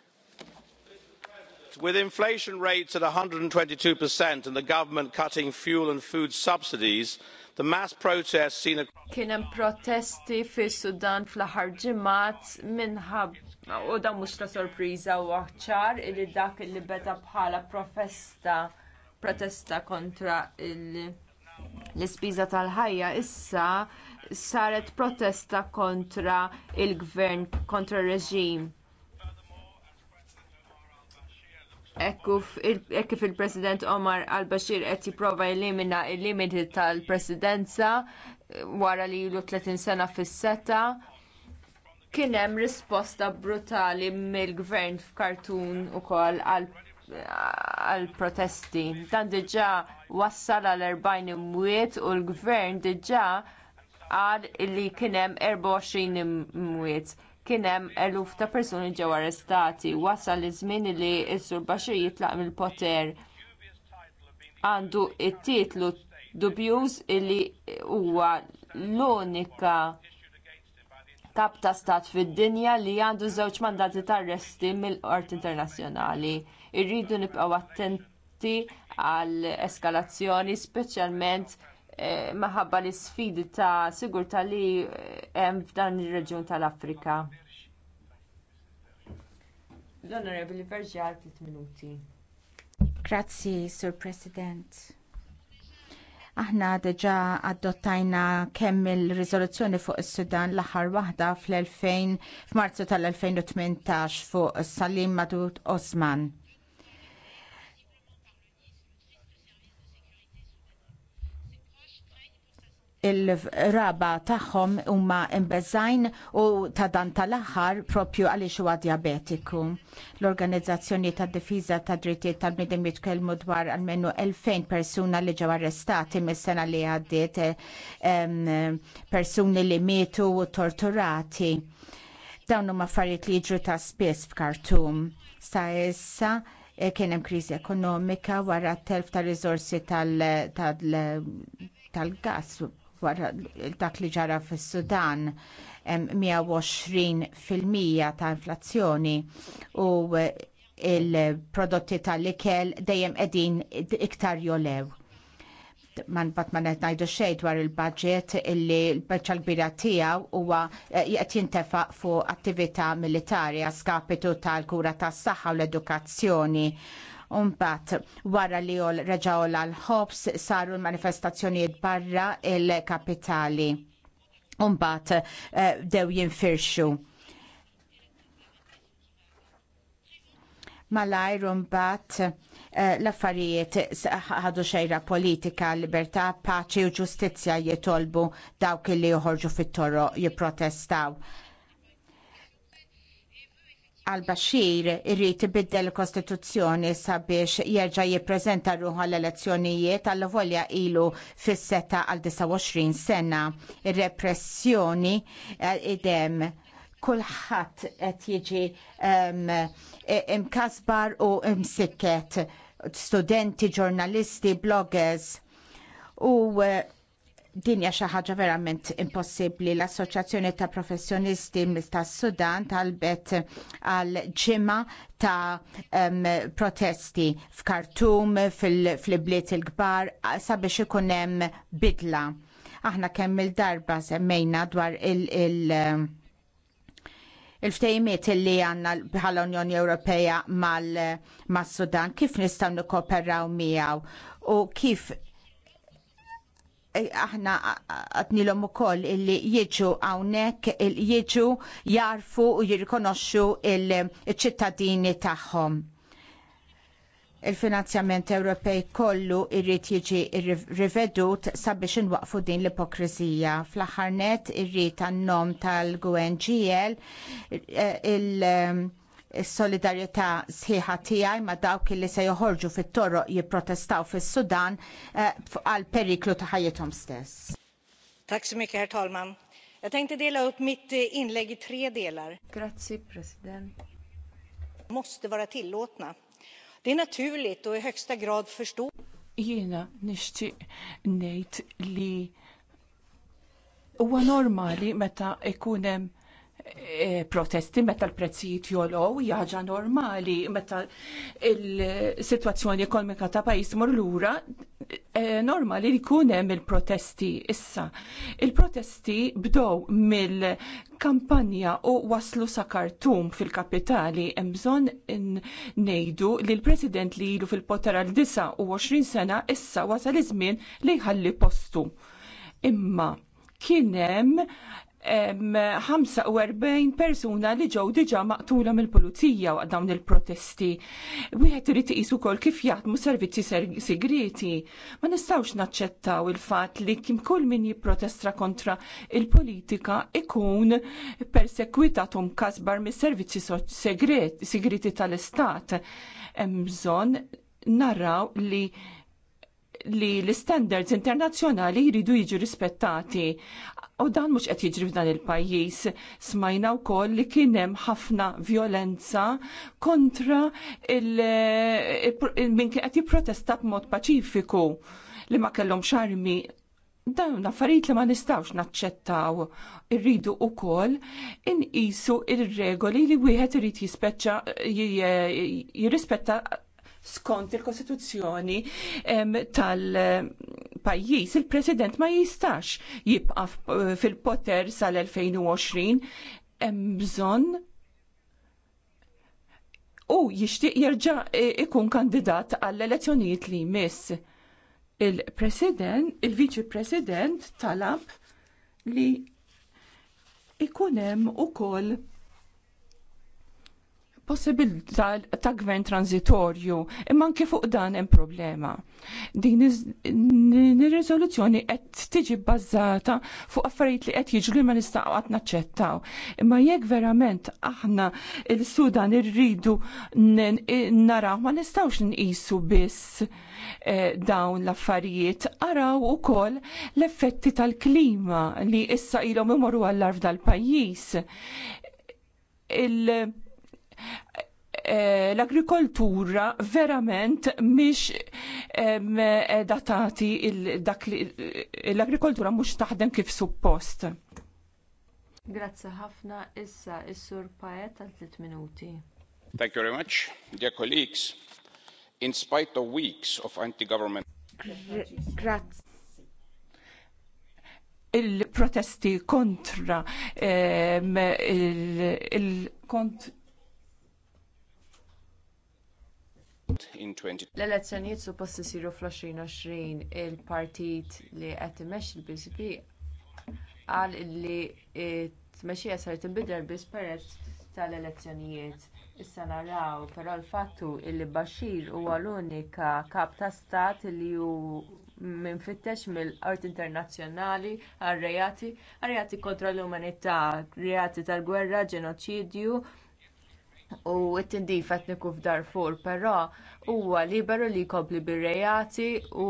with inflation rates at one hundred and twenty two and the government cutting fuel and food subsidies the mass protests seen Kien hemm protesti fis-Sudan fl-aħħar ġimgħat minħabba u dan mhux ta' sorpriża u ċar li dak li beda bħala protesta protesta kontra l-ispiża tal-ħajja issa saret protesta kontra il-gvern kontra r-reġim Ekku kif il-President Omar al-Bashir qed jipprova jelimina il limiti tal-presidenza eh, wara li ilu 30 sena fis-seta kien hemm risposta brutali mill-gvern f'Kartun ukoll għall protesti. Dan diġà wassal għal 40 imwiet u l-gvern diġà qal li kien hemm 24 imwiet kien hemm eluf ta' persuni ġew arrestati. Wasal iż-żmien li s-Sur Bashir jitlaq mill-poter. Għandu t titlu dubjuż li huwa l-unika kap ta' stat fid-dinja li għandu żewġ mandati ta' arresti mill-Qorti Internazzjonali. Irridu nibqgħu attenti għall eskalazzjoni speċjalment Eh, maħabba l isfidi ta' sigurtà li eh, hemm f'dan ir-reġjun tal-Afrika. L-Onorevoli Verġal 3 minuti. Grazzi, Sur President. Aħna deġa adottajna kemm il-riżoluzzjoni fuq is-Sudan l-aħħar waħda fl-2000 f'Marzu tal-2018 fuq Salim Madud Osman il-raba tagħhom huma imbezzajn u ta' dan tal-aħħar propju għaliex huwa diabetiku. L-Organizzazzjoni tad Difiża tad Drittijiet tal-Bniedem jitkellmu dwar almenu 2000 persuna li ġew arrestati mis-sena li għaddiet persuni li mietu u torturati. Dawn huma affarijiet li jiġru ta' spiss f'Kartum. Sa issa e, kien hemm kriżi ekonomika wara t telf ta' riżorsi tal-gas wara dak li ġara fis-Sudan 120% ta' inflazzjoni u eh, il-prodotti tal-ikel dejjem qegħdin iktar jolew. Man bat ma ngħidu xejn dwar il-budget illi l-beċċa kbira tiegħu huwa qed eh, jintefaq fuq attività militari għaskapitu tal-kura tas-saħħa u l-edukazzjoni Umbat, wara li jol reġaw l-ħobs saru l-manifestazzjonijiet barra il-kapitali. Umbat, eh, dew jinfirxu. malajr bat eh, l-affarijiet ħadu xejra politika, libertà, paċi u ġustizzja jitolbu dawk li joħorġu fit-toro jipprotestaw al-Bashir irrid ibiddel kostituzzjoni sabiex jerġa' jippreżenta ruħu l-elezzjonijiet għall volja ilu fis-seta għal 29 sena. Ir-repressjoni eh, idem kulħadd qed jiġi imkasbar u msikket studenti, ġurnalisti, bloggers u eh, dinja xi ħaġa verament impossibbli. L-Assoċjazzjoni ta' Professjonisti tas Sudan talbet għal ġimgħa ta' um, protesti f'Kartum, fil-bliet il-kbar sabiex ikun hemm bidla. Aħna kemm il-darba semmejna dwar il-, il, il-ftejmiet li għanna bħala Unjoni Ewropea mal-Sudan, kif nistaw nikoperaw miegħu u kif Eh, aħna għatnilom u koll illi jieġu għawnek, jieġu jarfu u jirrikonoxxu il-ċittadini tagħhom. Il-finanzjament Ewropej kollu irrit jiġi rivedut sabiex inwaqfu din l-ipokrizija. Fl-aħħar net irrid għannom tal-GUNGL eh, il- is-solidarjetà sħiħa tiegħi ma' dawk li se joħorġu fit-toroq jipprotestaw fis-Sudan eh, għal periklu ta' ħajjithom stess. Tack så mycket, herr talman. Jag tänkte dela upp mitt eh, inlägg i tre delar. Grazie, president. Måste vara tillåtna. Det är naturligt och i högsta grad förstå. Jena, nishti, nejt li Uwa normali meta ikun E, protesti meta l-prezzijiet jolow jaġa normali meta l situazzjoni ekonomika ta' pajjiż mor lura e, normali li jkun hemm il-protesti issa. Il-protesti bdow mill-kampanja u waslu sa' kartum fil-kapitali hemm bżonn ngħidu li l-President li ilu fil-poter għal 29 sena issa wasal iż-żmien li jħalli postu. Imma kien hemm 45 persuna li ġew diġà maqtula mill-pulizija waqt dawn il-protesti. Wieħed irid iqisu wkoll kif jaħdmu servizzi segreti. Ma nistgħux naċċettaw il-fatt li kim kull min jipprotestra kontra il-politika ikun persekwitat mkasbar mis-servizzi segreti tal-Istat. Hemm bżonn narraw li li l-standards internazzjonali jridu jiġu rispettati U dan mhux qed jiġri f'dan il-pajjiż. Smajna wkoll li kien hemm ħafna violenza kontra min kien qed jipprotesta b'mod paċifiku li ma kellhom xarmi dawn affarijiet li ma nistawx naċċettaw. Irridu wkoll inqisu il regoli li wieħed irid jispeċċa jirrispetta skont il-Kostituzzjoni tal-pajjiż, il-President ma jistax jibqa fil-poter sal-2020 hemm bżonn u jixtieq jerġa' ikun kandidat għall-elezzjonijiet li jmiss. Il-President, il-Viċi President talab li ikun hemm ukoll possibilità ta' gvern transitorju, imma anke fuq dan hemm problema. Din ir-riżoluzzjoni qed tiġi bbażata fuq affarijiet li qed li ma nistgħu qatt naċċettaw. Imma jekk verament aħna il-Sudan irridu naraw ma nistgħux nqisu biss eh, dawn l-affarijiet araw ukoll l-effetti tal-klima li issa ilhom imorru għall-arf dal-pajjiż Eh, l-agrikoltura verament mhix datati l-agrikoltura mhux taħdem kif suppost. Grazzi ħafna issa is-sur Paet għal tliet minuti. Thank you very much, dear colleagues. In spite of weeks of anti-government. Grazzi il-protesti kontra il-kont L-elezzjonijiet suppost isiru fl-2020 il-partit li qed imex il-BCP qal li t-tmexxija ser tinbidel biss peress tal-elezzjonijiet. Issa naraw però l-fattu li Bashir huwa l-unika kap ta' stat li hu minfittex mill-Qorti Internazzjonali għal reati, għal reati kontra l-umanità, reati tal-gwerra, ġenoċidju, u t-tindif etniku f'Darfur, però huwa liberu li jkompli bir-rejati u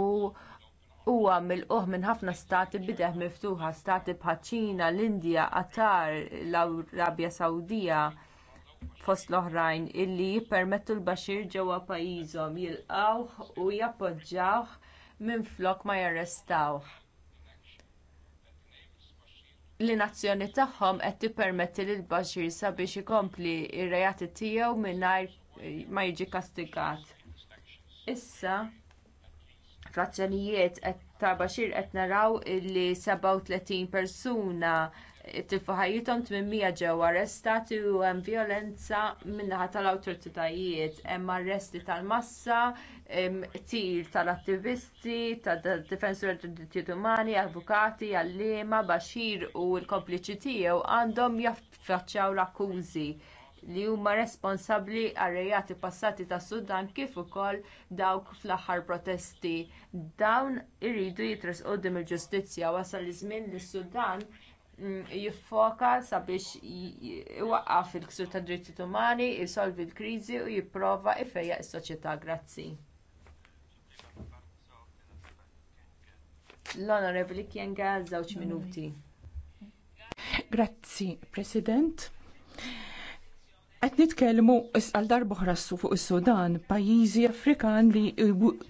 huwa mill-uħ minn ħafna stati bideħ miftuħa, stati bħaċ-Ċina, l-Indja, Qatar, l-Arabja Sawdija fost l-oħrajn illi jippermettu l-Bashir ġewwa pajjiżhom jilqawh u jappoġġjawh flok ma jarrestawh l-inazzjoni tagħhom qed tippermetti lil Bashir sabiex ikompli r-rejati tiegħu mingħajr eh, ma jiġi kastigat. Issa frazzjonijiet ta' Bashir qed naraw li 37 persuna tilfu ħajjithom 800 ġew arrestati u hemm vjolenza min-naħa tal-awtoritajiet, hemm arresti tal-massa, tir tal-attivisti, tad difensur tad-drittijiet umani, avukati, għalliema, Bashir u l-kompliċi tiegħu għandhom jaffaċċjaw l-akkużi li huma responsabbli għar-rejati passati tas-Sudan kif ukoll dawk fl-aħħar protesti. Dawn iridu jitresqu quddiem il-ġustizzja wasal iż-żmien lis sudan jiffoka sabiex iwaqqa il-ksur tad drittijiet umani, jsolvi l-kriżi u jipprova jfejjaq is-soċjetà. Grazzi. L-Onorevoli Kienga, żewġ minuti. Grazzi, President. Qed nitkellmu isqal darbohra fuq is-Sudan, pajjiżi Afrikan li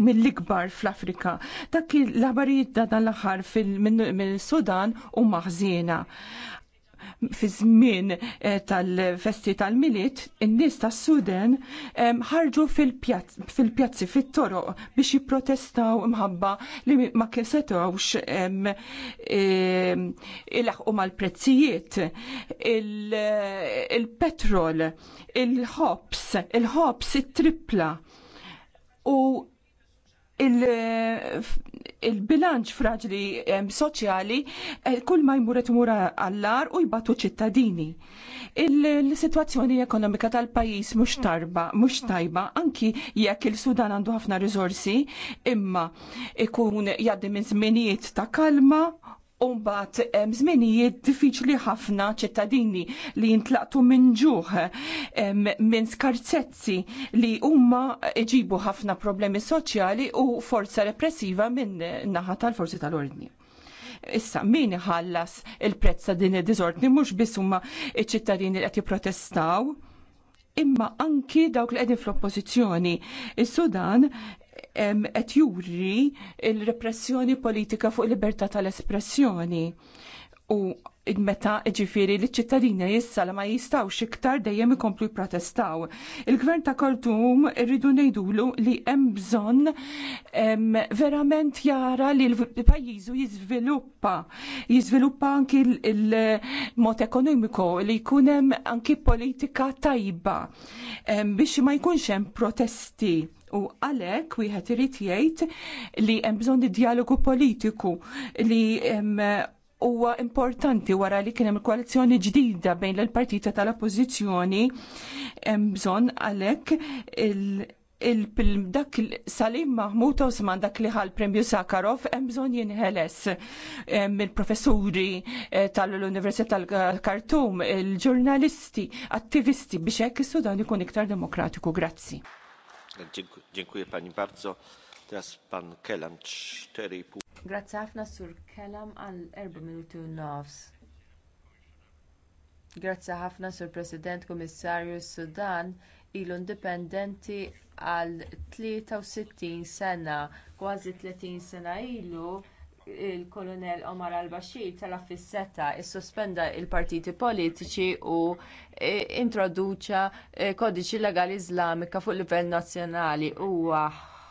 mill-ikbar fl-Afrika. Dak l-abarit ta' dan l-aħħar mill-Sudan u maħżiena fi żmien eh, tal-festi tal-miliet, in-nies tas-Sudan ħarġu fil-pjazzi, fit-toroq biex jipprotestaw imħabba li ma kisetawx il-ħqu mal-prezzijiet, il-petrol, il-ħobs, il-ħobs it-tripla. U il-bilanċ fraġli soċjali eh, kull ma jmur mura għallar u jbatu ċittadini. Il-situazzjoni ekonomika tal-pajis mux tarba, mux tajba, anki jekk il-Sudan għandu ħafna rizorsi, imma ikun jaddi minn zminijiet ta' kalma Umbat, zminijiet diffiċli ħafna ċittadini li jintlaqtu minn ġuħ, minn skarzezzi li umma iġibu ħafna problemi soċjali u forza repressiva minn naħa tal-forzi tal-ordni. Issa, min ħallas il-prezz ta' din id-dizordni mhux biss huma ċittadini li qed jipprotestaw, imma anki dawk li qegħdin fl-oppożizzjoni. Is-Sudan qed juri l repressjoni politika fuq libertà tal-espressjoni. U id-meta ġifiri li ċittadini jissa ma jistawx iktar dejjem ikomplu jprotestaw. Il-gvern ta' Kortum irridu nejdulu li hemm bżonn verament jara li l-pajjiżu jiżviluppa. Jiżviluppa anki il-mod ekonomiku li jkun hemm anki politika tajba biex ma jkunx hemm protesti. U għalek wieħed irid jgħid li hemm bżonn dialogu politiku li huwa importanti wara li kien hemm koalizzjoni ġdida bejn l-partita tal-oppożizzjoni hemm bżonn għalhekk il il-dak Salim Mahmud Osman dak li ħal Premju Sakharov hemm bżonn jinħeles mill-professuri eh, tal-Università tal-Kartum, il-ġurnalisti, attivisti biex hekk is-Sudan ikun iktar demokratiku. Grazzi. Dziękuję pani bardzo. Teraz pan Kelan 4,5 Grazzi ħafna sur Kellam għal 4 minuti u nofs. Grazzi ħafna sur President Kummissarju Sudan ilu indipendenti għal 63 sena, kważi 30 sena ilu il-kolonel Omar al-Bashir tala fis-seta issospenda l partiti politiċi u e, introduċa e, kodiċi legali Iżlamika fuq livell nazzjonali huwa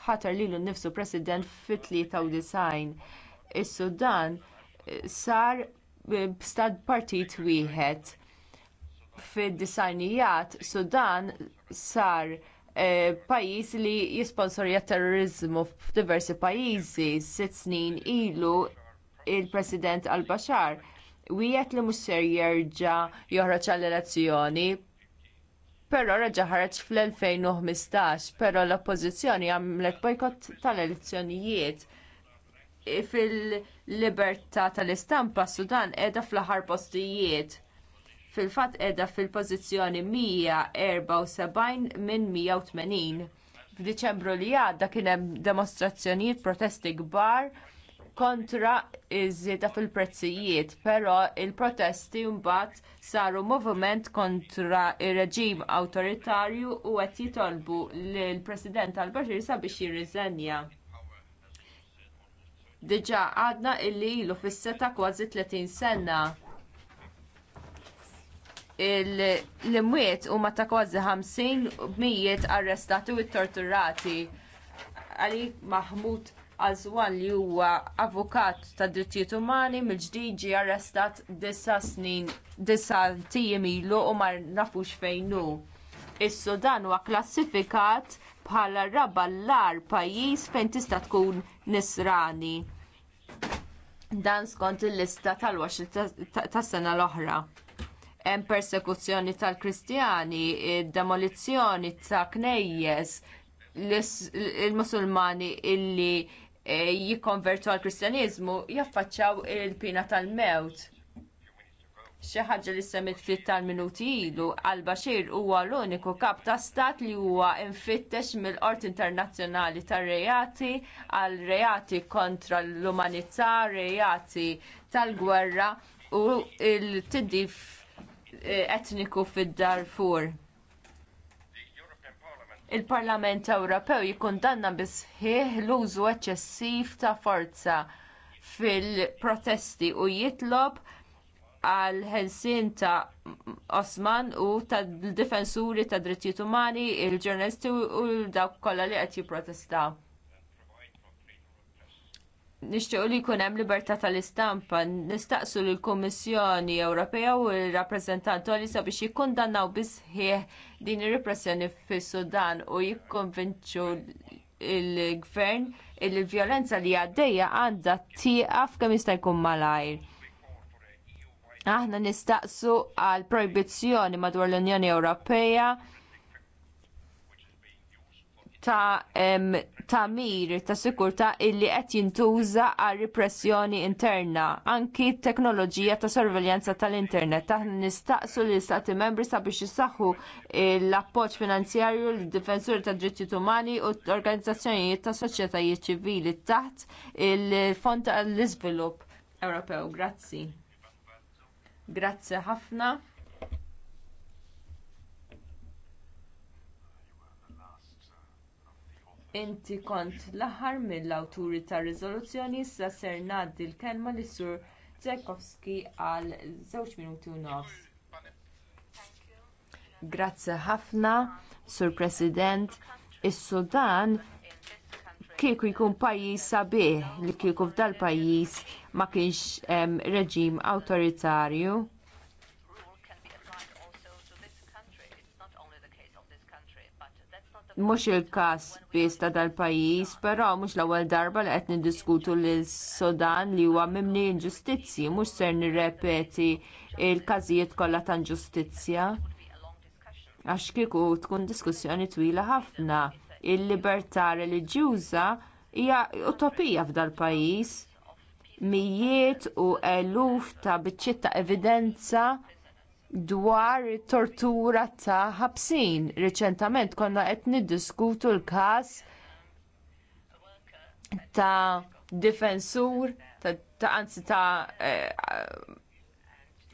ħatar lilu nnifsu president fit-93 is-Sudan eh, sar b'stad eh, partit wieħed fid-disajnijat Sudan sar eh, pajjiż li jisponsorja terrorizmu f'diversi pajjiżi sitt snin ilu l president al-Bashar wieħed li mhux ser jerġa' joħroġ għall-elezzjoni però reġa' ħareġ fl-2015, però l-oppożizzjoni għamlet bojkott tal-elezzjonijiet. Fil-libertà tal-istampa Sudan qiegħda fl-aħħar postijiet. Fil-fatt qiegħda fil-pożizzjoni 174 minn 180. F'Diċembru li għadda kien hemm demostrazzjonijiet protesti kbar kontra iż-żieda fil-prezzijiet, però l protesti mbagħad saru moviment kontra ir reġim awtoritarju u qed jitolbu lill president al-Bashir sabiex jirriżenja. Diġà għadna li ilu fis-seta kważi 30 sena l-imwiet huma ta' kważi 50 mijiet arrestati u torturati. Għalik Mahmud għal li huwa avukat ta' drittijiet umani mill-ġdid ġie arrestat disa snin disa tiem ilu u ma nafux fejn hu. Is-Sudan huwa klassifikat bħala raba l-ar pajjiż fejn tista' tkun nisrani. Dan skont il-lista tal-wax tas-sena l-oħra. Hemm persekuzzjoni tal-Kristjani, demolizzjoni ta' knejjes, il-Musulmani illi E, jikkonvertu għal kristjaniżmu jaffaċċaw il-pina tal-mewt. Xi ħaġa li semmit fit tal-minuti ilu għal Bashir huwa l-uniku kap ta' stat li huwa infittex mill-Qorti Internazzjonali tar rejati għal Rejati kontra l-umanità, Rejati tal-gwerra u l-tidif e, etniku fid-Darfur il-Parlament Ewropew jikkundanna bisħieħ l-użu eċċessiv ta' forza fil-protesti u jitlob għal ħelsien ta' Osman u tad difensuri tad drittijiet umani, il-ġurnalisti u dawk kollha li qed jipprotestaw nixtiequ li jkun hemm libertà tal-istampa, nistaqsu lill kummissjoni Ewropea u l-rappreżentanti li sabiex jikkundannaw bisħieħ din ir-repressjoni fis-Sudan u jikkonvinċu il-gvern il vjolenza li għaddejja għandha tieqaf kemm jista' jkun malajr. Aħna nistaqsu għal proibizzjoni madwar l-Unjoni Ewropea ta' em, ta' mir ta' sikurta illi qed jintuża għal repressjoni interna. Anki t teknoloġija ta' sorveljanza tal-internet ta' nistaqsu l istati membri sabiex jissaħħu l-appoġġ finanzjarju l difensuri tad drittijiet umani u organizzazzjonijiet ta' soċjetajiet ċivili taħt il-Fond tal-Iżvilupp Ewropew. Grazzi. Grazzi ħafna. inti kont l-aħħar mill-awturi tar-riżoluzzjoni issa ser ngħaddi l-kelma lis sur zdechovsk għal żewġ minuti u nofs grazzi ħafna sur president is-sudan kieku jkun pajjiż sabiħ li kieku f'dal pajjiż ma kienx reġim awtoritarju mhux il-każ biss ta' dal-pajjiż, però mhux l-ewwel darba li qed niddiskutu lil Sudan li huwa mimli inġustizzji, mhux ser nirrepeti l każijiet kollha ta' inġustizzja. Għax kieku tkun diskussjoni twila ħafna, il-libertà reliġjuża hija utopija f'dal pajjiż mijiet u eluf ta' biċċiet ta' evidenza dwar it tortura ta' ħabsin. Riċentament konna qed niddiskutu l-każ ta' difensur ta', ta anzi ta' eh,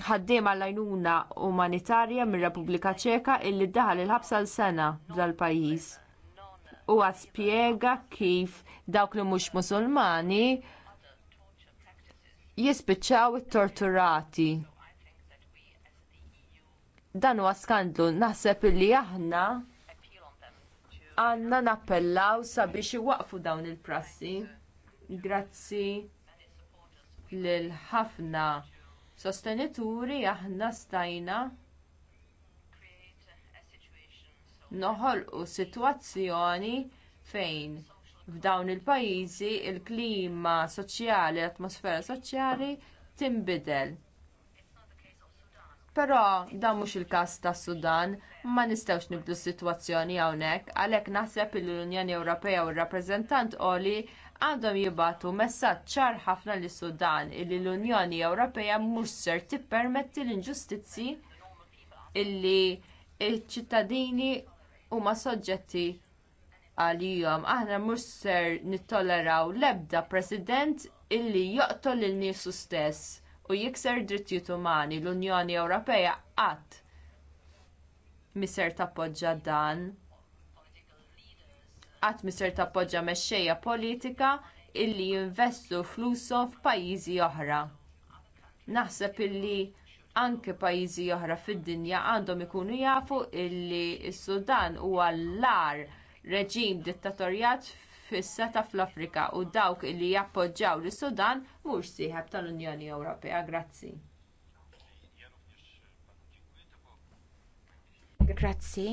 ħaddiema eh, għajnuna umanitarja mir-Repubblika Ċeka illi daħal il-ħabsa l-sena dal-pajjiż. U spjega kif dawk li mhux musulmani jispiċċaw it-torturati dan huwa skandlu naħseb li aħna għanna nappellaw sabiex iwaqfu dawn il-prassi. Grazzi lil ħafna sostenituri aħna stajna noħolqu sitwazzjoni fejn f'dawn il-pajjiżi il klima soċjali, l-atmosfera soċjali tinbidel Però dan mhux il-każ tas-Sudan, ma nistgħux nibdu s-sitwazzjoni hawnhekk, għalhekk naħseb li l-Unjoni Ewropea u r-rappreżentant Oli għandhom jibatu messaġġ ċar ħafna lis sudan illi l-Unjoni Ewropea mhux ser tippermetti l-inġustizzi illi ċ-ċittadini huma soġġetti għalihom. Aħna mhux ser nittoleraw l-ebda president illi joqtol lil niesu stess u jikser drittijiet umani l-Unjoni Ewropea qatt miser tappoġġa dan miser tappoġġa mexxejja politika illi jinvestu flusu f'pajjiżi oħra. Naħseb illi anke pajjiżi oħra fid-dinja għandhom ikunu jafu illi s-Sudan huwa l-ar reġim dittatorjat fis ta' fl-Afrika u dawk li jappoġġaw lis sudan mhux sieħeb tal-Unjoni Ewropea. Grazzi. Grazzi.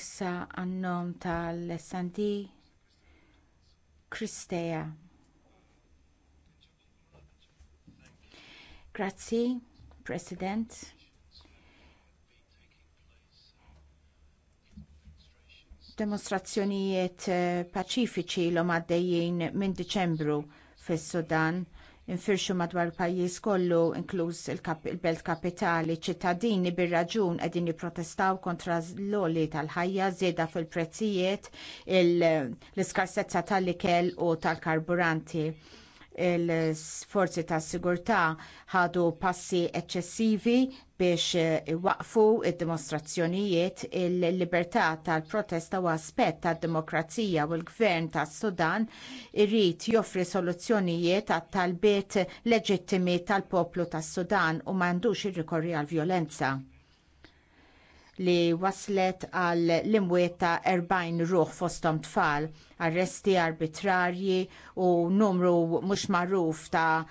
Issa għannom tal santi Kristeja. Grazzi, President. Demonstrazzjonijiet eh, paċifiċi l għaddejjin minn Diċembru fis-Sudan infirxu madwar il-pajjiż kollu inkluż il-belt kapitali ċittadini bir-raġun qegħdin jipprotestaw kontra l-oli tal-ħajja żieda fil-prezzijiet l-iskarsezza tal-ikel u tal-karburanti il-forzi ta' sigurtà ħadu passi eċċessivi biex iwaqfu eh, id-dimostrazzjonijiet il libertà tal-protesta u aspett tad-demokrazija u l-gvern tas Sudan irrid joffri soluzzjonijiet għat talbiet leġittimi tal-poplu tas Sudan u m'għandux irrikorri għall vjolenza li waslet għal l-imwiet ta' 40 ruħ fosthom tfal, arresti arbitrarji u numru mhux magħruf ta'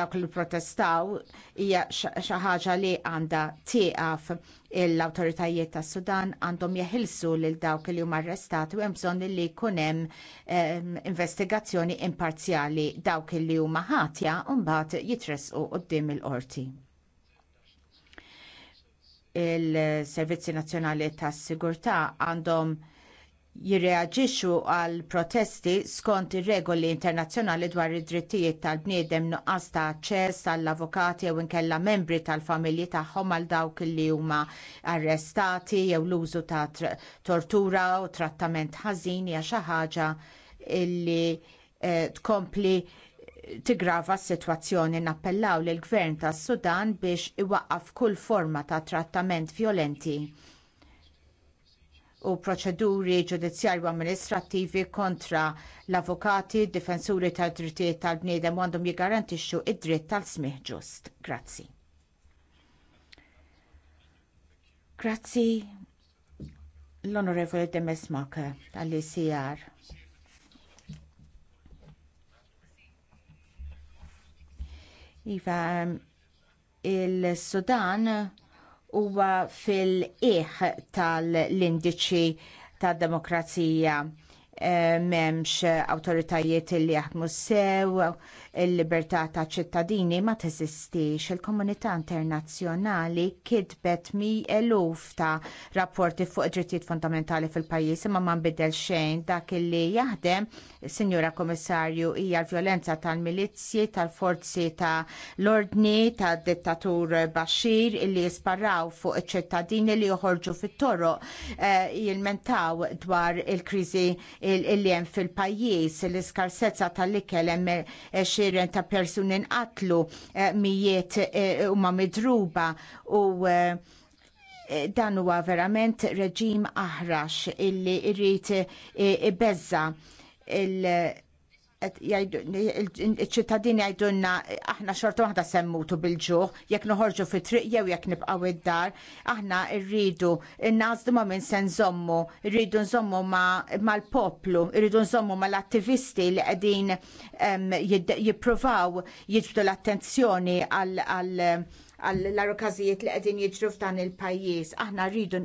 dawk li protestaw hija xi ħaġa li għandha tieqaf l-awtoritajiet tas Sudan għandhom jeħilsu lil dawk li huma arrestati u hemm bżonn li jkun hemm ehm, investigazzjoni imparzjali dawk li huma ħatja u mbagħad jitresqu quddiem il-qorti il-Servizzi Nazzjonali tas-Sigurtà għandhom jirreaġixxu għal protesti skont ir-regoli internazzjonali dwar id-drittijiet tal-bniedem nuqqas ta' aċċess għall-avukati jew inkella membri tal-familji tagħhom għal dawk li huma arrestati jew l-użu ta' tortura u trattament ħażin hija xi ħaġa li eh, tkompli eh, tigrava s-sitwazzjoni nappellaw lill gvern tas Sudan biex iwaqqaf kull forma ta' trattament vjolenti u proċeduri ġudizzjarji u amministrattivi kontra l-avukati, difensuri tad drittijiet tal-bniedem għandhom jiggarantixxu id-dritt tal-smih ġust. Grazzi. Grazzi l-Onorevoli Demes Maka tal-ICR. Iva, um, il-Sudan huwa fil-qiegħ tal-indiċi tad-demokrazija. E, eh, memx awtoritajiet li jaħdmu sew, il-libertà ta' ċittadini ma teżistix il-komunità internazzjonali kitbet mi eluf ta' rapporti fuq id-drittijiet fundamentali fil-pajjiż imma ma nbidel xejn dak li jaħdem Sinjura Komissarju hija l-vjolenza tal-milizzji tal-forzi ta' l-ordni tad dittatur Bashir illi jisparraw fuq iċ-ċittadini li joħorġu fit-toroq eh, jilmentaw dwar il-kriżi li hemm fil-pajjiż l-iskarsezza tal-ikel hemm xi għaxieren ta' persuni qatlu eh, mijiet eh, u ma' midruba u eh, dan huwa verament reġim aħrax illi irrid ibeżza il- il-ċittadini għajdunna aħna xorta waħda semmutu bil-ġuħ, jekk nħorġu fi triq jew jekk nibqaw id-dar, aħna rridu n-nazdu ma minn sen zommu, rridu nżommu mal-poplu, irridu nżommu mal-attivisti li għedin jipprovaw jiġbdu l-attenzjoni għall arokazijiet li għedin jiġru f'dan il-pajjiż. Aħna rridu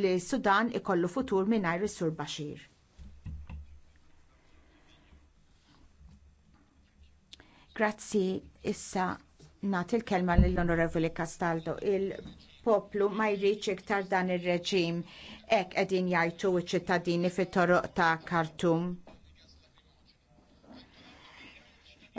li Sudan ikollu futur minn Sur Bashir. Grazzi issa nagħti l kelma lill-Onorevoli Castaldo. Il-poplu ma jridx iktar dan ir-reġim hekk qegħdin jgħidu ċ-ċittadini fit-toroq ta' Khartoum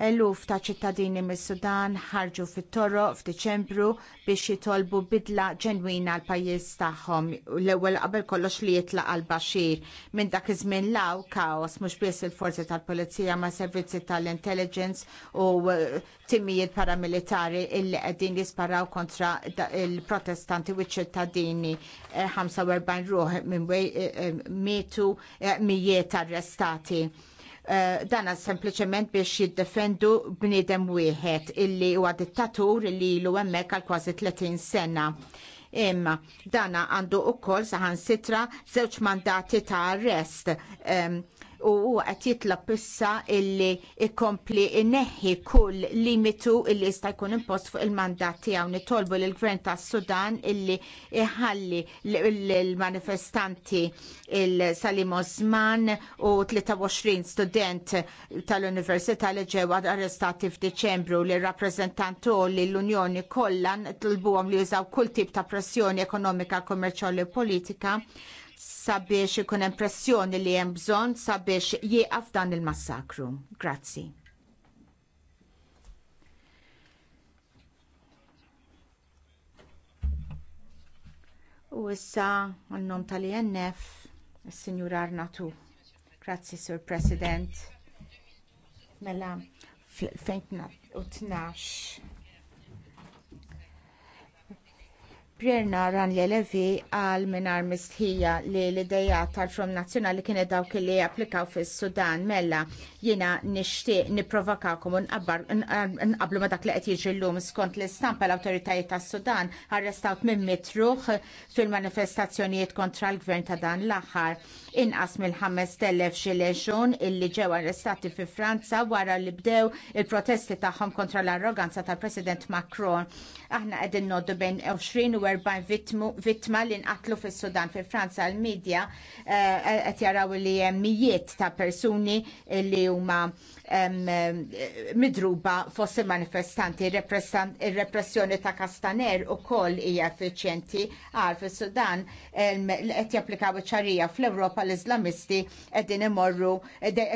Eluf ta' ċittadini mis-Sudan ħarġu fit-toro f'Diċembru biex jitolbu bidla ġenwina l pajjiż tagħhom l-ewwel qabel kollox li jitlaq għal Bashir. Minn dak iż-żmien law kaos mhux biss il-forzi tal-pulizija ma' servizzi tal-intelligence u uh, timijiet paramilitari illi qegħdin jisparaw kontra il-protestanti u ċittadini 45 eh, ruħ minn eh, eh, mietu mijiet arrestati. Eh, dana sempliciment biex jiddefendu bniedem wieħed illi huwa dittatur illi ilu hemmhekk għal kważi 30 sena. Imma dana għandu ukoll saħan sitra żewġ mandati ta' arrest. Um, u huwa qed jitlob issa illi ikompli inneħħi kull limitu illi jista' jkun impost fuq il-mandat tiegħu nitolbu lill gvern tas-Sudan illi iħalli l-manifestanti il-Salim Osman u 23 student tal-Università li ġew arrestati f'Diċembru li rappreżentantu li l-Unjoni kollha tlbuhom li jużaw kull tip ta' pressjoni ekonomika, kummerċjali u politika sabiex ikun hemm pressjoni li hemm bżonn sabiex jieqaf dan il-massakru. Grazzi. U issa għannom tal-INF, il-Sinjur Arnatu. Grazzi, Sur President. Mela, fl tnax. Prerna ran l-elevi għal minar mistħija li l-ideja tal-Front Nazzjonali kienet dawk li applikaw fis sudan mella jina nishtiq niprovokakom u nqablu ma dak li qed l llum skont l-istampa l-awtoritajiet tas-Sudan arrestaw minn mitruħ fil-manifestazzjonijiet kontra l-gvern ta' dan l-aħħar. Inqas mill-5,000 xilexun illi ġew arrestati fi Franza wara li bdew il-protesti tagħhom kontra l-arroganza tal-President Macron. Aħna qegħdin noddu bejn 20 u 42 vittma li nqatlu fis-Sudan fil Franza l-medja eh, eh, qed jaraw li hemm mijiet ta' persuni li huma midruba fossi manifestanti ir-repressjoni ta' Kastaner ukoll hija effiċjenti għal fis-Sudan qed japplikaw iċ-ċarija fl-Ewropa l-Islamisti qegħdin imorru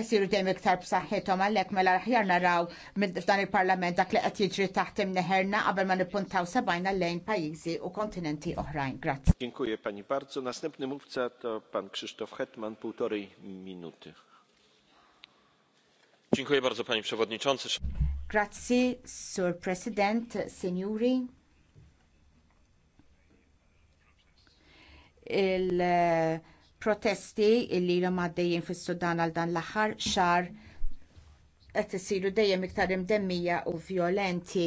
jsiru dejjem iktar b'saħħithom għalhekk mela aħjar naraw f'dan il-Parlament dak li qed jiġri taħt imneħerna qabel ma nippuntaw l lejn pajjiżi u kontinenti oħrajn. Grazzi. Dziękuję pani bardzo. Następny mówca to pan Krzysztof Hetman, półtorej minuty. Dziękuję bardzo pani przewodniczący. Grazzi, sir president, signori. il-protesti eh, illi l għaddejjen fis-Sudan għal dan l-aħħar xar qed isiru dejjem iktar imdemmija u violenti.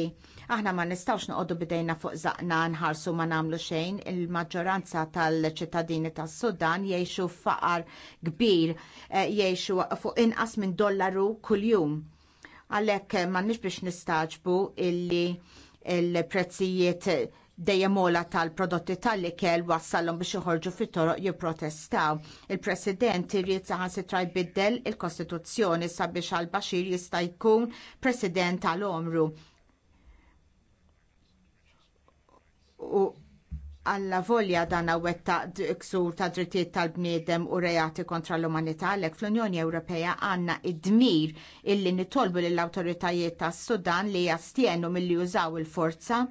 Aħna ma nistawx noqogħdu bidejna fuq zaqna nħarsu ma nagħmlu xejn. Il-maġġoranza tal-ċittadini tas-Sudan jgħixu faqar kbir, eh, jgħixu fuq inqas minn dollaru kuljum. Għalhekk eh, m'għandniex biex nistaġbu illi il-prezzijiet dejjem ola tal-prodotti tal-ikel wassallhom biex joħorġu fit-toroq jipprotestaw. Il-President irid saħansitra jbiddel il-Kostituzzjoni sabiex għal-Baxir jista' jkun President tal-Omru. u għalla volja dan wetta iksur ta' drittijiet tal-bniedem u reati kontra l-umanità għalek fl-Unjoni Ewropea għanna id-dmir illi nitolbu lill awtoritajiet tas Sudan li jastienu milli jużaw il-forza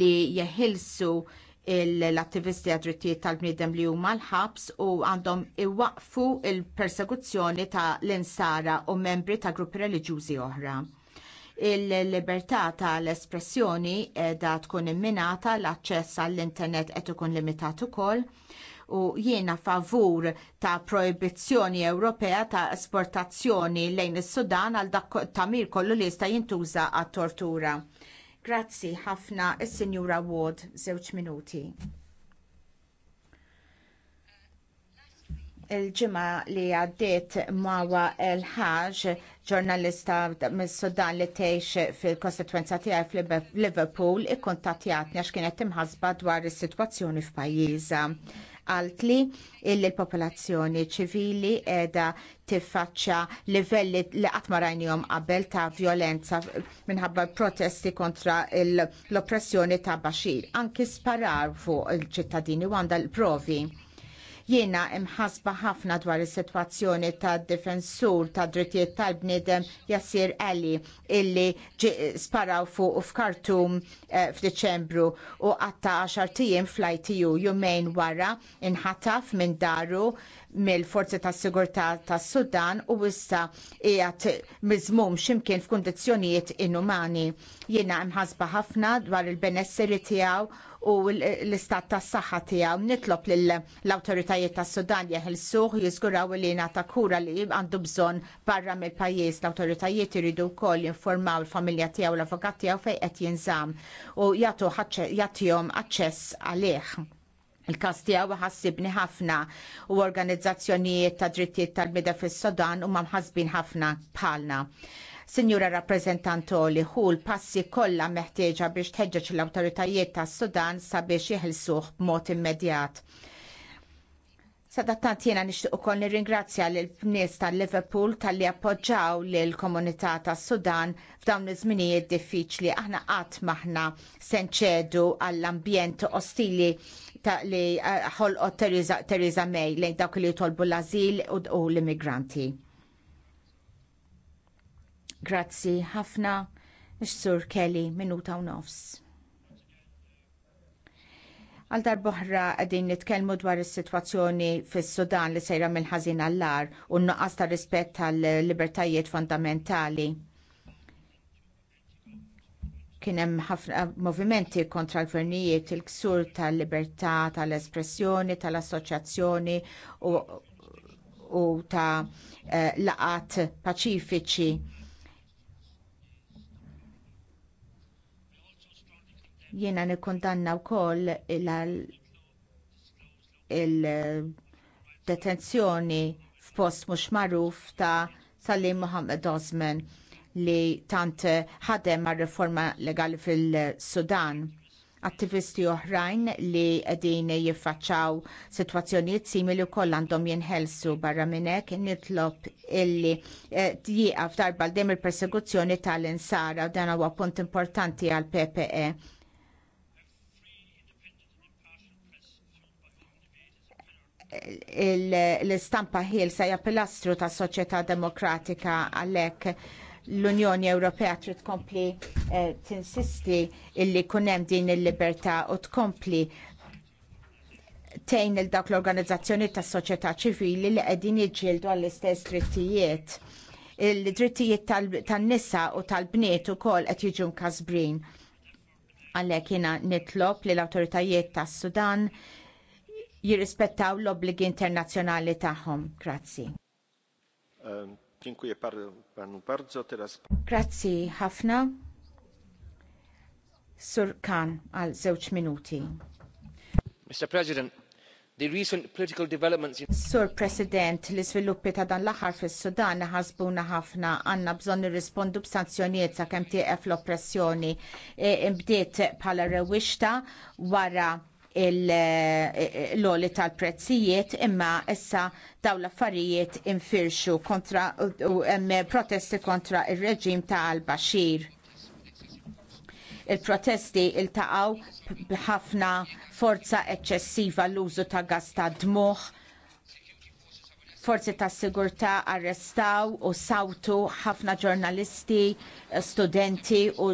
li jeħilsu l-attivisti għad-drittijiet tal-bniedem li huma l-ħabs u għandhom iwaqfu l persekuzzjoni ta' l-insara u membri ta' gruppi reliġjużi oħra il-libertà tal-espressjoni qiegħda tkun imminata l-aċċess għall-internet qed ikun limitat ukoll u jiena favur ta' proibizzjoni Ewropea ta' esportazzjoni lejn is-Sudan għal dak tamir kollu li jista' jintuża għat-tortura. Grazzi ħafna is-Sinjura Ward, żewġ minuti. il-ġimgħa li għaddiet Mawa El-Ħaġ, ġurnalista mis-Sudan li tgħix fil-kostituenza tiegħi fil-Liverpool, ikkuntattjatni għax kienet imħasba dwar is-sitwazzjoni f'pajjiżha. Għalt li l-popolazzjoni ċivili qiegħda tiffaċċja livelli li qatt ma qabel ta' vjolenza minħabba protesti kontra l-oppressjoni ta' Bashir. Anki sparar fuq il-ċittadini għanda għandha l-provi Jiena imħasba ħafna dwar is-sitwazzjoni tad difensur tad drittijiet tal-bniedem Jassir Ali illi sparaw fuq f'Kartum eh, f'Diċembru u għatta 10 tiem fl-ITU jumejn wara inħataf minn daru mill-forzi tas sigurtà tas Sudan u issa qiegħed miżmum x'imkien f'kundizzjonijiet inumani. Jiena imħasba ħafna dwar il-benesseri tiegħu u l-istat tas saħħa tiegħu nitlob lill-awtoritajiet tas-Sudan jeħilsuh jiżguraw li ta' kura li għandu bżonn barra mill-pajjiż. L-awtoritajiet iridu wkoll jinformaw il-familja tiegħu l-avukat tiegħu fejn qed jinżamm u jagħtu jagħtihom aċċess għalih. Il-kas tiegħu ħassibni ħafna u organizzazzjonijiet ta' drittijiet tal-bida fis-Sodan huma mħassbin ħafna bħalna. Sinjura rappresentantoli hu l-passi kollha meħtieġa biex tħeġġeġ l-awtoritajiet tas-Sudan sabiex jeħilsuh b'mod immedjat. Sadattant jena nishtiq ukoll nirringrazzja lil nies tal-Liverpool tal-li appoġġaw lil komunità tas-Sudan f'dawn iż-żminijiet diffiċli. Aħna qatt maħna senċedu għall-ambjent ostili li eh, ħolqot Theresa May lejn dawk li jitolbu l-azil u l-immigranti. Grazzi ħafna, Sur Kelly, minuta u nofs. Għal darboħra qegħdin nitkellmu dwar is-sitwazzjoni fis-Sudan li sejra mill-ħażin għall-ar u n-nuqqas ta' rispett tal-libertajiet fondamentali. Kien hemm ħafna movimenti kontra l-gvernijiet il-ksur tal-libertà, tal-espressjoni, tal-assoċjazzjoni u, u ta' eh, laqat paċifiċi Jiena nikkondanna wkoll il-detenzjoni f'post mhux magħruf ta' Salim Mohammed Osman li tant ħadem ma' riforma legali fil-Sudan attivisti oħrajn li qegħdin jiffaċċaw sitwazzjonijiet simili wkoll għandhom jinħelsu barra minn hekk nitlob illi jieqaf eh, darba l-dem il-persekuzzjoni tal-insara u dan huwa punt importanti għall ppe l-istampa ħilsa hija pilastru tas soċjetà demokratika għalhekk l-Unjoni Ewropea trid tkompli eh, tinsisti illi jkun hemm din il-libertà u tkompli tejn il dawk l-organizzazzjoni tas soċjetà ċivili li qegħdin jiġġieldu għall-istess drittijiet. Il-drittijiet tan-nisa u tal-bniet ukoll qed jiġu mkasbrin. Għalhekk jiena nitlob li l-awtoritajiet tas-Sudan jirrispettaw l-obbligi internazzjonali tagħhom. Grazzi. Ehm, dziękuję panu bardzo. Teraz... Grazzi ħafna. Sur Khan għal żewġ minuti. Mr. President, the recent political developments in... Sur President, l-iżviluppi ta' dan l-aħħar fis-Sudan ħasbuna ħafna għandna bżonn nirrispondu b'sanzjonijiet sakemm tieqef l-oppressjoni e, imbdiet bħala rewixta wara Eh, l-oli tal-prezzijiet imma issa daw l-affarijiet infirxu kontra protesti kontra il-reġim ta' al-Bashir. Il-protesti iltaqgħu bħafna forza eċċessiva l-użu ta' gas ta' dmuħ, forzi ta' sigurtà arrestaw u sawtu ħafna ġurnalisti, studenti u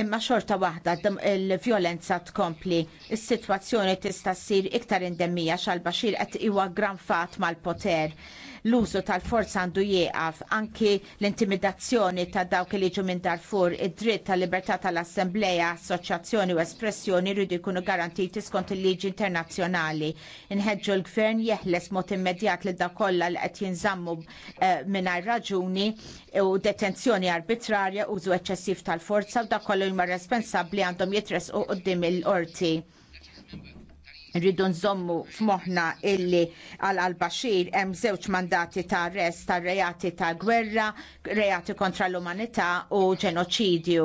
imma xorta waħda il-violenza tkompli. Is-sitwazzjoni tista' ssir iktar indemmija xalba xir qed iwa gran fat mal-poter l-użu tal-forza għandu jieqaf anki l-intimidazzjoni ta' dawk li ġu minn Darfur id-dritt tal libertà tal-assembleja, assoċjazzjoni u espressjoni rridu jkunu garantiti skont il-liġi internazzjonali. Inħeġġu l-gvern jeħles mod immedjat li da kollha li qed jinżammu eh, mingħajr raġuni u detenzjoni arbitrarja użu eċċessiv tal-forza u da kollu jma responsabbli għandhom jitresqu quddiem il-qorti Rridu nżommu f'moħħna illi għal al-Bashir hemm żewġ mandati ta' arrest ta' reati ta' gwerra, reati kontra l-umanità u ġenoċidju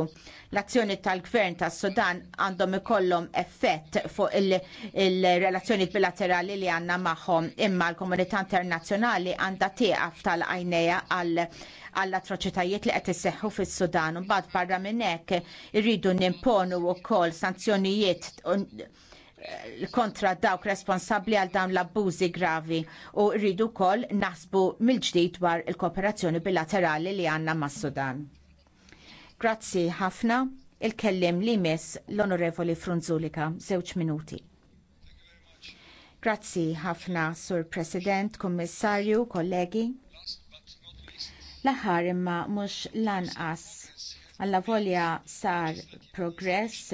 l-azzjoni tal-gvern tas sudan għandhom ikollhom effett fuq il-relazzjoni il bilaterali li għandna magħhom imma l-komunità internazzjonali għandha tieqaf tal-għajnejja għall-atroċitajiet li qed isseħħu fis-Sudan u mbagħad barra minn hekk irridu nimponu wkoll sanzjonijiet kontra dawk responsabbli għal dawn l-abbużi gravi u rridu wkoll nasbu mill-ġdid dwar il-kooperazzjoni bilaterali li għandna mas sudan Grazzi ħafna il-kellim li miss l-Onorevoli Frunzulika, żewġ minuti. Grazzi ħafna, Sur President, Kommissarju, kollegi. L-aħħar imma mhux lanqas alla volja sar progress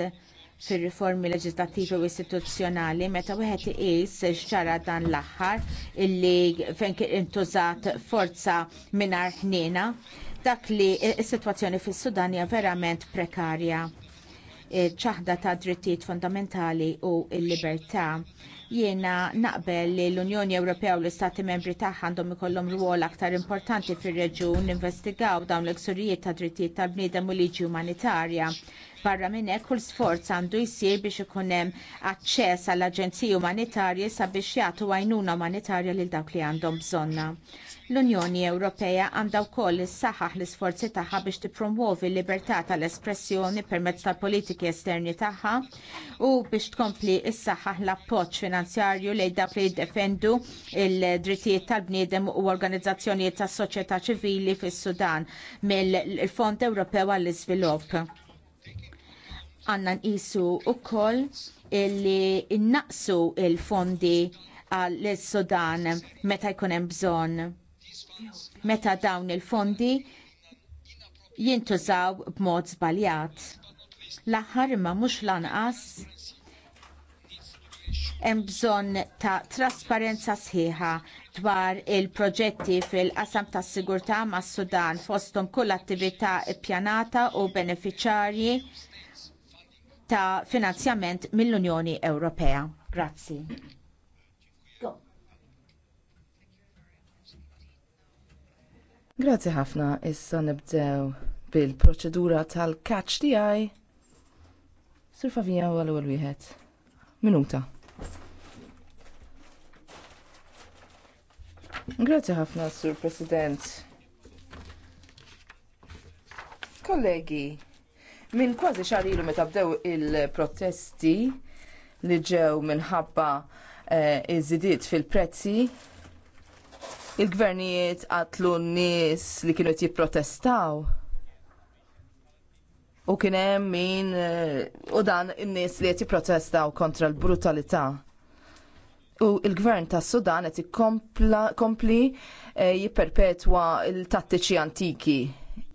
fir-riformi leġislattivi u istituzzjonali meta wieħed iqis xara dan l-aħħar illi fejn intużat forza mingħajr ħnina. dak li s-sitwazzjoni fis-Sudan hija verament prekarja ċaħda ta' drittijiet fundamentali u l-libertà. Jiena naqbel li l-Unjoni Ewropea u l-Istati Membri tagħha għandhom ikollhom rwol aktar importanti fir-reġjun investigaw dawn l eksurijiet ta' drittijiet tal-bniedem u liġi umanitarja Barra minn hekk kull sforz għandu jsir biex ikun hemm aċċess għall aġenziji umanitarji sabiex jagħtu għajnuna umanitarja lil dawk li għandhom bżonna. L-Unjoni Ewropea għandha wkoll issaħħaħ l-isforzi tagħha biex tippromuovi l-libertà tal-espressjoni permezz tal-politiki esterni tagħha u biex tkompli issaħħaħ l-appoġġ finanzjarju lejn dawk li jiddefendu l drittijiet tal-bniedem u organizzazzjonijiet tas-soċjetà ċivili fis-Sudan mill-Fond Ewropew għall-Iżvilupp għanna nqisu wkoll illi naqsu il-fondi għall-Sudan meta jkun hemm bżonn. Meta dawn il-fondi jintużaw b'mod żbaljat. L-aħħar imma mhux lanqas hemm bżonn ta' trasparenza sħiħa dwar il-proġetti fil-qasam tas sigurtà mas-Sudan fosthom kull attività ppjanata u benefiċjarji ta' finanzjament mill-Unjoni Ewropea. Grazzi. Grazzi ħafna, issa nibdew bil-proċedura tal-catch di għaj. Surfa vija u għal wieħed. Minuta. Grazzi ħafna, Sur President. Kollegi, Minn kważi xahar ilu meta bdew il-protesti li ġew minħabba eh, iż-żidiet fil-prezzi, il-gvernijiet qatlu n-nies li kienu jipprotestaw. U kien hemm min eh, u dan in-nies li qed jipprotestaw kontra l-brutalità. U l gvern tas Sudan qed ikompli eh, jipperpetwa l-tattiċi antiki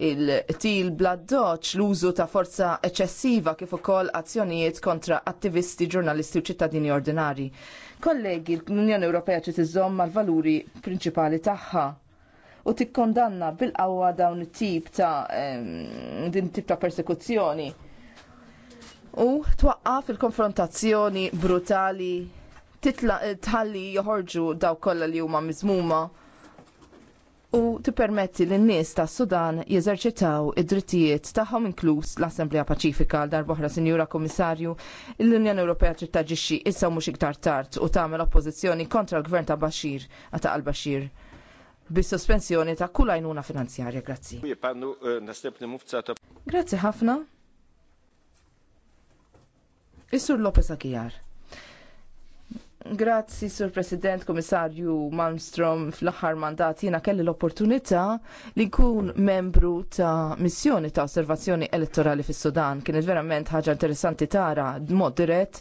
il-til bladdoċ l-użu ta' forza eċessiva kif ukoll azzjonijiet kontra attivisti, ġurnalisti u ċittadini ordinari. Kollegi, l-Unjoni Ewropea ċi tiżomm mal-valuri prinċipali tagħha u tikkondanna bil-qawwa dawn it-tip ta' din tip ta' persekuzzjoni. U twaqqaf il-konfrontazzjoni brutali titla tħalli joħorġu daw kollha li huma miżmuma u tippermetti n nies tas Sudan jeżerċitaw id-drittijiet tagħhom inkluż l-Assemblea Paċifika għal darbohra Sinjura Kommissarju l-Unjoni Ewropea trid taġixxi issa mhux iktar tard u tagħmel oppożizzjoni kontra l-gvern ta' Bashir ta' al-Bashir bis-sospensjoni ta' kull għajnuna finanzjarja. Grazzi. E, Grazzi ħafna. Is-Sur Lopez Aguilar. Grazzi, Sur President, Komissarju Malmstrom, fl-aħħar mandat jiena kelli l-opportunità li nkun membru ta' missjoni ta' osservazzjoni elettorali fis sudan Kienet verament ħaġa interessanti tara mod dirett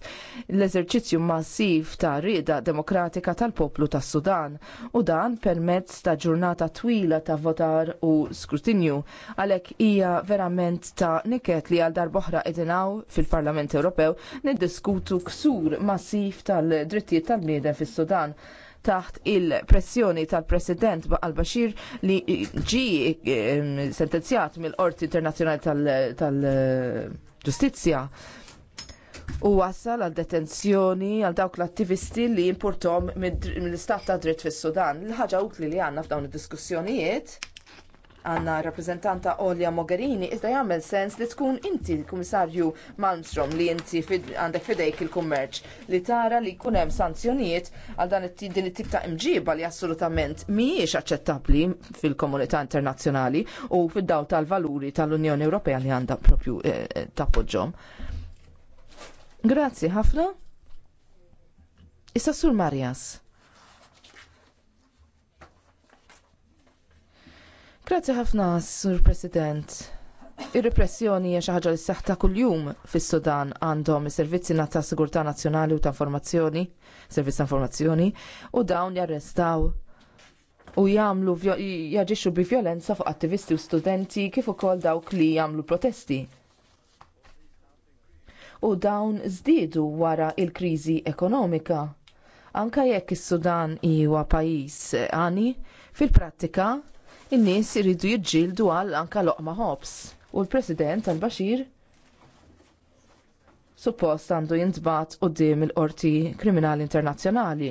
l-eżerċizzju massiv ta' rieda demokratika tal-poplu tas sudan u dan permezz ta' ġurnata twila ta' votar u skrutinju. Għalhekk hija verament ta' niket li għal darboħra edinaw fil-Parlament Ewropew niddiskutu ksur massiv tal-dritti drittijiet tal-bniedem fis-Sudan taħt il-pressjoni tal-President al-Bashir li ġi sentenzjat mill-Qorti Internazzjonali tal-Ġustizzja u wassal għal detenzjoni għal dawk l-attivisti li importom mill-istat ta' dritt fis-Sudan. L-ħaġa utli li għandna f'dawn id-diskussjonijiet għanna rappresentanta Olja Mogherini, iżda jagħmel sens li tkun inti l-Kummissarju Malmstrom li inti għandek fidejk il-kummerċ li tara li jkun hemm sanzjonijiet għal dan din it-tip ta' imġiba li assolutament mhijiex aċċettabbli fil-komunità internazzjonali u fid-daw tal-valuri tal-Unjoni Ewropea li għandha propju eh, eh tappoġġhom. Grazzi ħafna. Issa Sur Marjas. Grazzi ħafna, Sur President. Ir-repressjoni hija xi ħaġa li seħħ ta' kuljum fis-Sudan għandhom is-servizzi ta' sigurtà nazzjonali u ta' informazzjoni, servizz ta' informazzjoni, u dawn jarrestaw u jagħmlu jaġixxu bi vjolenza fuq attivisti u studenti kif ukoll dawk li jagħmlu protesti. U dawn żdiedu wara l kriżi ekonomika. Anke jekk is-Sudan huwa pajjiż eh, għani, fil-prattika in-nies iridu jiġġieldu għal anka loqma ħobs. U l-President tal-Bashir suppost għandu jintbat qudiem il-qorti kriminali internazzjonali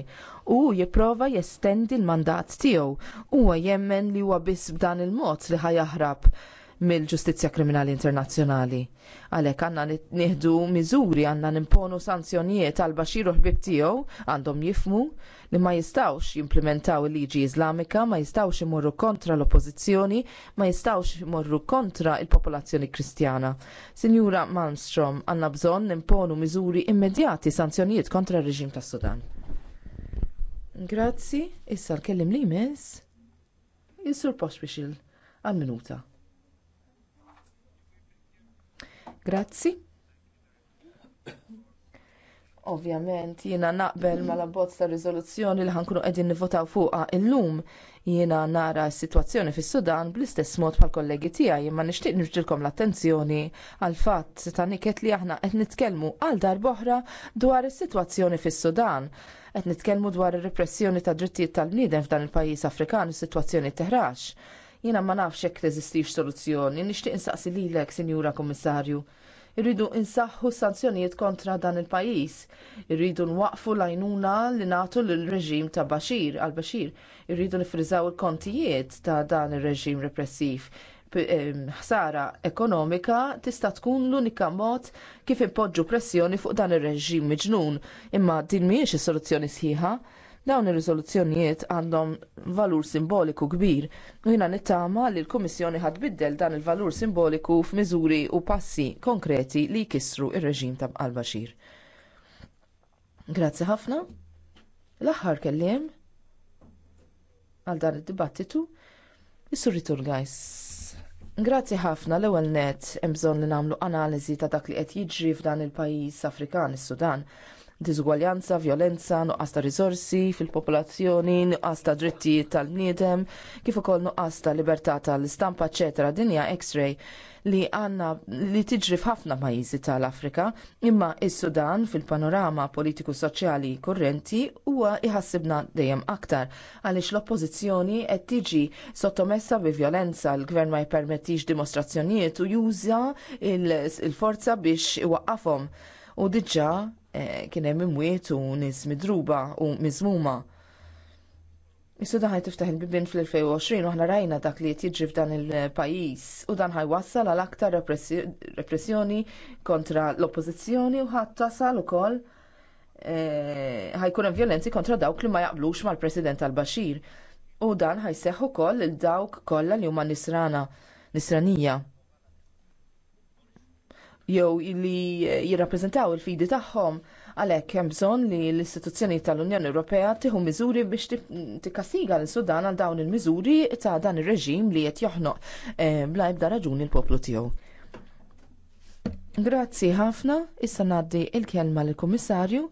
u jipprova jestendi l-mandat tiegħu. Huwa jemmen li huwa biss b'dan il-mod li ħajaħrab mill-ġustizzja kriminali internazzjonali. Għalhekk għandna nieħdu miżuri għandna nimponu sanzjonijiet għal baxiru ħbib tiegħu għandhom jifmu li ma jistawx jimplementaw il-liġi Islamika ma jistawx imorru kontra l-oppożizzjoni, ma jistawx imorru kontra il-popolazzjoni kristjana. Sinjura Malmstrom, għandna bżonn nimponu miżuri immedjati sanzjonijiet kontra r-reġim tas-Sudan. Grazzi, issa l-kellim li mis? Is-sur Pospixil għal minuta. Grazzi. Ovvjament, jiena naqbel ma l-abbozz ta' riżoluzzjoni li ħankunu qegħdin nivvotaw fuqha illum jiena nara s-sitwazzjoni fis-Sudan bl-istess mod bħal kollegi tiegħi imma nixtieq nirġilkom l-attenzjoni għal fatt ta' niket li aħna qed nitkellmu għal darb'oħra dwar is-sitwazzjoni fis-Sudan. Qed nitkellmu dwar ir-repressjoni ta' drittijiet tal-bniedem f'dan il-pajjiż Afrikan u s-sitwazzjoni teħrax Jiena ma nafx hekk teżistix soluzzjoni, nixtieq insaqsi lilek, Sinjura Kummissarju. Irridu insaħħu sanzjonijiet kontra dan il-pajjiż. Irridu nwaqfu l-għajnuna li nagħtu l reġim ta' Bashir għal Bashir. Irridu nifriżaw il-kontijiet ta' dan ir-reġim repressiv ħsara ekonomika tista' tkun l-unika mod kif impoġġu pressjoni fuq dan ir-reġim miġnun, imma din mhijiex is-soluzzjoni sħiħa. Dawn ir-riżoluzzjonijiet għandhom valur simboliku kbir u jiena nittama li l-Kummissjoni ħad biddel dan il-valur simboliku f'miżuri u passi konkreti li jkissru r reġim ta' al-Bashir. Grazzi ħafna. L-aħħar kelliem għal dan id-dibattitu jissur ritur Gajs. Grazzi ħafna l ewwel nett hemm bżonn li nagħmlu analiżi ta' dak li qed jiġri f'dan il-pajjiż Afrikan is-Sudan. il pajjiż afrikan is sudan diżgwaljanza, violenza, nuqqas ta' riżorsi fil-popolazzjoni, nuqqas ta' drittijiet tal-bniedem, kif ukoll nuqqas ta' libertà tal-istampa, eċetera. Din hija X-ray li għanna li tiġri f'ħafna pajjiżi tal-Afrika, imma is-Sudan fil-panorama politiku soċjali kurrenti huwa iħassibna dejjem aktar għaliex l-oppożizzjoni qed tiġi sottomessa bi violenza l-gvern ma jippermettix dimostrazzjonijiet u juża il-forza biex iwaqqafhom. U diġà Eh, kien hemm imwiet u nies midruba u miżmuma. Is-Sudan tiftaħ il-bibin fl-2020 u aħna rajna dak li qed jiġri f'dan il-pajjiż u dan ħajwassal għal aktar repressjoni kontra l-oppożizzjoni u ħadd tasal ukoll eh, ħajkun hemm violenzi kontra dawk li ma jaqblux mal-President al-Bashir u dan ħajseħħ ukoll il dawk kollha li huma nisrana nisranija jew li jirrappreżentaw il-fidi tagħhom. Għalhekk hemm bżonn li l-istituzzjoni tal-Unjoni Ewropea tieħu miżuri biex tikkassiga l sudan għal dawn il-miżuri ta' dan ir-reġim li qed joħnoq e, bla ebda raġuni l-poplu tiegħu. Grazzi ħafna, issa ngħaddi l kelma lill-Kummissarju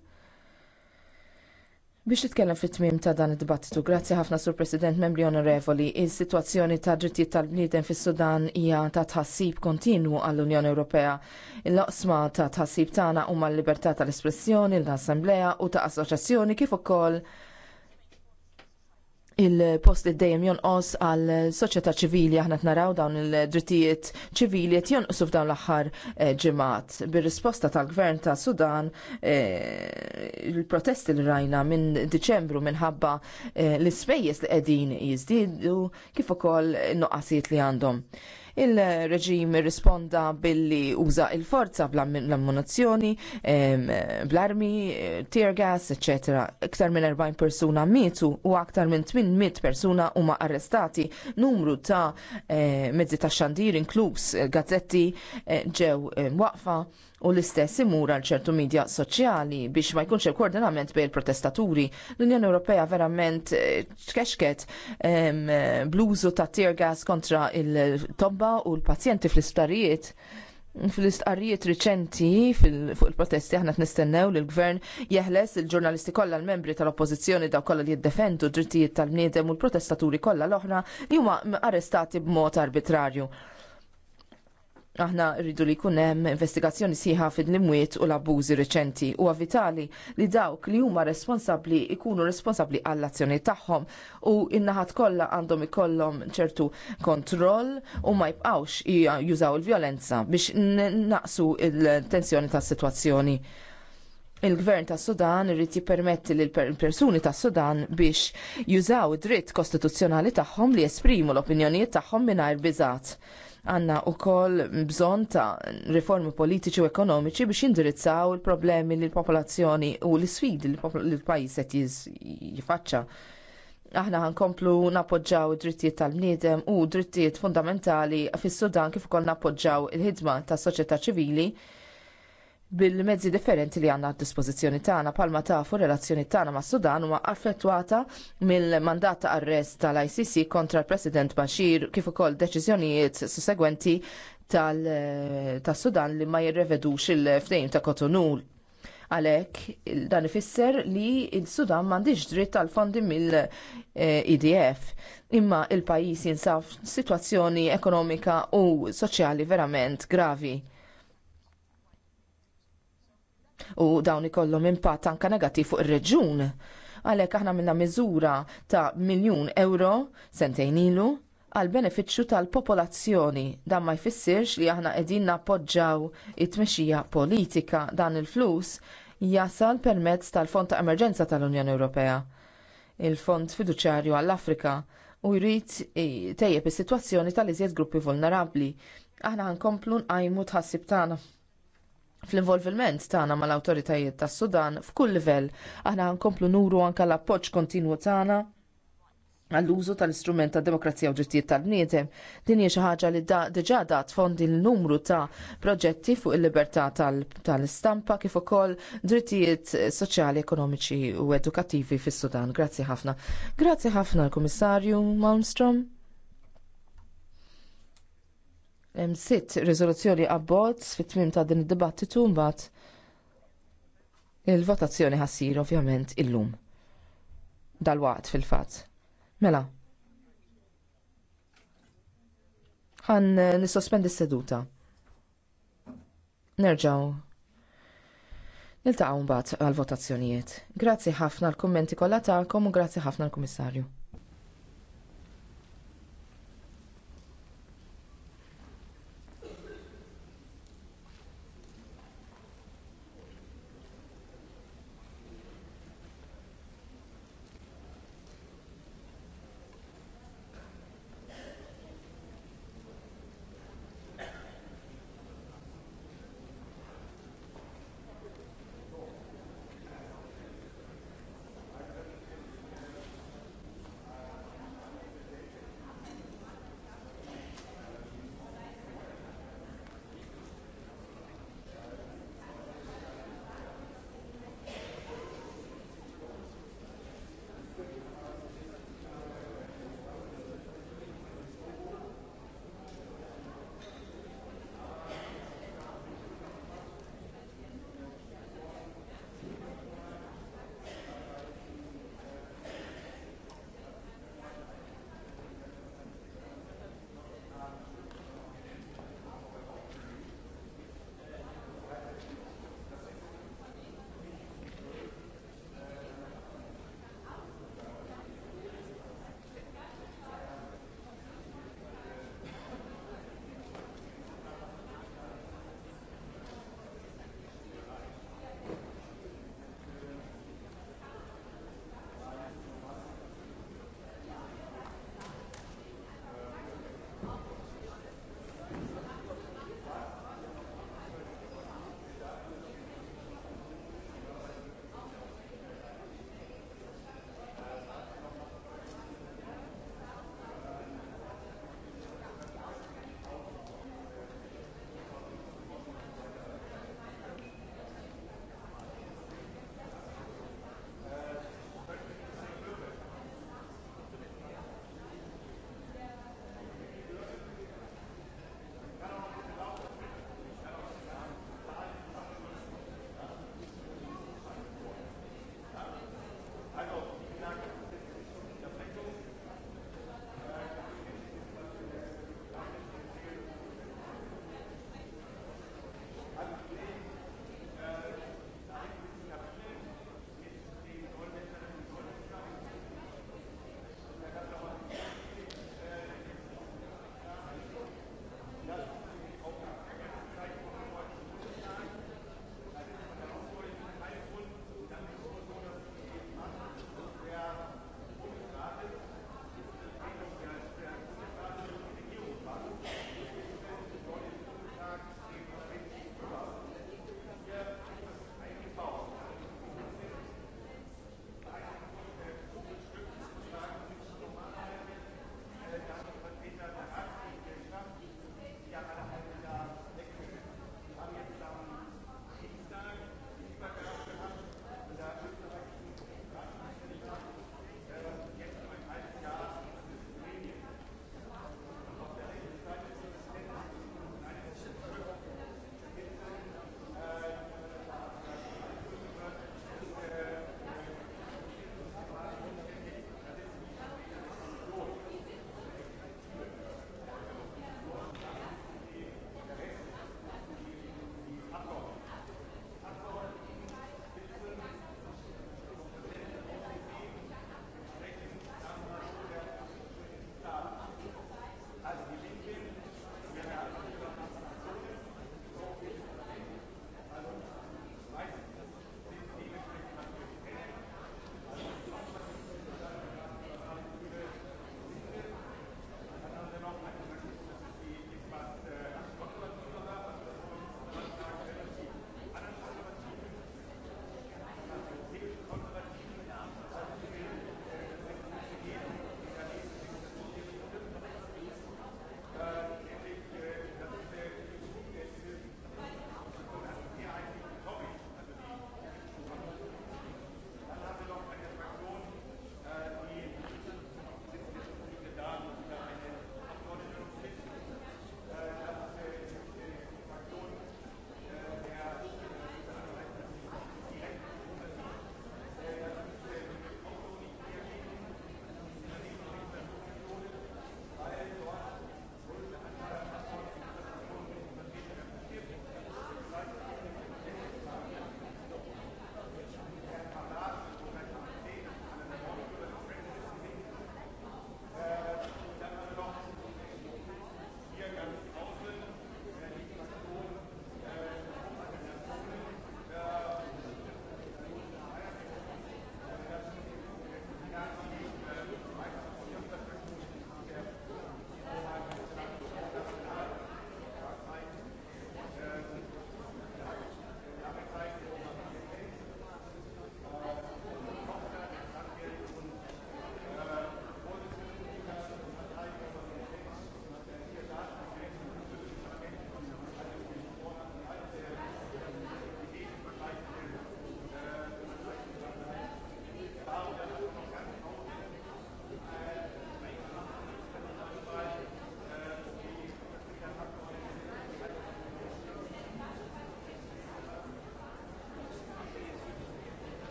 Biex titkellem fit-tmiem ta' dan id-dibattitu, grazzi ħafna sur President Membri Onorevoli, il-sitwazzjoni ta' drittijiet tal-bniedem fis-Sudan hija ta' tħassib kontinwu għall-Unjoni Ewropea. Il-loqsma ta' tħassib tagħna huma l-libertà tal-espressjoni, l-assembleja u ta' assoċjazzjoni kif ukoll il-post li dejjem jonqos għal soċjetà ċivili aħna naraw dawn il-drittijiet ċivili qed jonqosu f'dawn l-aħħar eh, ġimgħat. Bir-risposta tal-Gvern ta' Sudan eh, il-protesti li rajna minn Diċembru minħabba eh, l-ispejjeż li qegħdin jiżdiedu kif ukoll in li għandhom il-reġim risponda billi uża il-forza bl-ammunizzjoni, bl-armi, tear gas, etc. Iktar minn 40 persuna mietu u aktar minn 800 persuna huma arrestati. Numru ta' eh, mezzi ta' xandir inkluż eh, gazzetti eh, ġew waqfa U l-istess imur għal ċertu medja soċjali biex ma jkunx il-koordinament bejn protestaturi. L-Unjoni Ewropea verament eh, tkexket bluzu ta' tear gas kontra il-tobba u l-pazjenti fl-isptarijiet fl-istqarrijiet riċenti fuq il-protesti aħna t-nistennew li l-gvern jeħles il-ġurnalisti kollha l-membri tal-oppożizzjoni daw kollha li jiddefendu drittijiet tal-bniedem u l-protestaturi kollha l-oħra li huma arrestati b'mod arbitrarju. Aħna rridu li jkun hemm investigazzjoni sieħa fil-limwiet u l-abbużi reċenti u vitali li dawk li huma responsabbli ikunu responsabbli għall azzjoni tagħhom u innaħat naħat kollha għandhom ikollhom ċertu kontroll u ma jibqgħux jużaw il-vjolenza biex naqsu il-tensjoni tas-sitwazzjoni il-gvern tas Sudan irrid jippermetti lil persuni tas Sudan biex jużaw id-dritt kostituzzjonali tagħhom li esprimu l-opinjonijiet tagħhom mingħajr biżat. Għanna u kol bżon ta' riformi politiċi u ekonomiċi biex indirizzaw il-problemi li l-popolazzjoni u l sfid li l-pajis qed jifaċċa. Aħna ħankomplu nappoġġaw id-drittijiet tal-bniedem u drittijiet fundamentali fis-Sudan kif ukoll nappoġġaw il-ħidma tas soċjetà ċivili bil-mezzi differenti li għandna d dispożizzjoni tagħna palma tafu relazzjoni tagħna mas Sudan huwa affettwata mill-mandat ta' arrest tal-ICC kontra l-President Bashir kif ukoll deċiżjonijiet sussegwenti tal-Sudan li ma jirrevedux il-ftehim ta' Kotonu. Għalhekk dan ifisser li s sudan m'għandix dritt tal fondi mill-IDF imma il-pajjiż jinsab situazzjoni ekonomika u soċjali verament gravi u dawn ikollhom impatt anke negattiv fuq ir-reġun. Għalhekk aħna minna miżura ta' miljun euro sentejn ilu għal benefiċċju tal-popolazzjoni dan ma jfissirx li aħna qegħdin nappoġġaw it-tmexxija politika dan il-flus jasal permezz tal-Fond ta' Emerġenza tal-Unjoni Ewropea, il-Fond Fiduċjarju għall-Afrika u jrid tejjeb is-sitwazzjoni tal-iżjed gruppi vulnerabbli. Aħna ħankomplu nqajmu tħassib tagħna fl-involviment tagħna mal-awtoritajiet tas-Sudan f'kull livell aħna nkomplu nuru anke l-appoġġ kontinwu tagħna għall-użu tal-istrument ta' demokrazija u drittijiet tal-bniedem. Din hija xi ħaġa li diġà dat fondi l-numru ta' proġetti fuq il-libertà tal-istampa kif ukoll drittijiet soċjali, ekonomiċi u edukattivi fis-Sudan. Grazzi ħafna. Grazzi ħafna l-Kummissarju Malmstrom hemm sitt riżoluzzjoni abbozz fit-tmiem ta' din id-dibattitu mbagħad il-votazzjoni ħassir ovvjament illum. Dalwaqt fil-fatt. Mela. Ħan eh, nissospendi s-seduta. Nerġaw. Niltaqgħu mbagħad għal-votazzjonijiet. Grazzi ħafna l-kummenti kollha tagħkom u grazzi ħafna l-Kummissarju.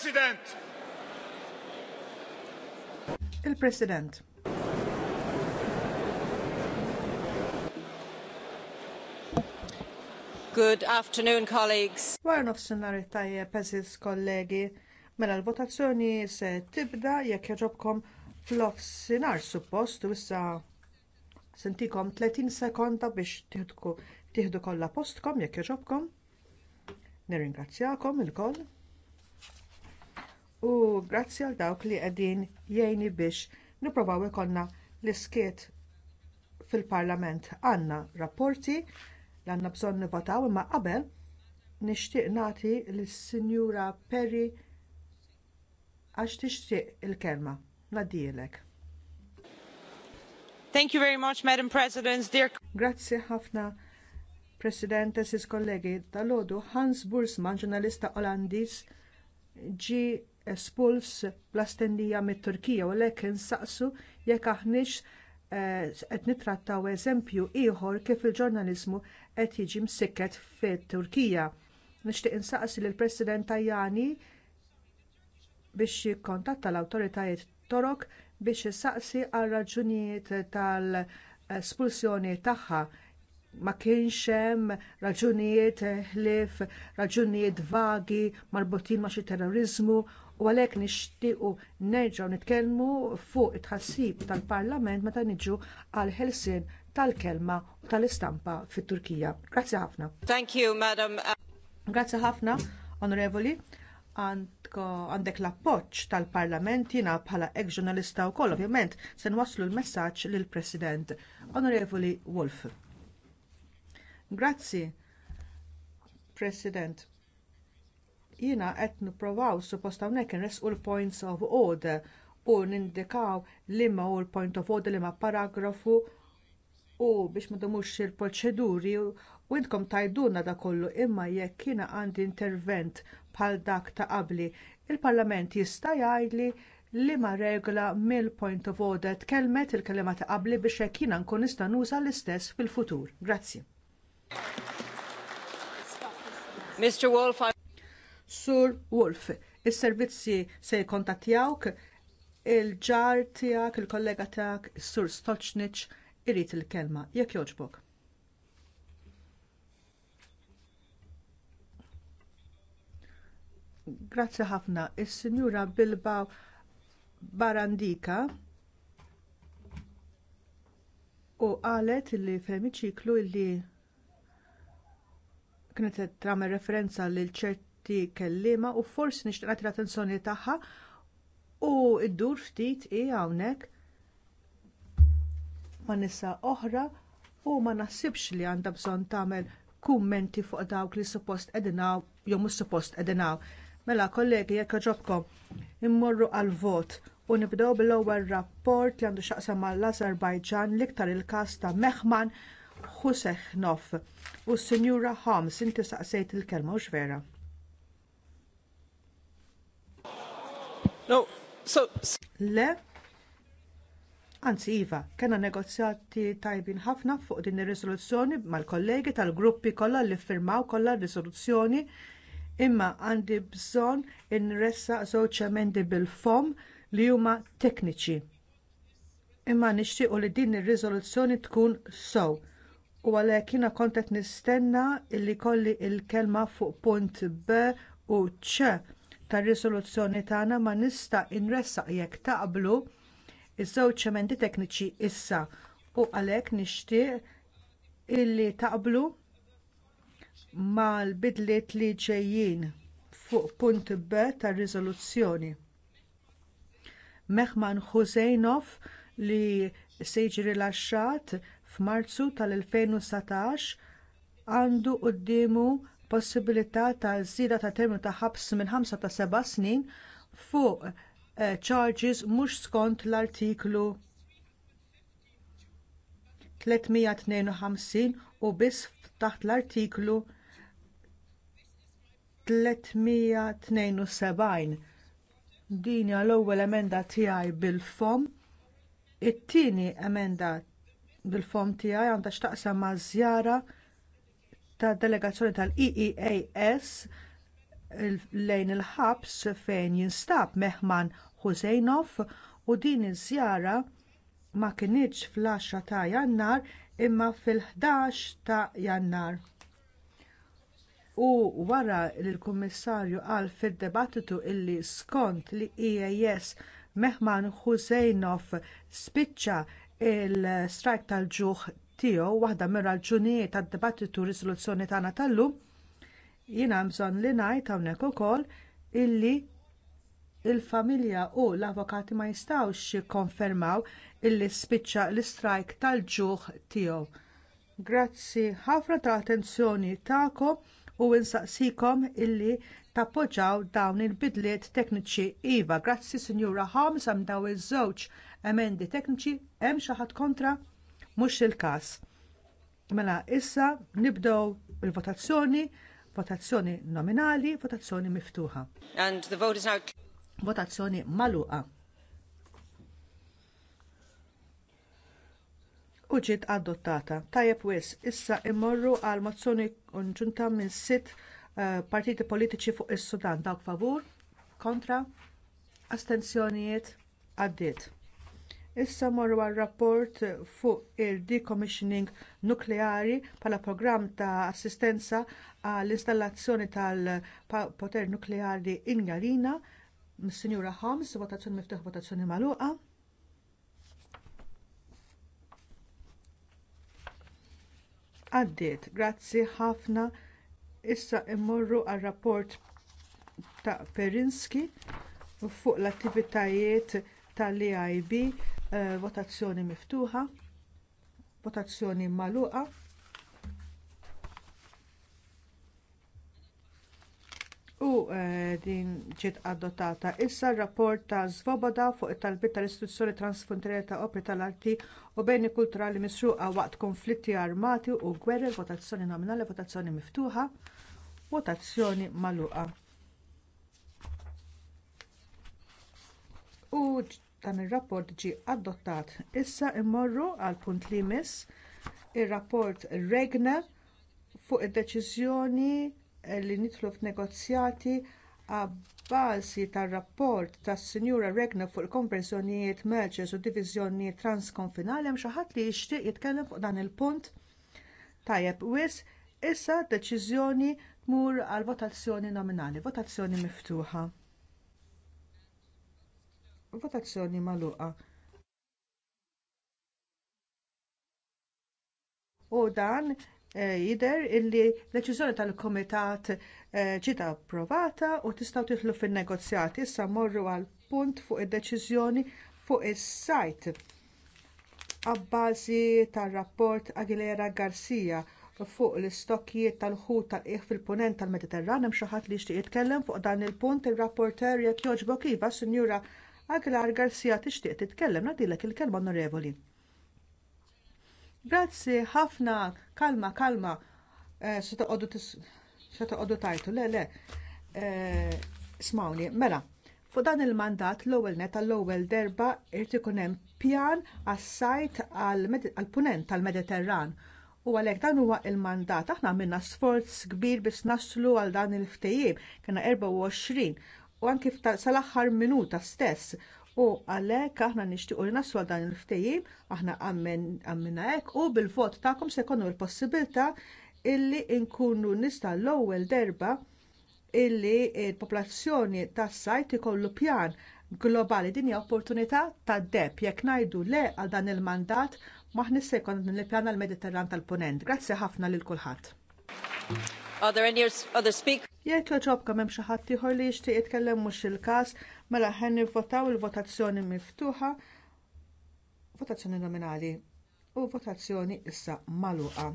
President. Il-President. Good afternoon, colleagues. Wara nofsinhar tajjeb eżis kollegi, mela l-votazzjoni se tibda jekk jaġobkom fl-offsinhar suppost issa sentikom 30 sekonda biex tieħdu kollha postkom jekk jaġobkom. Nirringrazzjakom ilkoll u grazzi għal dawk li qegħdin jgħini biex nipprovaw ikollna l-iskiet fil-Parlament għandna rapporti li għandna bżonn nivotaw imma qabel nixtieq nagħti lis-Sinjura Perry għax tixtieq il-kelma. ngħaddielek. Thank you very much, Madam President. Dear... Grazie ħafna, President, sis kollegi. Dalodu, Hans Bursman, ġurnalista Olandiż, ġie espuls bl-astennija mit-Turkija u lek insaqsu jekk aħniex eh, qed nittrattaw eżempju ieħor kif il-ġurnaliżmu qed jiġi msikket fit-Turkija. Nixtieq insaqsi lill President Tajani biex jikkontatta l-awtoritajiet Torok biex isaqsi għal raġunijiet tal-espulsjoni tagħha ma kienx hemm raġunijiet ħlief, raġunijiet vagi marbutin ma' xi terrorizmu u għalhekk nixtiequ nerġgħu nitkellmu fuq it-tħassib tal-Parlament meta niġu għal ħelsien tal-kelma u tal-istampa fit-Turkija. Grazzi ħafna. Thank you, Madam. Grazzi ħafna, Onorevoli. Għandek l-appoġġ tal-Parlament jiena bħala ek ġurnalista wkoll ovvjament se nwasslu l-messaġġ lill President Onorevoli Wolf. Grazzi, President jiena qed nipprovaw suppost hawnhekk inresqu l-points of order u nindikaw liema hu l-point of order liema paragrafu u biex ma domux il-proċeduri u intkom tajduna da kollu imma jekk jiena għandi intervent bħal dak ta' qabli il-Parlament jista' jgħidli liema regola mill-point of order tkellmet il-kelma ta' qabli biex hekk jiena nkun nista' nuża l-istess fil-futur. Grazzi. Mr. Wolf, I... Sur Wolf, is-servizzi se jkontattjawk il-ġar tiegħek, il-kollega tiegħek, is-Sur Stoċnic, irid il-kelma jekk jogħġbok. Grazzi ħafna. Is-Sinjura Bilbao Barandika u qalet li f'emiċiklu li kienet tagħmel referenza lil ċert ti kellima u forsi nixtieq l-attenzjoni tagħha u ddur ftit hi hawnhekk ma' nisa oħra u ma naħsibx li għandha bżonn tagħmel kummenti fuq dawk li suppost edinaw jew mhux suppost edinaw. Mela kollegi jekk ġobkom immorru għal vot u nibdew bil-ewwel rapport li għandu x'jaqsam mal-Azerbajġan l-iktar il-każ ta' Mehman Husekhnov u s-Sinjura Holmes inti saqsejt il-kelma u vera. No, so... Le, Anzi, Iva, kena negozjati tajbin ħafna fuq din ir-riżoluzzjoni mal-kollegi tal-gruppi kollha li firmaw kollha r-riżoluzzjoni imma għandi bżonn inressa żewġ emendi bil-fom li huma tekniċi. Imma nixtiequ li din ir-riżoluzzjoni tkun sew. U għalhekk jiena kont qed nistenna li kolli l kelma fuq punt B u C tar-risoluzzjoni tagħna ma nista' inressaq jekk taqblu iż-żewġ emendi tekniċi issa u għalhekk nixtieq illi taqblu mal-bidliet li ġejjin fuq punt B tar-riżoluzzjoni. Meħman Husseinov li se jiġi rilaxxat f'Marzu tal-2017 għandu qudiemu possibilità ta' żieda ta' terminu ta' ħabs minn 5 ta' 7 snin fuq eh, charges mhux skont l-artiklu 352 u biss taħt l-artiklu 372. Din hija l-ewwel emenda tiegħi bil-fom. It-tieni emenda bil-fom tiegħi għandha x'taqsam maż-żjara ta' delegazzjoni tal-EEAS lejn il-ħabs fejn jinstab Mehman Husseinov u din iż-żjara ma kinitx fl-10 ta' Jannar imma fil-11 ta' Jannar. U wara li l-Kummissarju qal fid-debattitu illi skont li EAS Mehman Husseinov spiċċa l strajk tal-ġuħ tiegħu waħda mir raġunijiet tad-dibattitu risoluzzjoni tagħna tal-lum jiena bżonn li ngħid hawnhekk ukoll illi l familja u l-avukati ma jistgħux jikkonfermaw illi spiċċa l-istrajk tal-ġuħ tiegħu. Grazzi ħafna tal-attenzjoni tagħkom u insaqsikom illi tappoġġaw dawn il-bidliet tekniċi iva. Grazzi Sinjura Holmes għam daw iż-żewġ emendi tekniċi hemm xi ħadd kontra mhux il-każ. Mela issa nibdew il-votazzjoni, votazzjoni nominali, votazzjoni miftuħa. And the vote is now Votazzjoni magħluqa. u ġiet adottata. Tajjeb wis, issa immorru għal mozzjoni konġunta minn sitt eh, partiti politiċi fuq is-Sudan. Dawk favur, kontra, astenzjonijiet, għaddiet. Issa morru għal rapport fuq il-decommissioning nukleari bħala programm ta' assistenza għall installazzjoni tal-poter nukleari Ingarina mis-Sinjura Holmes, votazzjoni miftuħ, votazzjoni magħluqa. Għaddiet, grazzi ħafna. Issa mmorru għal rapport ta' Perinski fuq l-attivitajiet tal-EIB Eh, votazzjoni miftuħa, votazzjoni magħluqa. U eh, din ġiet adottata issa r-rapport ta' Svoboda fuq it-talbiet tal-istituzzjoni transfrontiera ta' opri tal-arti u bejni kulturali misruqa waqt konflitti armati u gwerre votazzjoni nominali, votazzjoni miftuħa, votazzjoni magħluqa. U dan ir-rapport ġie adottat. Issa mmorru għal punt li jmiss ir-rapport Regna fuq id-deċiżjoni li nidħlu f'negozjati għabbażi tar-rapport tas-Sinjura Regna fuq il-konversjonijiet merċes u diviżjonijiet transkonfinali hemm xi ħadd li jixtieq jitkellem fuq dan il-punt tajjeb wis issa d deċiżjoni tmur għal votazzjoni nominali, votazzjoni miftuħa votazzjoni magħluqa u dan eh, jidher illi deċiżjoni tal kumitat eh, ġiet approvata u tistaw titlu fin-negozjati issa morru għal punt fuq id-deċiżjoni fuq is-sajt abbażi tar-rapport Aguilera Garcia fuq l-istokkijiet tal-ħut tal-qiegħ fil-punent tal-Mediterran hemm xi ħadd li jixtieq jitkellem fuq dan il-punt ir-rapporter jekk jogħġbok iva, Sinjura Aguilar Garcia tixtieq titkellem nadilek il-kelma onorevoli. Grazzi ħafna, kalma, kalma, eh, se toqogħdu tajtu, le, le, eh, smawni, mela, fuq dan il-mandat l-ewwel net tal-ewwel derba irid ikun hemm pjan għas-sajt għall-punent tal-Mediterran. U għalhekk dan huwa l mandat aħna għamilna sforz kbir biex naslu għal dan il-ftehim, kena 24 u anki sal-aħħar minuta stess u għalhekk aħna nixtiequ li naslu dan il-ftehim, aħna għammina hekk u bil-vot tagħkom se jkunu l-possibilità illi nkunu nista' l-ewwel derba illi l popolazzjoni tas-sajt ikollu pjan globali din hija opportunità tad-deb jekk ngħidu le għal dan il-mandat maħnis se il-pjan l-Mediterran tal-Punent. Grazzi ħafna lil kulħadd. Jekk joġobka m'hemm xi ħadd ieħor li jixtieq jitkellem mhux il-każ, mela ħen nivvotaw il-votazzjoni miftuħa, votazzjoni nominali u votazzjoni issa magħluqa.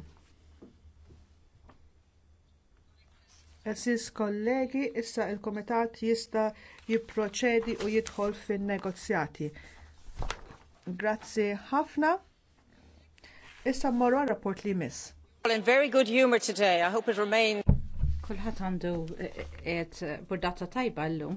Eżis kollegi, issa l kumitat jista jipproċedi u jidħol fin-negozjati. Grazzi ħafna. Issa mmorru rapport li jmiss. Well, in very good humor today. I hope it remains. Kulħadd għandu eh, eh, għed eh, burdata tajba l-lum,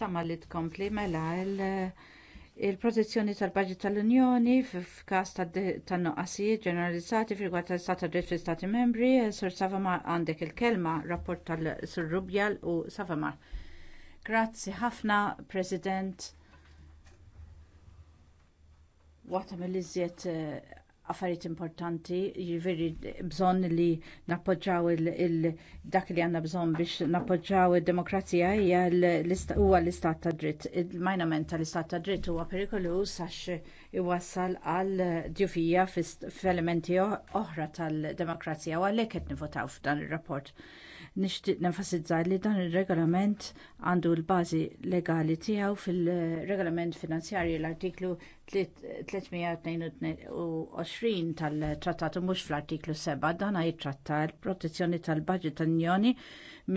tamma li tkompli mela il-protezzjoni tal-budget tal-Unjoni f'każ ta' nuqqasijiet ġeneralizzati fil-gwad tal-Stat dritt fl-Stati membri, Sur Savamar għandek il-kelma, rapport tal-Sur Rubjal u Savamar. Grazzi ħafna, President. Wata mill-iżjed affarijiet importanti, jiġifieri bżonn li nappoġġaw dak li għandna bżonn biex nappoġġaw id-demokrazija hija huwa l-istat ta' dritt. Il-majnament tal-istat ta' dritt huwa perikolus għax iwassal għal djufija f'elementi oħra tal-demokrazija u għalhekk qed nivotaw f'dan ir-rapport. Nixtieq nenfasizza li dan ir-regolament għandu l-bażi legali tiegħu fil-regolament finanzjarji l-artiklu 322 tal-trattatu mhux fl-artiklu 7 dan jitratta l-protezzjoni tal-baġit tal-Unjoni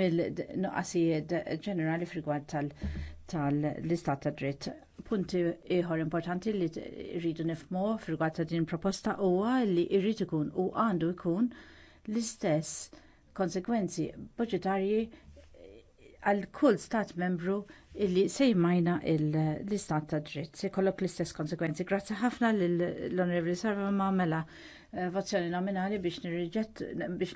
mill-nuqqasijiet ġenerali frigward tal-istat tad dritt. Punti ieħor importanti li rridu nifhmu frigward ta' din proposta huwa li jrid ikun u għandu jkun l-istess konsegwenzi budġetarji għal kull stat membru li se jmajna l-istat ta' dritt. Se kollok l-istess konsekwenzi. Grazzi ħafna l-Onorevoli Sarva ma' mela eh, vozzjoni nominali biex nirriġett biex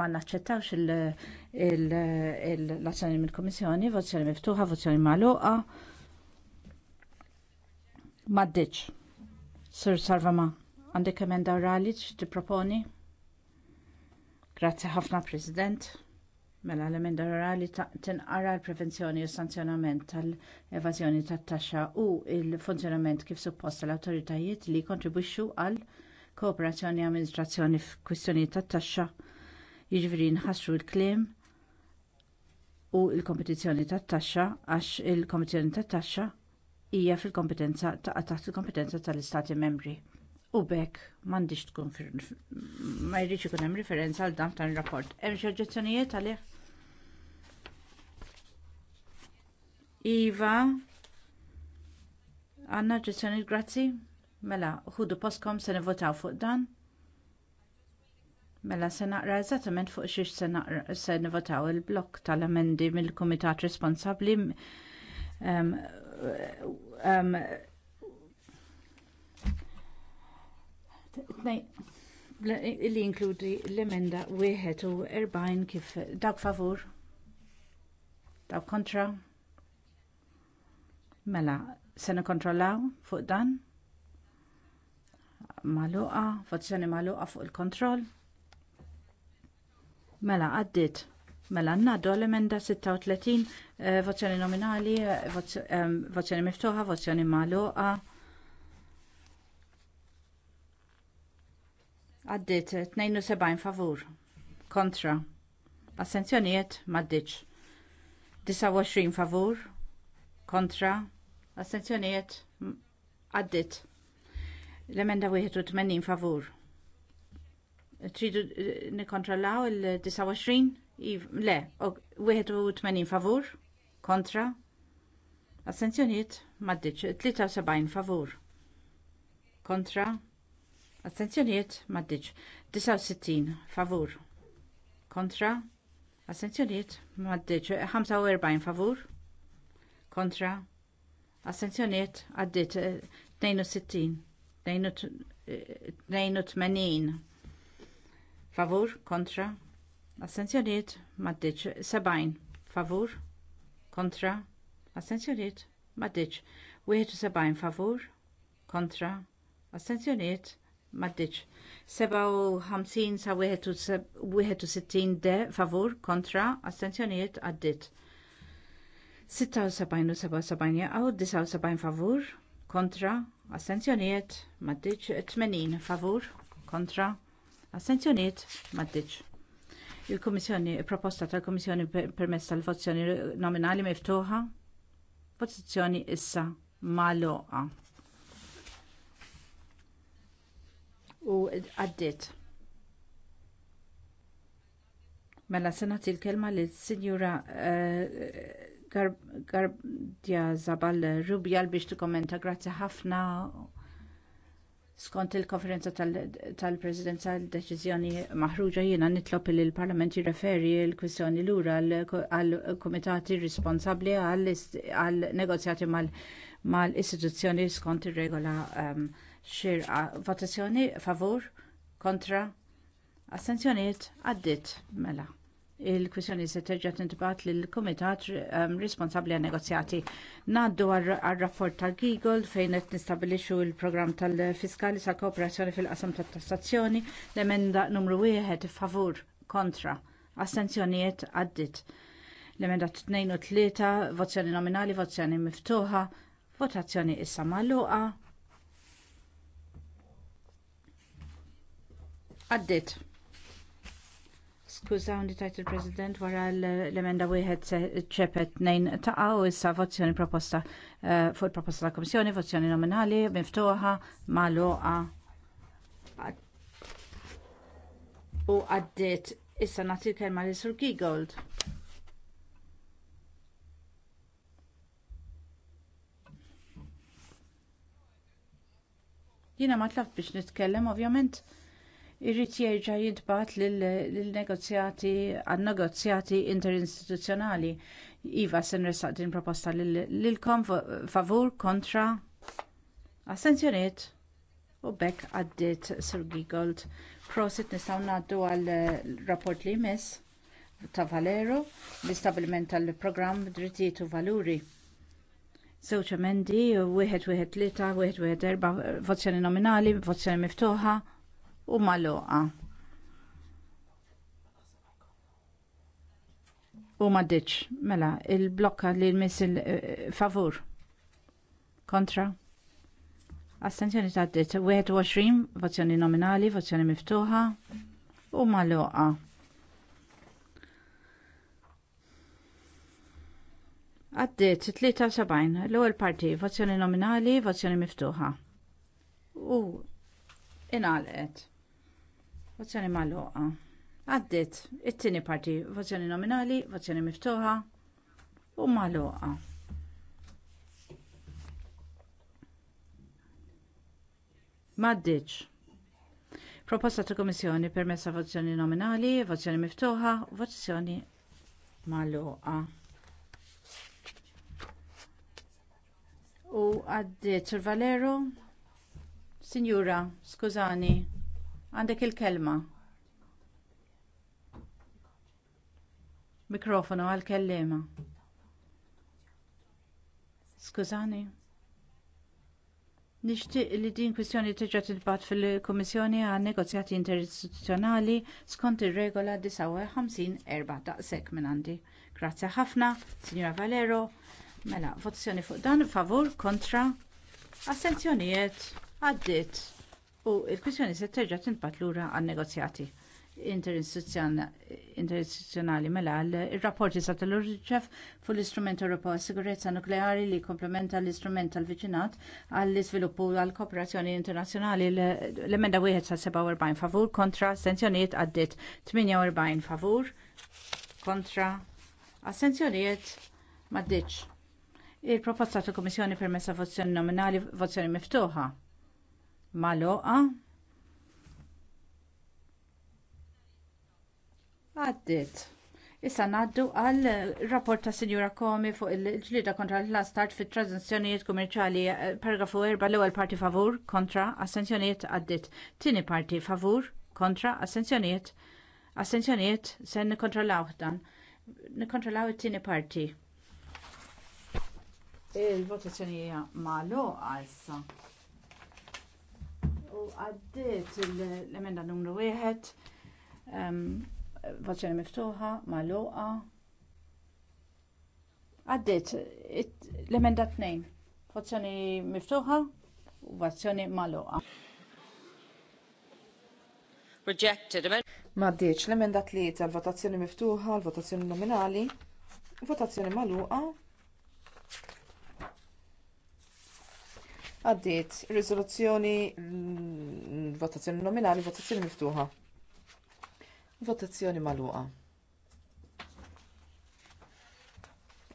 ma naċċettawx l-azzjoni mill kommissjoni vozzjoni miftuħa, vozzjoni magħluqa. Maddiċ. Sir Sarva ma' għandek emenda orali x'tipproponi? proponi? Grazzi ħafna President. Mela l-emenda rurali tinqara l-prevenzjoni u sanzjonament tal-evażjoni tat-taxxa u l-funzjonament kif suppost tal awtoritajiet li kontribwixxu għal kooperazzjoni e amministrazzjoni f'kwistjonijiet tat-taxxa. Jiġifieri nħassru l-kliem u l-kompetizzjoni tat-taxxa għax il-kompetizzjoni tat-taxxa hija fil-kompetenza ta' taħt il-kompetenza tal-Istati Membri u bekk m'għandix tkun ma jridx ikun hemm riferenza għal dan tan rapport. Hemm xi oġġezzjonijiet għalih? Iva, għanna oġġezzjonijiet grazzi? Mela, ħudu postkom se nivvotaw fuq dan? Mela se naqra eżattament fuq xiex se naqra se nivotaw il-blok tal-emendi mill-Kumitat Responsabbli li jinkludi l-emenda wieħed u 41 kif dawk favur dawk kontra mela se nikkontrollaw fuq dan Maluqa, votazzjoni magħluqa fuq il-kontroll mela għaddiet mela n-naddu l-emenda 36 votazzjoni nominali eh, eh, votazzjoni miftuħa votazzjoni magħluqa Għaddit 72 favur. Kontra. Assenzjonijiet maddiċ. 29 favur. Kontra. Assenzjonijiet għaddit. L-emenda 81 favur. Tridu eh, nikontrollaw il-29? Le, 81 favur. Kontra. Assenzjonijiet maddiċ. 73 favur. Kontra Astenzjonijiet maddiċ. 69 favur. Kontra. Astenzjonijiet maddiċ. 45 favur. Kontra. Astenzjonijiet għaddit 62. 82 favur kontra astenzjoniet maddiċ 70 favur kontra astenzjoniet maddiċ 71 favur kontra astenzjoniet maddiċ. 57 sa 61 de favur kontra astenzjonijiet għaddit. 76 u 77 jaqaw 79 favur kontra astenzjonijiet maddiċ 80 favur kontra astenzjonijiet maddiċ. Il-Komissjoni, proposta tal-Komissjoni permess tal-votazzjoni nominali miftuħa, votazzjoni issa maloqa. u għaddit. Mela senat il-kelma li s-Sinjura eh, Garbdia Zabal Rubjal biex tikkumenta grazzi ħafna skont il-konferenza tal-presidenza tal deċiżjoni maħruġa jiena nitlob li l-Parlament jirreferi l-kwistjoni lura għall-kumitati responsabbli għall negozjati mal-istituzzjoni skont ir-regola um, xirqa. Votazzjoni favur kontra astenzjonijiet għaddit mela. Il-kwissjoni se terġa' tintbagħat lill-kumitat ehm, responsabbli għan-negozjati. Ngħaddu għar-rapport tal-Gigol fejn qed nistabilixxu l-programm tal-fiskali sa' kooperazzjoni fil-qasam tat-tassazzjoni l-emenda numru wieħed favur kontra astenzjonijiet għaddit. L-emenda 2 u 3, vozzjoni nominali, vozzjoni miftuħa, votazzjoni issa magħluqa. Għaddit. għandi tajt il-President wara l-emenda wieħed ċepet nejn taqa u issa vozzjoni proposta eh, fuq il-proposta tal Komissjoni, vozzjoni nominali, miftuħa, ma loqa. U għaddit issa nagħti kelma li sur Gigold. Jina ma tlabt biex nitkellem, ovvjament irrit jieġa jintbagħat l negozjati għan-negozjati interinstituzjonali. Iva se nresaq din proposta lilkom favur kontra assenzjoniet? u bekk għaddiet Sir Gigold. Prosit nistgħu ngħaddu għal eh, rapport li jmiss ta' Valero l-istabilment tal-programm drittijiet u valuri. Żewġ emendi, wieħed wieħed tlieta, wieħed wieħed erba' vozzjoni nominali, vozzjoni miftuħa u maloqa. U maddiċ, mela, il-blokka li l-miss il-favur. Eh, eh, Kontra. Astenzjoni ta' d-ditt, 21, votazzjoni nominali, votazzjoni miftuħa u maluqa. Għaddit 73 l-ewwel parti votazzjoni nominali, votazzjoni miftuħa. U inqalqet mal-loqa. Għaddit, it-tieni parti, vozzjoni nominali, vozzjoni miftuħa u mal-loqa. Maddiċ. Proposta ta' komissjoni permessa vozzjoni nominali, vozzjoni miftuħa, mal-loqa. U għaddit, Valero, Signora, skużani, Għandek il-kelma. Mikrofono għal-kellima. Skużani. Nixtieq li din kwistjoni tiġa titbat fil-Kummissjoni għan negozjati interistituzzjonali skont ir-regola 59-4 daqshekk minn għandi. Grazzi ħafna, Signora Valero. Mela, votazzjoni fuq dan favur kontra assenzjonijiet għaddit u il-kwistjoni se terġa' tinbagħat lura għan-negozjati interinstituzzjonali mela l rapporti sa tal-Urġef fuq l-istrument Ewropew sigurezza nukleari li komplementa l-istrument tal-viċinat għall-iżviluppu għall-kooperazzjoni internazzjonali l-emenda wieħed sa 47 favur kontra astenzjonijiet għaddit 48 favur kontra assenzjoniet m'għaddiċ. Il-proposta tal-Kummissjoni permessa vozzjoni nominali vozzjoni miftuħa. Maloqa. Għaddit. Issa naddu għal rapport ta' Sinjura Komi fuq il-ġlida kontra l-lastart fit tranzizjonijiet kummerċali eh, paragrafu 4 l-ewwel parti favur kontra assenzjonijiet għaddit. Tini parti favur kontra assenzjonijiet assenzjonijiet se nikontrollaw dan. Nikkontrollaw it-tieni parti. Il-votazzjoni hija magħluqa issa u għaddiet l-emenda numru 1 votazzjoni miftuħa, magħluqa. Għaddiet l-emenda 2 votazzjoni miftuħa u votazzjoni magħluqa. Rejected. Maddiċ, l-emenda tlieta l-votazzjoni miftuħa, l-votazzjoni nominali, votazzjoni magħluqa. Għaddiet, riżoluzzjoni mm, votazzjoni nominali, votazzjoni miftuħa. Votazzjoni magħluqa.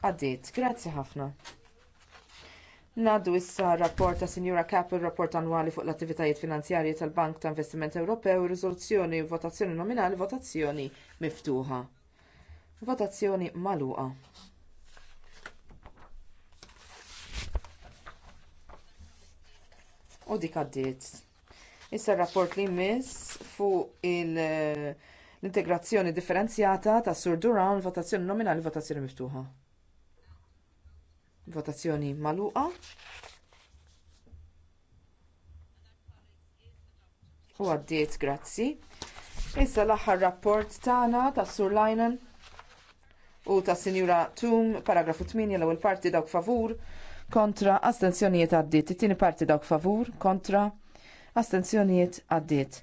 Għaddiet, grazzi ħafna. Naddu issa rapport ta' Sinjura kappel rapport annwali fuq l-attivitajiet finanzjarji tal-Bank ta' Investiment Ewropew, Rizoluzzjoni votazzjoni nominali, votazzjoni miftuħa. Votazzjoni magħluqa. u dik għaddiet. Issa r-rapport li jmiss fuq eh, l-integrazzjoni differenzjata ta' Sur Duran votazzjoni nominali votazzjoni miftuħa. Votazzjoni magħluqa. U għaddiet, grazzi. Issa l-aħħar rapport tagħna tas Sur Linen u tas Sinjura Tum, paragrafu 8 l-ewwel parti dawk favur kontra astenzjonijiet għaddit. It-tieni parti dawk favur kontra astenzjonijiet għaddit.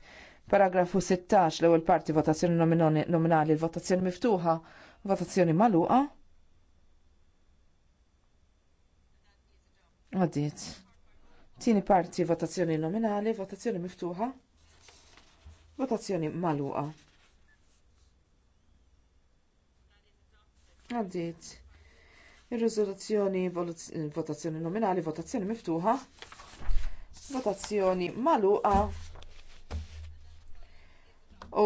Paragrafu 16 l-ewwel parti votazzjoni nominali l-votazzjoni miftuħa, votazzjoni magħluqa. Għaddit. Tieni parti votazzjoni nominali, votazzjoni miftuħa, votazzjoni magħluqa. Għaddit. Ir-riżoluzzjoni votazzjoni nominali, votazzjoni miftuħa, votazzjoni magħluqa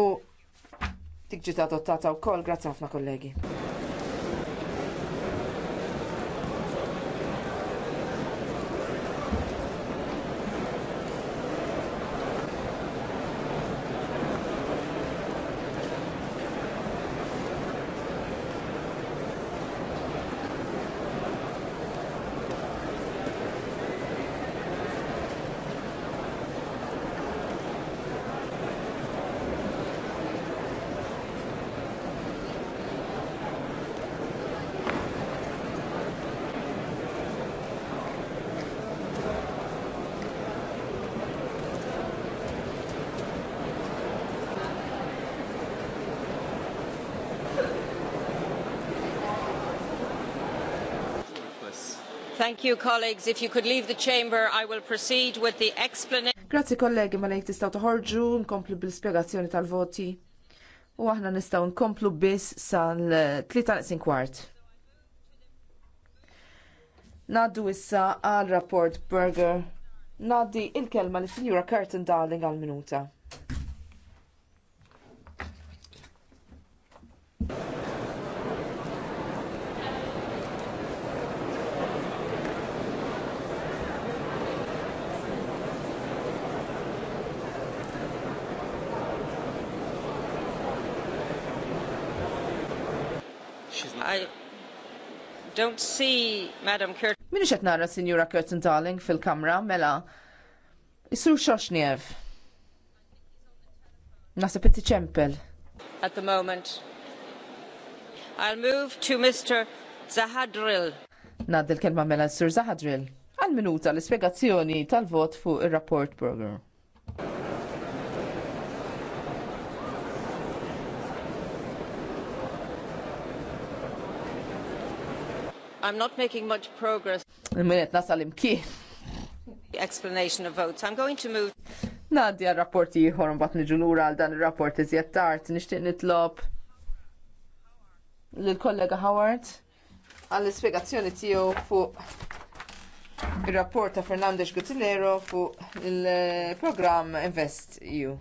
u tiġi adottata wkoll. Grazzi ħafna kollegi. Thank you, colleagues. If you could leave the chamber, I will proceed with the explanation. Grazzi kollegi, ma lejk tistaw toħorġu, nkomplu bil-spiegazzjoni tal-voti. U aħna nistaw nkomplu bis sal-3 kwart. Naddu issa għal rapport Burger. Naddi il-kelma li Sinjura Curtin Darling għal minuta. I don't see Madam Curtin. Minu xet nara Signora Curtin Darling fil-kamra, mela. Isur Xoxniev. Nasa itti ċempel. At the moment. I'll move to Mr. Zahadril. Nad il-kelma mela Sur Zahadril. Għal minuta l-ispiegazzjoni tal-vot fuq il-rapport program. I'm not making much progress. Il-minet nasal imkien. Explanation of votes. I'm going to move. Nadi għal rapporti jħorum mbagħad niġu lura għal dan ir-rapport iżjed tard nixtieq nitlob lill-kollega Howard għall-ispjegazzjoni tiegħu fuq ir-rapport ta' Fernandez Gutilero fuq il-programm Invest EU.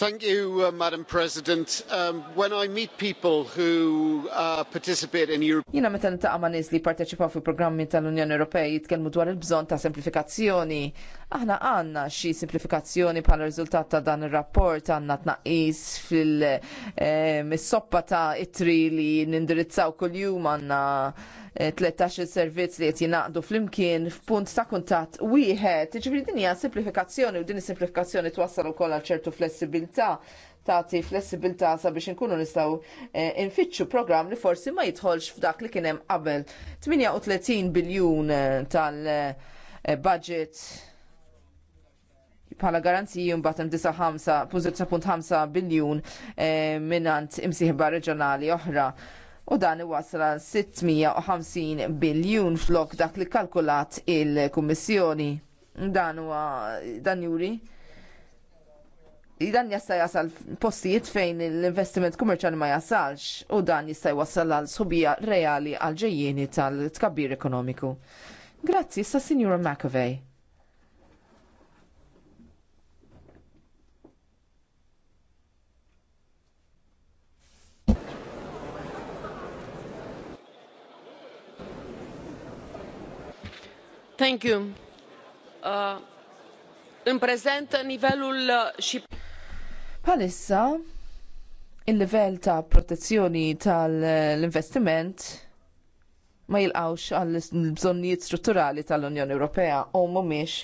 Uh, madam president um, when i meet people who uh, participate in europe jiena meta niltaqa' ma' nies li jipparteċipaw fi programmi tal-Unjoni Ewropea jitkellmu dwar il-bżonn ta' semplifikazzjoni Aħna għanna xi simplifikazzjoni bħala riżultat ta' dan ir-rapport għandna tnaqqis fil-soppa eh, ta' itri li nindirizzaw kuljum għandna 13 eh, servizz li qed jingħaqdu flimkien f'punt ta' kuntatt wieħed. Jiġifieri din hija simplifikazzjoni u din is-simplifikazzjoni twassal ukoll għal ċertu flessibilità tagħti flessibilità sabiex inkunu nistgħu eh, infittxu programm li forsi ma jidħolx f'dak li kien hemm qabel. 38 biljun tal-budget bħala garanziji mbagħad hemm 9.5 biljun eh, minant imsieħba reġjonali oħra. U dan iwasra 650 biljun flok dak li kalkulat il-Kummissjoni. Dan huwa dan juri dan jista' jasal postijiet fejn l-investiment kummerċjali ma jasalx u dan jista' jwassal għal subija reali għal ġejjieni tal-tkabbir ekonomiku. Grazzi, sa' Signora McAvey. Bħalissa, uh, uh, Palissa, il-livell ta' protezzjoni tal-investiment ma jilqawx għall-bżonnijiet strutturali tal-Unjoni Ewropea u mhumiex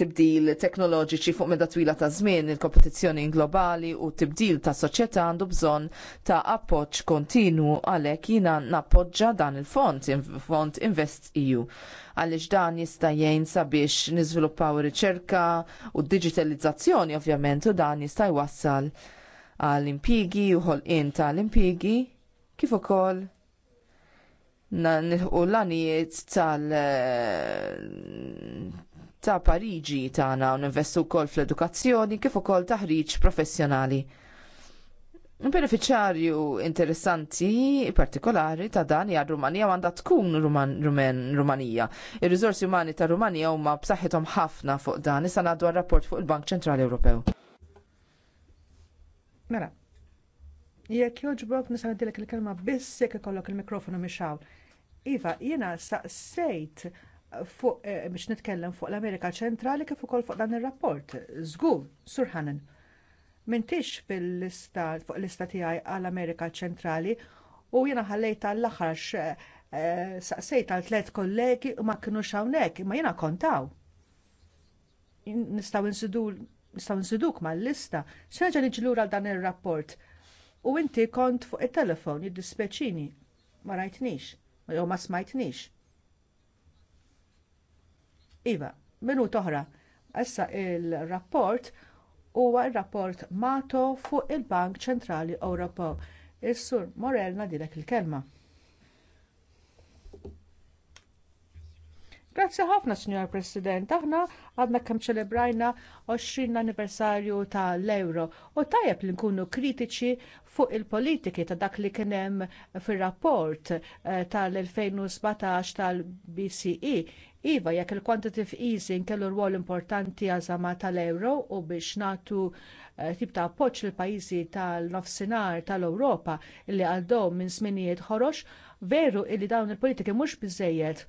tibdil teknoloġiċi fuq meda twila ta' żmien il-kompetizzjoni globali u tibdil ta' soċjetà għandu bżonn ta' appoġġ kontinu għalhekk jiena nappoġġa dan il-fond, fond Invest EU għaliex dan jista' jgħin sabiex niżviluppaw riċerka u d-digitalizzazzjoni ovvjament u dan jista' jwassal għall impigi u ħolqien tal impigi kif ukoll nilħu l għanijiet tal eh, ta' Pariġi tagħna u ninvestu wkoll fl-edukazzjoni kif ukoll taħriġ professjonali. Beneficjarju interessanti partikolari ta' dan hija Rumanija għanda tkun Rumanija. Ir-riżorsi umani ta' Rumanija huma b'saħħithom ħafna fuq dan issa ngħaddu rapport fuq il-Bank Ċentrali Ewropew. Mela, jekk joġbok nisa' il-kelma biss jekk ikollok il-mikrofonu mixaw. Iva, jiena staqsejt fuq eh, biex nitkellem fuq l-Amerika ċentrali kif ukoll fuq dan ir-rapport. Żgur, Sur M'intix fil-lista fuq lista tiegħi għall-Amerika ċentrali u jiena ħallejt għall-aħħar eh, saqsejt għal tliet kollegi u ma kinux hawnhekk, ma jiena kontaw. Nistgħu nistgħu insiduk mal-lista, x'erġa' niġi lura dan ir-rapport. U inti kont fuq it-telefon jiddispeċini, ma rajtnix jew ma smajtniex. Iva, minu toħra, issa il-rapport huwa r-rapport mato fuq il-Bank Ċentrali Ewropew. Is-Sur Morel nadilek il-kelma. Grazzi ħafna, Signor President. Aħna għadna kemm ċelebrajna 20 anniversarju tal-Euro u tajjeb li nkunu kritiċi fuq il-politiki ta' dak li kien hemm fir-rapport eh, tal-2017 tal-BCE. Iva, jekk il-quantitative easing kellu rwol importanti għazama tal-euro u biex nagħtu eh, tip ta' appoġġ lill pajjiżi tal-nofsinhar tal-Ewropa li għaldhom minn żminijiet ħorox, veru li dawn il-politiki mhux bizzejiet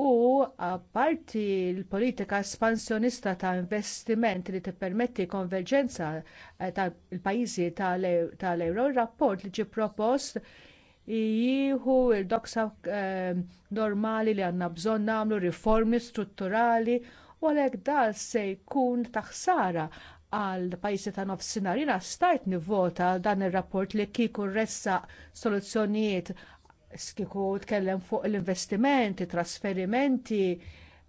U apparti l-politika espansjonista ta' investiment li tippermetti konverġenza eh, tal-pajjiżi tal-Euro, rapport li ġie propost jieħu il-doksa eh, normali li għandna bżonn nagħmlu riformi strutturali u għalhekk dan se jkun ta' ħsara għal pajjiżi ta' nofsinhar. Jiena stajt nivvota dan ir-rapport li kieku ressaq soluzzjonijiet skiku tkellem fuq l-investimenti, trasferimenti,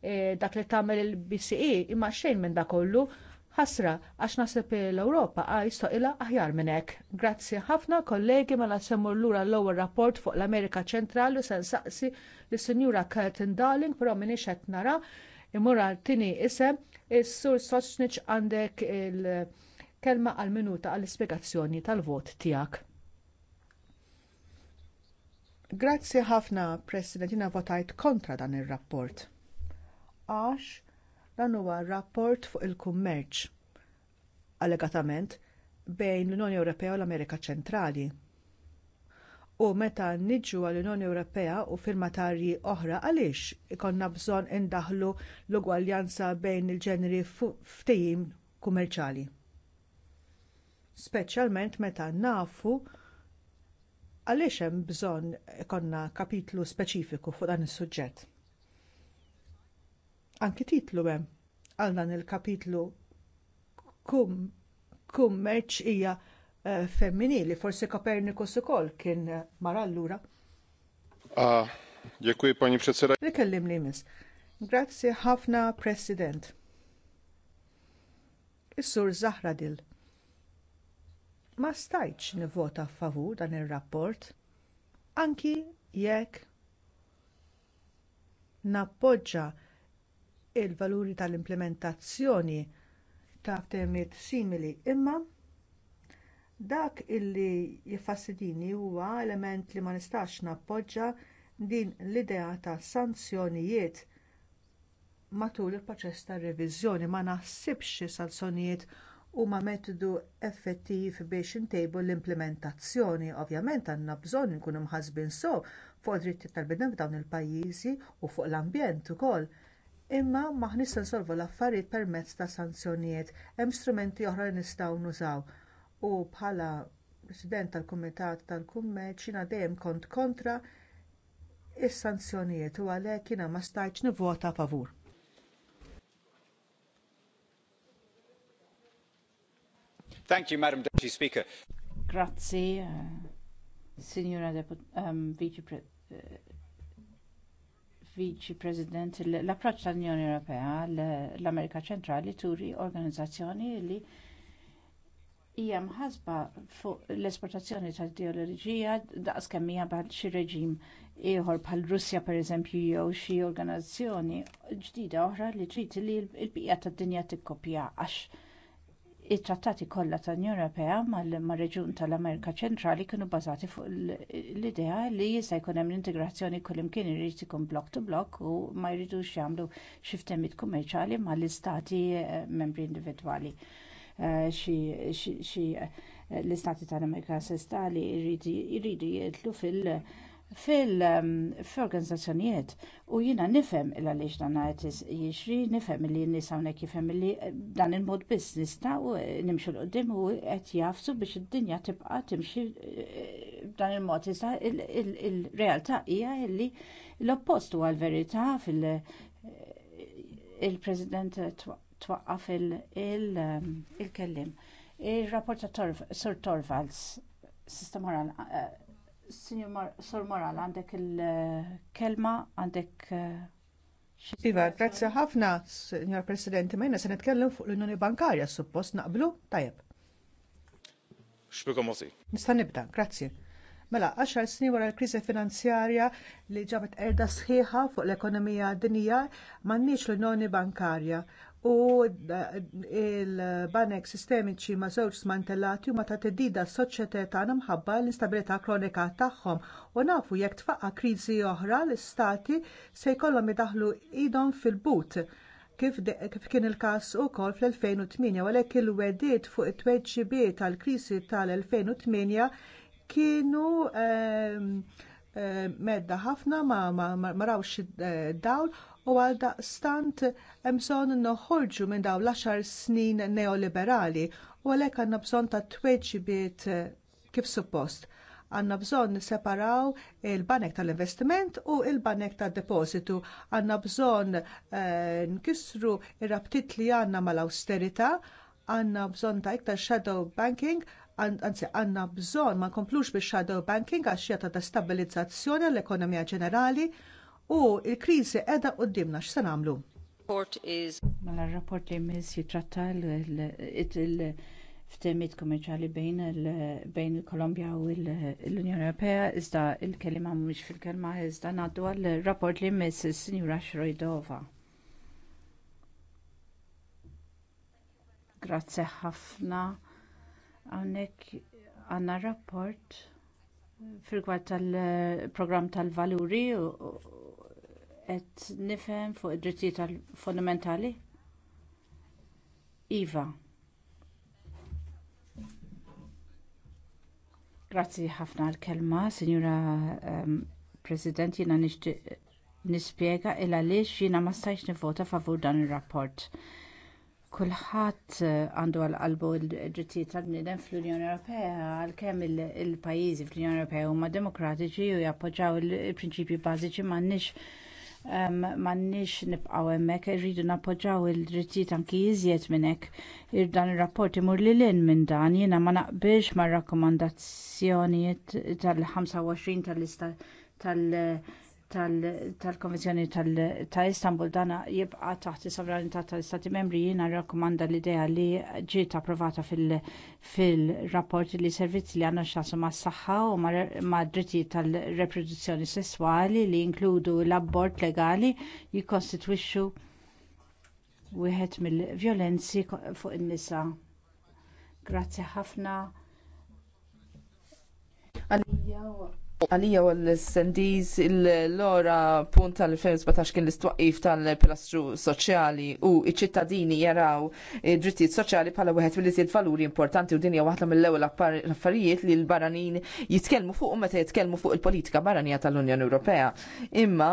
e, dak li tagħmel il-BCE, imma xejn minn dak kollu, ħasra għax nasib l-Ewropa għaj ah, ilha aħjar minn hekk. Grazzi ħafna kollegi mela semmur lura l-ewwel rapport fuq l-Amerika ċentrali se nsaqsi lis sinjura Curtin Darling, però minni qed nara imur għal tini isem is-sur Sosnich għandek il-kelma għal minuta għall ispjegazzjoni tal-vot tiegħek. Grazzi ħafna, President, jina votajt kontra dan ir rapport Għax dan huwa rapport fuq il-kummerċ, allegatament, bejn l-Unjoni Ewropea u l-Amerika Ċentrali. U meta niġu għall-Unjoni Ewropea u firmatarji oħra għaliex ikonna bżonn indaħlu l-ugwaljanza bejn il-ġeneri ftehim kummerċali. Speċjalment meta nafu għaliex hemm bżonn ikonna kapitlu speċifiku fuq dan is-suġġett. Anki titlu hemm għal dan il-kapitlu kum kummerċ hija uh, femminili, forsi Kopernikus ukoll kien uh, mara allura. Ah, dziękuję pani Nikellim li mis. Grazzi ħafna President. Is-sur Zahradil ma stajtx nivvota favur dan ir-rapport anki jekk nappoġġa l valuri tal-implementazzjoni ta' temiet simili imma dak illi jiffastidini huwa element li ma nistax nappoġġa din l-idea ta' sanzjonijiet matul il-proċess ta' reviżjoni ma naħsibx sanzjonijiet huma metodu effettiv biex intejbu l-implementazzjoni. Ovvjament għandna bżonn nkunu mħassbin so fuq id-dritti tal-bidem f'dawn il-pajjiżi u fuq l-ambjent ukoll. Imma maħnis nsolvu l-affarijiet permezz ta' sanzjonijiet, hemm strumenti oħra nistgħu nużaw. U bħala President tal-Kumitat tal-Kummerċ jiena dejjem kont kontra is-sanzjonijiet u għalhekk jiena ma stajtx nivvota favur. Thank you, Madam Deputy Speaker. Grazzi, eh, Signora Deput ehm, eh, President. L-approċċ tal-Unjoni Ewropea l-Amerika Ċentrali turi organizzazzjoni li hija mħasba fuq l-esportazzjoni tal-ideoloġija daqs kemm hija bħal xi reġim ieħor bħal Russja pereżempju jew xi organizzazzjoni ġdida oħra li trid li l-bqija tad-dinja tikkopja għax it-trattati kollha tan unjoni Ewropea mar-reġjun tal-Amerika Ċentrali kienu bbażati fuq l-idea li jista' jkun hemm l-integrazzjoni kullimkien irid ikun blok to blok u ma jridux jagħmlu xi ftehmiet kummerċjali mal-istati eh, membri individwali. Eh, xi eh, l-istati tal-Amerika Sestali jridu jidħlu fil- Ehm, fil-organizzazzjonijiet u jiena nifhem il għaliex dan qed jixri, nifhem li n kifem hawnhekk li eh, dan il-mod biss u eh, nimxu l qoddim u qed jafsu biex id-dinja tibqa' timxi eh, b'dan il-mod issa il-realtà hija li l-oppost u għal verità fil- president twaqqa ehm, il-kellim. Il-rapport ta' Sur Torvalds, sistema Signor Sor Moral, għandek il-kelma, għandek. Eh, iva, grazzi ħafna, Signor Presidenti, ma jena se netkellem fuq l-Unjoni Bankarja, suppost naqblu, tajjeb. Xbiko moti. Nista' nibda, grazzi. Mela, 10 snin wara l-kriżi finanzjarja li ġabet erda sħiħa fuq l-ekonomija dinija m'għandniex l-Unjoni Bankarja u il-banek sistemiċi ma' żewġ smantellati huma ta' teddida s-soċjetà tagħna mħabba l-instabilità kronika tagħhom u nafu jekk tfaqqa kriżi oħra l-istati se jkollhom idaħlu idhom fil-but kif, kien il każ ukoll fl-2008 għalhekk il-wedid fuq it-tweġibiet tal-krisi tal-2008 kienu ehm, ehm, medda ħafna ma, ma, eh, dawl u għal daqstant bżonn noħorġu minn dawn l għaxar snin neoliberali u għalhekk għandna bżonn ta' tweġibiet eh, kif suppost. Għandna bżonn niseparaw il-banek tal-investiment u l banek tad-depositu. Għandna bżonn eh, nkissru r rabtiet li għandna mal-austerita, għandna bżonn ta' iktar shadow banking, anzi għandna bżonn ma nkomplux bix shadow banking għax jata ta' stabilizzazzjoni l-ekonomija ġenerali u l-kriżi qiegħda qudiemna x'se nagħmlu. Mela r-rapport li jmiss jitratta il ftemit komerċali bejn il-Kolombja u l-Unjoni Ewropea iżda l kelima mhumiex fil-kelma iżda ngħaddu għall-rapport li mis is-Sinjura Xrojdova. Grazzi ħafna. Għannek għanna rapport fil-gwad tal program tal-valuri qed nifhem fuq id-drittijiet fondamentali? Iva. Grazzi ħafna għal-kelma, Sinjura um, ehm, President, jina nispiega il għaliex jina ma stajx nivvota favur dan il-rapport. Kulħadd eh, għandu għal-qalbu l drittijiet tal-bniedem fl-Unjoni Ewropea għalkemm il-pajjiżi fl-Unjoni Ewropea huma demokratiċi u jappoġġaw il-prinċipji bażiċi m'għandniex m'għandniex nipqaw hemmhekk irridu napoġaw il-drittijiet anki jizjet minn hekk dan ir-rapport imur lil in minn dan jiena ma naqbilx mar-rakkomandazzjonijiet tal-25 tal-lista tal-, -tal tal-Konvenzjoni ta' Istanbul dana jibqa' taħt is-sovranità tal-Istati Membri jiena rakkomanda l-idea li ġiet approvata fil-rapport li servizzi li għandna x'għasu mas-saħħa u ma' drittijiet tal-reproduzzjoni sesswali li jinkludu l-abbort legali jikkostitwixxu wieħed mill-vjolenzi fuq in-nisa. Grazzi ħafna. Għalija Għalija u l-sendiz l-ora punt tal-2017 kien l-istwaqif tal-pilastru soċjali u iċ-ċittadini jaraw drittijiet soċjali bħala wieħed mill-iżjed valuri importanti u dinja waħda mill-ewwel affarijiet li l-baranin jitkellmu fuq u meta jitkellmu fuq il-politika barranija tal-Unjoni Ewropea. Imma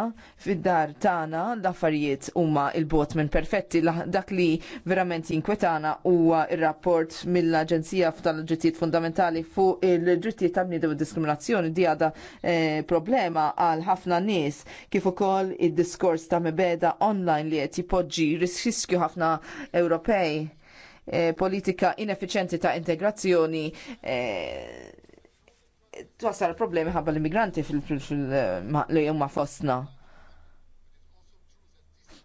fid-dar tagħna l-affarijiet huma il-bot minn perfetti dak li verament jinkwetana huwa ir-rapport mill-Aġenzija tal-Drittijiet Fundamentali fuq il-Drittijiet tal-Bniedem u Diskriminazzjoni di għada Eh, problema għal ħafna nies kif ukoll id-diskors ta' mibeda online li qed jipoġġi riskju ħafna Ewropej eh, politika ineffiċenti ta' integrazzjoni eh, twasal problemi ħabba l-immigranti fil-li ma, li fostna.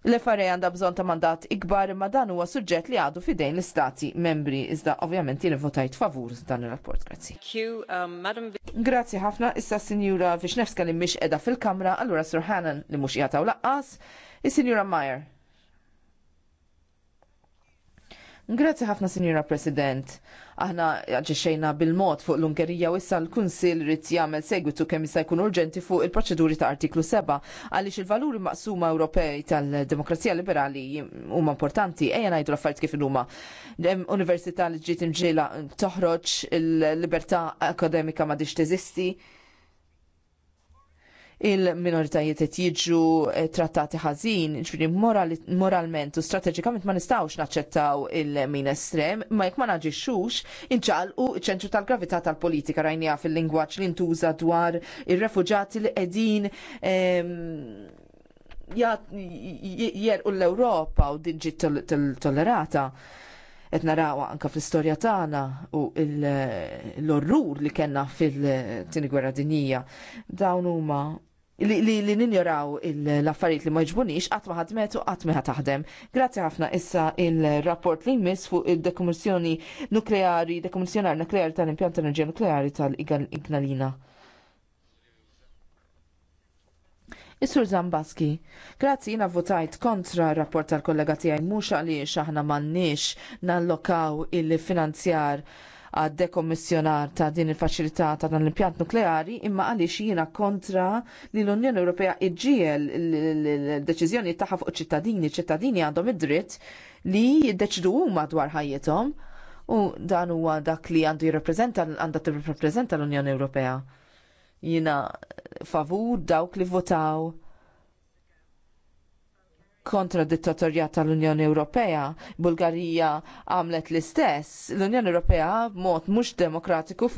L-FRA għandha bżonn ta' mandat ikbar imma dan huwa suġġett li għadu fidejn l-istati membri iżda ovvjament jien votajt favur dan ir-rapport. Grazzi. Uh, Grazzi ħafna issa sinjura Vishnevska li mhix qiegħda fil-Kamra, allura Sir Hannan li mhux jagħtaw laqqas, is-Sinjura Meyer. Grazzi ħafna, Sinjora President. Aħna ġiexejna bil-mod fuq l-Ungerija u issa l-Kunsil rrit jagħmel segwitu kemm jista' jkun urġenti fuq il-proċeduri ta' artiklu 7 għaliex il-valuri maqsuma Ewropej tal-demokrazija liberali huma importanti ejja ngħidu l-affarijiet kif huma. Università li ġiet imġiela toħroġ il-libertà akademika ma diġ teżisti il-minoritajiet qed jiġu eh, trattati ħażin, ġifieri moralment u strateġikament ma nistgħux naċċettaw il-min estrem, ma jekk ma naġixxux inċalqu ċentru tal-gravità tal-politika rajnija fil-lingwaġġ li ntuża dwar ir-refuġati li qegħdin ehm, jerqu l-Ewropa u din ġiet tollerata qed naraw anke fl-istorja tagħna u l-orrur li kellna fil-tieni gwerra dinjija dawn huma li ninjoraw l-affarijiet li ma jġbunix qatt ma ħadmet u qatt ma taħdem. Grazzi ħafna issa il-rapport li jmiss fuq il-dekomissjoni nukleari, dekomissjonar nukleari tal-impjant tal-enerġija nukleari tal-Ignalina. Is-Sur Zambaski, grazzi jina votajt kontra rapport tal-kollega tiegħi mhux għaliex aħna m'għandniex nallokaw il-finanzjar il finanzjar għad dekommissjonar ta' din il-faċilità ta' dan l-impjant nukleari imma għaliex jiena kontra li l-Unjoni Ewropea iġġiel l-deċiżjoni tagħha fuq ċittadini, ċittadini għandhom id-dritt li jiddeċidu huma dwar ħajjithom u dan huwa dak li għandu jirrappreżenta għandha tirrappreżenta l-Unjoni Ewropea. Jiena favur dawk li votaw kontra dittatorja tal-Unjoni Ewropea. Bulgarija għamlet l-istess. L-Unjoni Ewropea b'mod mhux demokratiku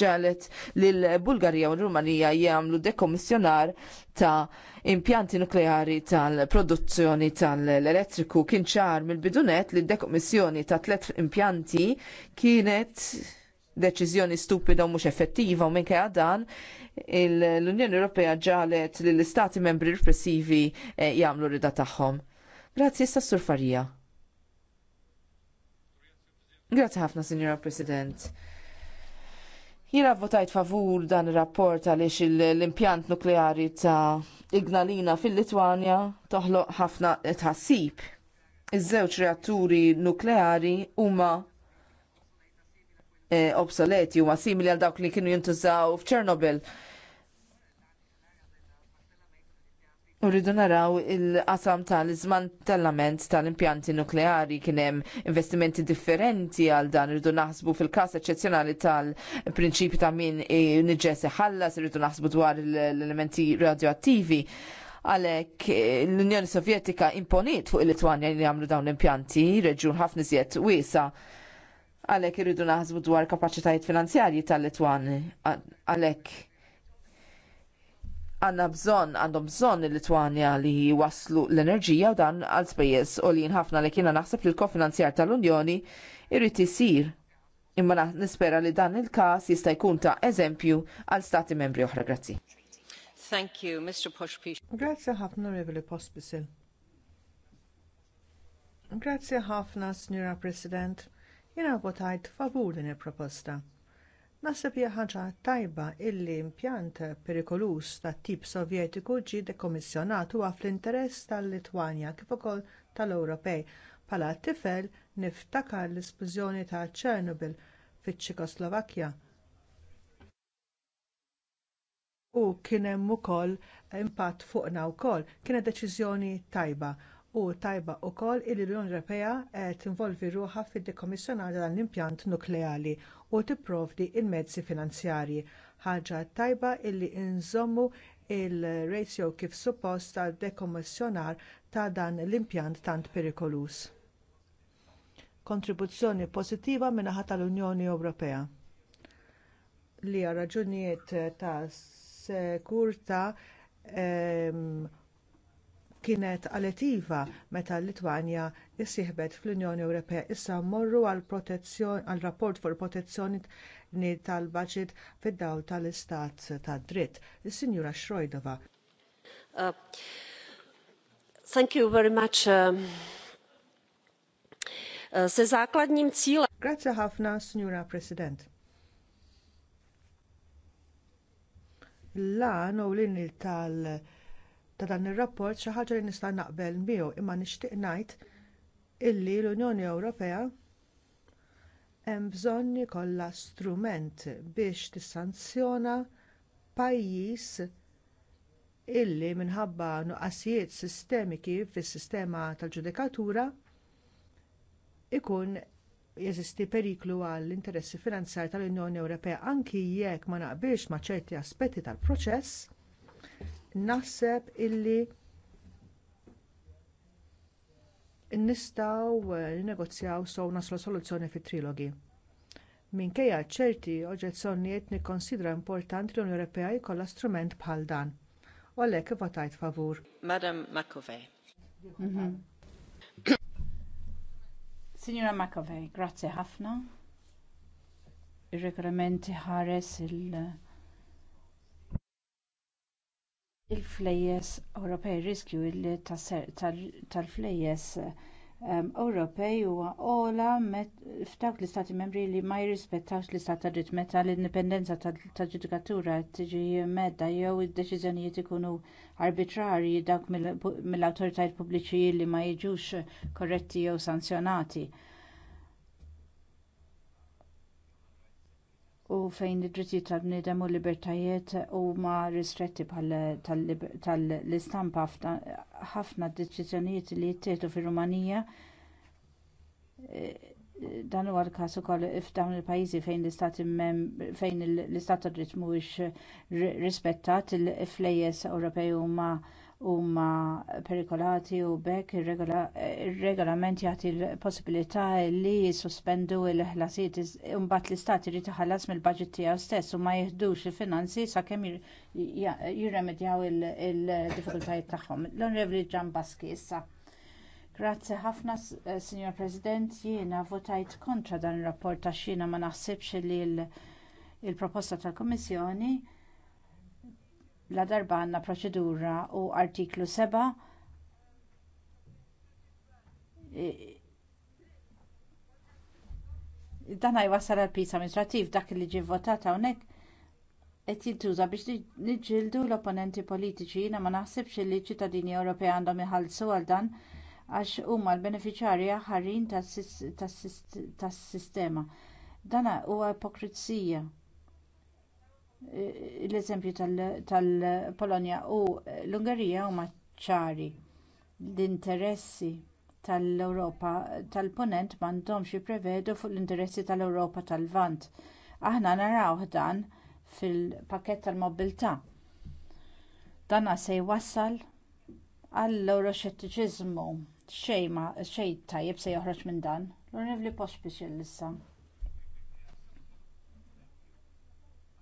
ġalet lil bulgarija u l-Rumanija jagħmlu dekommissjonar ta' impjanti nukleari tal-produzzjoni tal-elettriku kien ċar mill-bidunet li dekommissjoni ta' tliet impjanti kienet deċiżjoni stupida u mhux effettiva u minkejja dan l-Unjoni Ewropea ġalet li l-istati membri repressivi eh, jagħmlu rida tagħhom. Grazzi sta' surfarija. Grazzi ħafna, Signora President. Jiena votajt favur dan ir-rapport għaliex l-impjant nukleari ta' Ignalina fil litwania toħloq ħafna tħassib. Iż-żewġ reatturi nukleari huma eh, obsoleti huma simili għal dawk li kienu jintużaw f'Chernobyl. Urridu naraw il-qasam tal-izman tal-lament tal-impjanti nukleari kien hemm investimenti differenti għal dan irridu naħsbu fil-każ eċċezzjonali tal-prinċipju ta' min nġese ħallas, irridu naħsbu dwar l-elementi radioattivi. Għalhekk l-Unjoni Sovjetika imponiet fuq il-Litwanja li jagħmlu dawn l-impjanti, reġun ħafna iżjed wiesa. Għalhekk irridu naħsbu dwar kapaċitajiet finanzjarji tal-Litwani. Għalhekk għanna bżon, għandhom bżon il-Litwanja li waslu l-enerġija u dan għal spejjeż u li nħafna li kiena naħseb li l-kofinanzjar tal-Unjoni irrid isir. Imma nispera li dan il-każ jista' jkun ta' eżempju għal stati membri oħra. Grazzi. Thank you, Mr. Poshpish. Grazzi ħafna, Reveli Pospisil. Grazzi ħafna, Signora President. Jena votajt favur din il-proposta. Naħseb hija ħaġa tajba illi impjant perikolus tat tip sovjetiku ġie dekommissjonat huwa fl-interess tal-Litwanja kif ukoll tal-Ewropej. Bħala tifel niftakar l-isplużjoni ta' Chernobyl fiċ-Ċekoslovakkja. U kien hemm ukoll impatt fuqna wkoll kienet deċiżjoni tajba u tajba wkoll li l-Unjoni Ewropea qed tinvolvi ruħha fid-dekommissjonar tal-impjant nukleali u tipprovdi l mezzi finanzjarji. Ħaġa tajba illi nżommu l ratio kif suppost tad dekommissjonar ta' dan l-impjant tant perikolus. Kontribuzzjoni pożittiva min-naħa tal-Unjoni Ewropea li raġunijiet ta' sekurtà ehm, kienet għalettiva meta l-Litwanja issieħbet fl-Unjoni Ewropea issa mmorru għal għal rapport fuq protezzjoni tal-baġit fid-dawl tal-istat tad dritt. Is-Sinjura Schrojdova. Uh, thank you very much. Uh, uh, se cílem... Grazie ħafna, Signora President. L-lan u l-inil tal- ta' dan ir-rapport xi ħaġa li nista' naqbel miegħu imma nixtieq ngħid illi l-Unjoni Ewropea hemm bżonn jkollha strument biex tissanzjona pajjiż illi minħabba nuqqasijiet sistemiki fis-sistema tal-ġudikatura ikun jeżisti periklu għall interessi finanzjarji tal-Unjoni Ewropea anki jekk ma naqbilx ma' ċerti aspetti tal-proċess, naħseb illi nistgħu eh, negozjaw sew naslu soluzzjoni fit-trilogi. Minkejja ċerti oġġezzjonijiet nikkonsidra importanti l-Unjoni Ewropea jkollha strument bħal dan. U għalhekk ivvotajt favur. Madam McAvey. Mhm. Signora McAvey, grazzi ħafna. Ir-regolamenti ħares il- il-flejjes Ewropej riskju tal-flejjes ehm, Ewropej huwa ogħla f'dawk l-istati membri li ma jirrispettawx l-istat ta' dritt meta l-indipendenza tal-ġudikatura tiġi medda jew id-deċiżjonijiet ikunu arbitrarji dawk mill-awtoritajiet pubbliċi li ma jiġux korretti jew sanzjonati. u fejn id-drittijiet tal-bniedem u l-libertajiet huma ristretti tal-istampa ħafna deċiżjonijiet li jittieħdu fir-Rumanija dan huwa l-każ ukoll f'dawn il-pajjiżi fejn l-istat fejn l-istat tad-dritt mhuwiex rispettat il-flejjes Ewropej huma huma perikolati u bekk ir-regolament jagħti l-possibilità li jissospendu l-ħlasijiet imbagħad l-istat irid iħallas mill-baġit tiegħu stess u ma jeħdux il-finanzi sakemm jirremedjaw il-diffikultajiet tagħhom. L-Onorevoli Baski issa. Grazzi ħafna, eh, Signor President, jiena votajt kontra dan ir rapport għax jiena ma naħsibx li l-proposta tal-Komissjoni bla darba għandna proċedura u artiklu 7 dan jwassal għal pis amministrattiv dak li ġi votat hawnhekk qed jintuża biex niġġieldu l-opponenti politiċi jina ma naħsibx li ċittadini Ewropej għandhom iħallsu għal dan għax huma l-benefiċjarji ħarin tas-sistema. Dan huwa ipokrizija l-eżempju tal-Polonja u l-Ungerija huma ċari l-interessi tal-Ewropa tal-Punent m'għandhomx jipprevedu fuq l-interessi tal-Ewropa tal-Lvant. Aħna naraw dan fil-pakett tal-mobilità. Dan se jwassal għall xejma xejn tajjeb se joħroġ minn dan. L-Onorevoli Pospixil issa.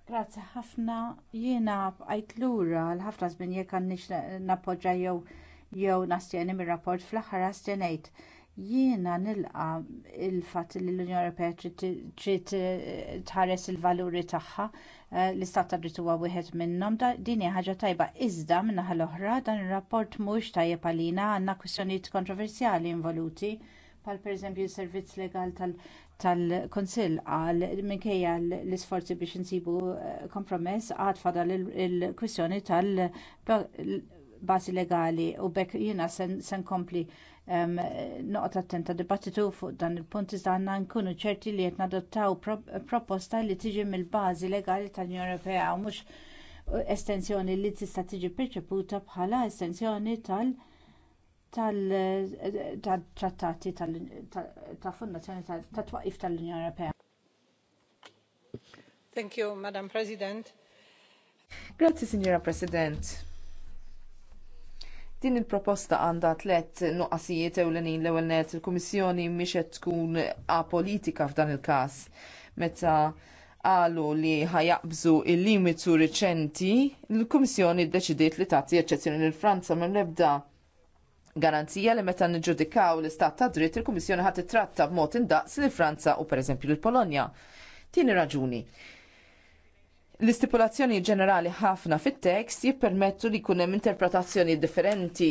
Grazzi ħafna jiena bqajt lura l-ħafna żmien jekk għandix nappoġġa jew jew nastjeni mir-rapport fl-aħħar astjenejt. Jiena nilqa il-fatt li l-Unjoni Ewropea trid tħares il-valuri tagħha eh, l-istat ta' dritt huwa wieħed minnhom din hija ħaġa tajba iżda min-naħa l-oħra dan ir-rapport mhux tajjeb għalina għandna kwistjonijiet kontroversjali involuti bħal pereżempju s-servizz legal tal- tal-Konsill qal minkejja l-isforzi biex insibu eh, kompromess għad fadal il-kwistjoni tal-bażi legali u bekk jiena se nkompli noqgħod attenta dibattitu fuq dan il-punt iżda għandna nkunu ċerti li qed nadottaw proposta li tiġi mill-bażi legali tal-Unjoni Ewropea u mhux estensjoni li tista' tiġi perċeputa bħala estensjoni tal- tal-trattati tal-fondazzjoni tat-twaqif tal-Unjoni Ewropea. Thank you, Madam President. Grazzi, Signora President. Din il-proposta għandha tliet nuqqasijiet ewlenin l-ewwel net il-Kummissjoni mhix qed tkun apolitika f'dan il-każ meta qalu li ħajaqbżu il-limitu riċenti, l-Kummissjoni ddeċidiet li tagħti eċċezzjoni lil Franza minn l-ebda garanzija li meta niġġudikaw l-istat ta' dritt il-Kummissjoni ħadd titratta b'mod indaqs li Franza u pereżempju l-Polonja. Tieni raġuni, L-istipulazzjoni ġenerali ħafna fit-tekst jippermettu li kunem interpretazzjoni differenti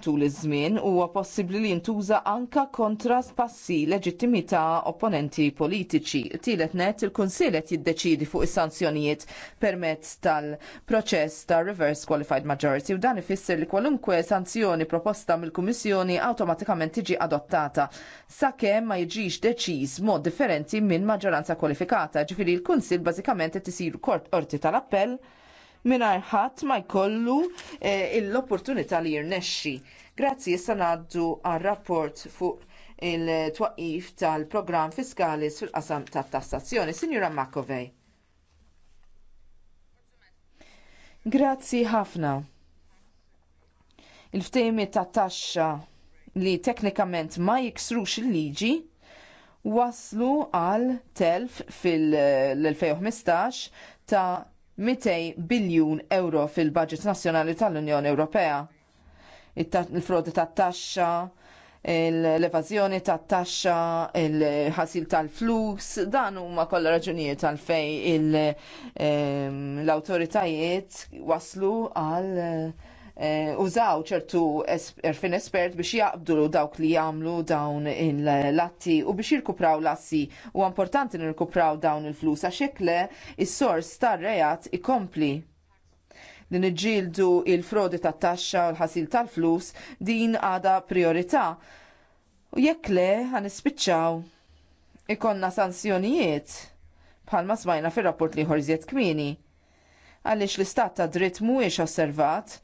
tul iż-żmien huwa possibbli li jintuża anka kontra spassi leġittimità opponenti politiċi. Tielet net il-Kunsill qed jiddeċidi fuq is-sanzjonijiet permezz tal-proċess ta' reverse qualified majority u dan ifisser li kwalunkwe sanzjoni proposta mill-Kummissjoni awtomatikament tiġi adottata sakemm ma jiġix deċiż mod differenti minn maġġoranza kwalifikata, ġifieri l-Kunsill bażikament qed isir korp qorti tal-appell mingħajr ħadd ma jkollu eh, l-opportunità li jirnexxi. Grazzi issa ngħaddu għar-rapport fuq il-twaqif tal-programm fiskali fil-qasam tat-tassazzjoni. Sinjura Makovej. Grazzi ħafna. Il-ftejmi ta' taxxa li teknikament ma jiksrux il-liġi waslu għal telf fil-2015 ta' 200 biljun euro fil-budget nazzjonali tal-Unjoni Ewropea. Il-frodi tat taxxa, l-evazjoni tat taxxa, il-ħasil tal-flus, dan huma kollha raġunijiet fej l-awtoritajiet waslu għal Eh, użaw ċertu erfin espert biex jaqbdu dawk li jagħmlu dawn il-latti u biex jirkupraw l-assi u importanti nirkupraw dawn il-flus għax le is-sors tar-rejat ikompli li niġġieldu il-frodi tat-taxxa u l-ħasil tal-flus din għada priorità. U jekk le ħanispiċċaw ikonna sanzjonijiet bħalma smajna fir-rapport li ħorżiet kmini għaliex l-istat ta' dritt mhuwiex osservat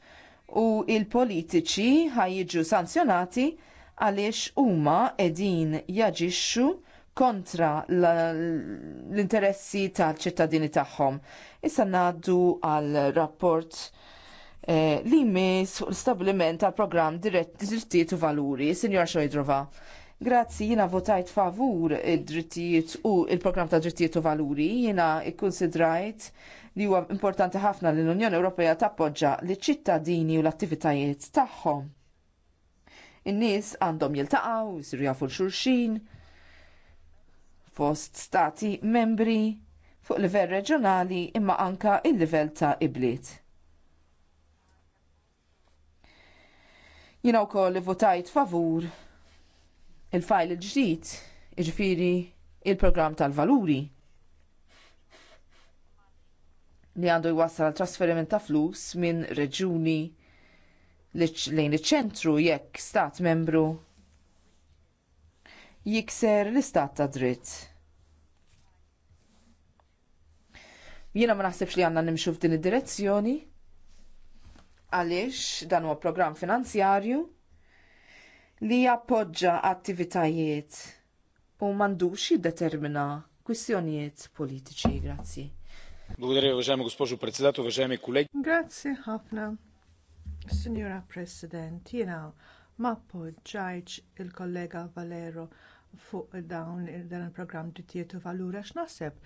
u il-politiċi ħajġu sanzjonati għaliex huma qegħdin jaġixxu kontra l-interessi tal-ċittadini tagħhom. Issa ngħaddu għal rapport eh, li jmiss fuq l-stabliment tal-programm Drittijiet u Valuri, Sinjor Xojdrova. Grazzi, jina votajt favur id-drittijiet u il-programm ta' drittijiet u valuri, jina ikkonsidrajt li huwa importanti ħafna li l-Unjoni Ewropea tappoġġa li ċittadini u l-attivitajiet tagħhom. In-nies għandhom jiltaqgħu, jsiru jafu l-xulxin, fost stati membri fuq livell reġjonali imma anka il-livell ta' ibliet. Jina koll votajt favur il-fajl il-ġdid, iġifieri il-programm tal-valuri li għandu jwassal trasferiment ta' flus minn reġuni lejn iċ-ċentru jekk stat membru jikser l-istat ta' dritt. Jiena ma naħsibx li għandna nimxu f'din id-direzzjoni għaliex dan huwa programm finanzjarju li jappoġġa attivitajiet u m'għandux jiddetermina kwistjonijiet politiċi. Grazzi. Благодаря, Grazie ħafna, Signora President. Jena ma poġġajċ il-kollega Valero fuq dawn dan il-programm di tietu valura x'naħseb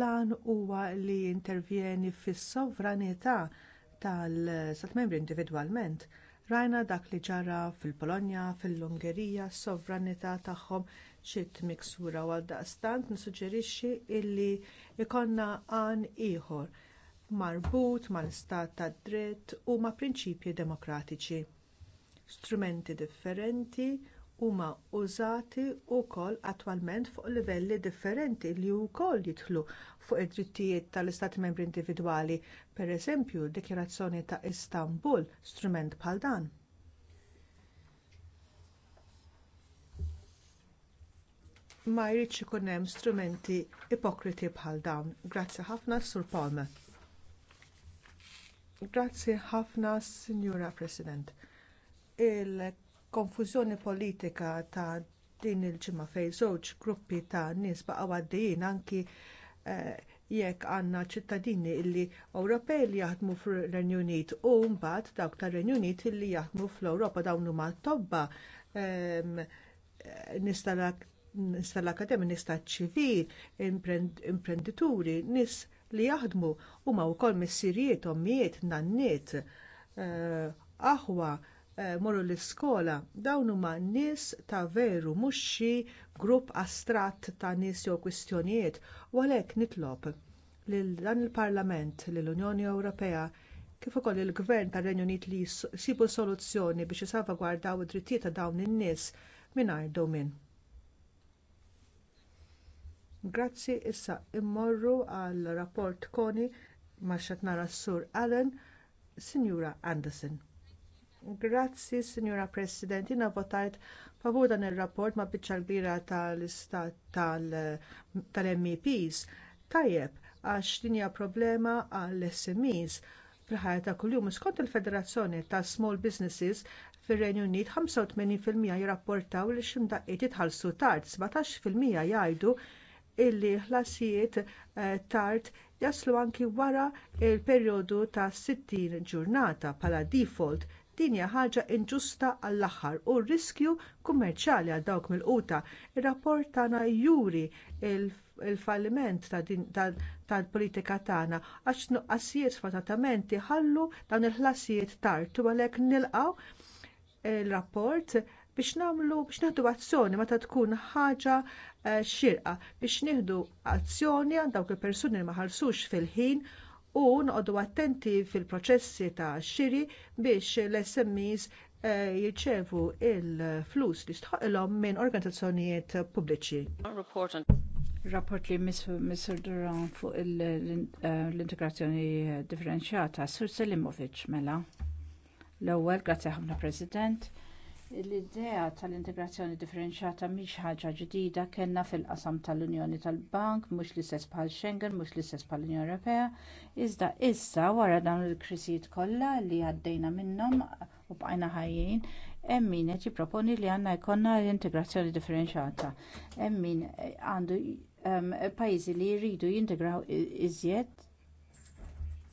lan huwa li intervjeni fis-sovranità tal-sat membri individwalment. Rajna dak li ġara fil-Polonja, fil-Ungerija, s-sovranità tagħhom ċitt miksura għal daqstant nissuġġerixxi illi ikonna għan ieħor marbut mal-istat tad dritt u ma' prinċipji demokratiċi. Strumenti differenti huma użati wkoll attwalment fuq livelli differenti li wkoll jidħlu fuq id-drittijiet tal-istati membri individwali, pereżempju d-Dikjarazzjoni ta' Istanbul, strument bħal dan. ma jridx ikun hemm strumenti ipokriti bħal dawn. Grazzi ħafna Sur Palme. Grazzi ħafna Signora President. Il-konfużjoni politika ta' din il-ġimgħa fejn żewġ gruppi ta' nies baqgħu għaddejjin anki eh, jekk għandna ċittadini illi Ewropej li jaħdmu fir-Renju Unit u mbagħad dawk tar-Renju Unit illi jaħdmu fl-Ewropa dawn huma tobba um, ehm, nistara Nista' l akademi nista' taċ-ċivil, imprendituri, nies li jaħdmu huma wkoll missirijiet, ommijiet, nanniet, eh, aħwa, eh, morru l-iskola, dawn huma nies ta' veru mhux xi grupp astratt ta' nies jew kwistjonijiet, u għalhekk nitlob li dan il-Parlament, lill unjoni Ewropea kif ukoll il-Gvern tar-Renju Unit li jsibu soluzzjoni biex jisalvagwardaw id-drittijiet ta' dawn in-nies mingħajr dewmien. Grazzi issa immorru għal rapport koni ma xatnara s-sur Allen, Signora Anderson. Grazzi, Signora President, jina votajt favur dan ir rapport ma biċċa l-bira tal-istat tal-MEPs. Tajjeb, għax din hija problema għall-SMEs fil-ħajja ta' kuljum. Skont il-Federazzjoni ta' Small Businesses fir-Renju Unit 85% jirrapportaw li x'imdaqqiet jitħallsu tard, 17% jgħidu illi ħlasijiet eh, tard jaslu anki wara l-perjodu ta' 60 ġurnata bħala default din hija ħaġa inġusta għall-aħħar u r riskju kummerċjali għal dawk mill-quta. Ir-rapport tagħna juri l falliment tal-politika tagħna għax nuqqasijiet sfortunatament iħallu dawn il-ħlasijiet tard u għalhekk nilqgħu il-rapport biex nagħmlu biex naħdu azzjoni meta tkun ħaġa eh, xirqa biex nieħdu azzjoni għal dawk il-persuni li ma fil-ħin u noqogħdu attenti fil-proċessi ta' xiri biex l-SMEs eh, jirċevu il-flus li stħoqilhom minn organizzazzjonijiet pubbliċi. Rapport li Mr. Duran fuq eh, l-integrazzjoni differenzjata, Sur Selimovic mela. L-ewwel, grazzi ħafna President. L-idea tal-integrazzjoni differenzjata mhix ħaġa ġdida kellna fil-qasam tal-Unjoni tal-Bank, mhux l-istess bħal Schengen, mhux l-istess bħall Unjoni Ewropea, iżda issa wara dawn il-krisijiet kollha li għaddejna minnhom u bqajna ħajjin, hemm min qed jipproponi li għandna jkollna l-integrazzjoni differenzjata. Hemm min għandu ehm, pajjiżi li jridu jintegraw iżjed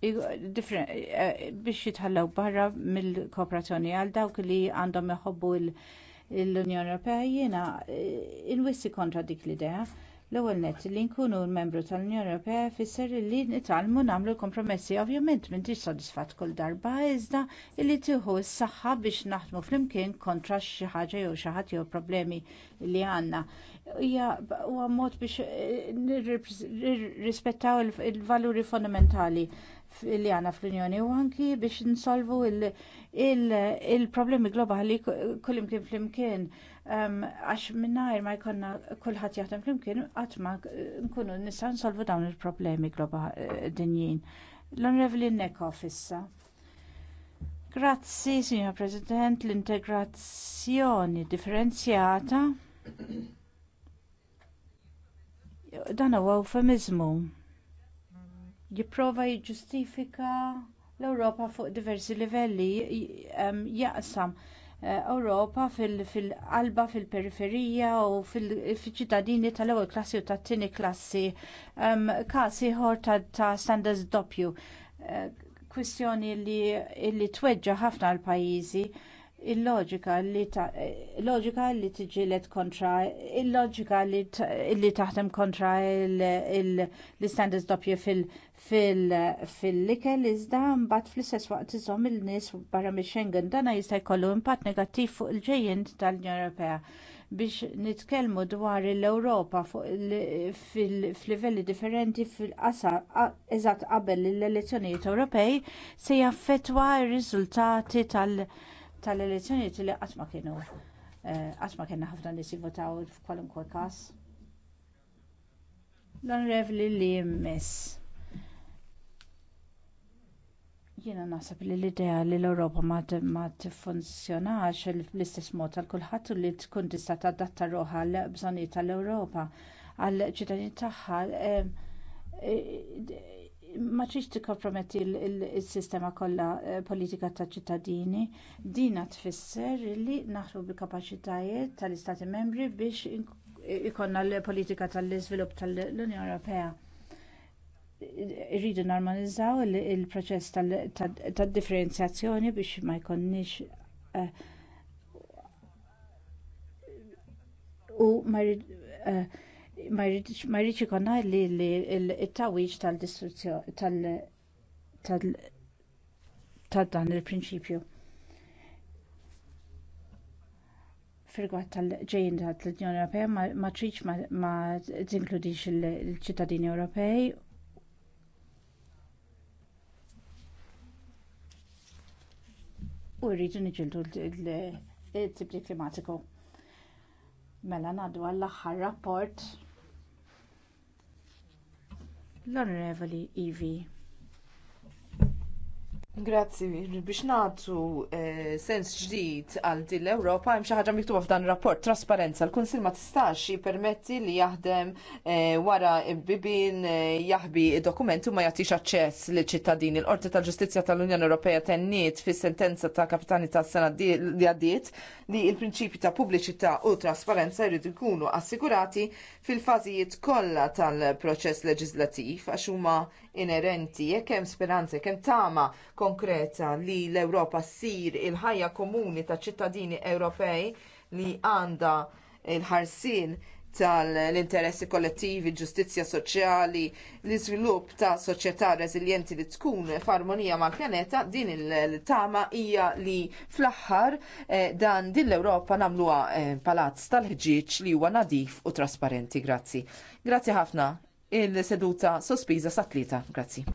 Eh, biex jitħallew barra mill-kooperazzjoni għal dawk li għandhom iħobbu l-Unjoni Ewropea jiena eh, inwissi kontra dik l-idea. L-ewwel nett li nkunu membru tal-Unjoni Ewropea fisser li nitalmu nagħmlu kompromessi ovvjament m'intix sodisfatt kull darba iżda li tieħu s-saħħa biex naħdmu flimkien kontra xi ħaġa jew xi ħadd jew problemi li għandna. Hija huwa mod biex eh, nirrispettaw il-valuri fondamentali li għana fl-Unjoni u anki biex nsolvu il-problemi globali kullim kien flimkien. Um, għax minnajr ma jkonna kullħat jaħdem flimkien, għatma nkunu nissa nsolvu dawn il-problemi globali dinjin. L-Onrevli Nekov issa. Grazzi, signor President, l-integrazzjoni differenzjata dan huwa eufemizmu jipprova jiġġustifika l-Ewropa fuq diversi livelli jaqsam eh, Ewropa fil-qalba, fil-periferija u fil-ċittadini tal-ewwel klassi u tat-tieni klassi, każ ieħor ta' standards doppju. Eh, kwistjoni li tweġġa' ħafna għall pajjiżi il-loġika li ta loġika li tiġilet kontra il-loġika li taħdem kontra l-istandards doppju fil-likel iżda mbagħad fl-istess waqt iżhom il-nies barra mix-Schengen dan jista' jkollu impatt negattiv fuq il-ġejjin tal-Unjoni Ewropea biex nitkellmu dwar l-Ewropa fil-livelli differenti fil-qasar eżatt qabel l-elezzjonijiet Ewropej se jaffettwa r-riżultati tal- tal-elezzjonijiet li qatt ma kienu eh, qatt ma kellna ħafna nies jivvotaw f'kwalunkwe każ. L-Onorevli li jmiss. Jiena naħseb li l-idea li l-Ewropa ma tiffunzjonax l-istess mod għal kulħadd u li tkun tista' tadatta roħa l bżonnijiet tal-Ewropa għall ċitani tagħha eh, eh, ma tridx tikkomprometti l-sistema kollha eh, politika taċ ċittadini, dina tfisser li naħru bil-kapaċitajiet tal-Istati membri biex ikonna l-politika tal-iżvilupp tal-Unjoni Ewropea. Irridu normalizzaw il-proċess tad-differenzjazzjoni biex ma jkonniex eh, u ma eh, ma jridx ikonna li l-tawiġ tal-distruzzjoni tal dan il-prinċipju. Firgwat tal-ġejn tal-Unjoni Ewropea ma tridx ma tinkludix il-ċittadini Ewropej u rridu niġildu l tibli klimatiku. Mela ngħaddu għall-aħħar rapport l-onorevoli ev Grazzi, biex natu eh, sens ġdid għal din l-Ewropa, hemm xi ħaġa miktuba f'dan rapport, trasparenza. L-Kunsil ma tistax jippermetti li jaħdem eh, wara bibin eh, jaħbi dokumenti u ma jagħtix aċċess liċ ċittadini. L-Qorti tal-Ġustizzja tal-Unjoni Ewropea tenniet fis-sentenza ta' kapitani tas-sena li għaddiet li l-prinċipji ta' pubbliċità u trasparenza jridu jkunu assigurati fil-fażijiet kollha tal-proċess leġislattiv għax huma inerenti jekk hemm speranza, jekk tama konkreta li l-Ewropa ssir il-ħajja komuni taċ ċittadini Ewropej li għandha l ħarsien tal-interessi kollettivi, ġustizzja soċjali, l-iżvilupp ta' soċjetà reżiljenti li tkun f'armonija mal-pjaneta, din il-tama hija li fl-aħħar eh, dan din l-Ewropa nagħmluha eh, palazz tal-ħġieġ li huwa nadif u trasparenti. Grazzi. Grazzi ħafna. Il-seduta sospiża sa' tlieta. Grazzi.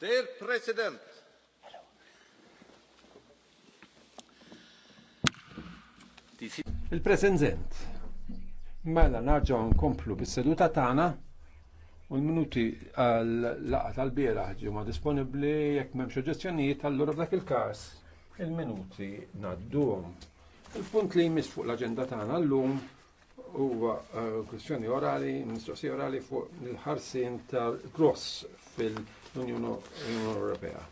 Dear President, Il-President, mela narġaw nkomplu bis-seduta tagħna u l-minuti għal-laqa tal-bieraħ ġimgħa disponibbli jekk m'hemm suġġezzjonijiet allura f'dak il-każ il-minuti ngħadduhom. Il-punt li jmiss fuq l-aġenda tagħna llum huwa eh, kwistjoni orali, mistoqsija orali fuq il-ħarsien tal-cross fil- l-Unjoni Ewropea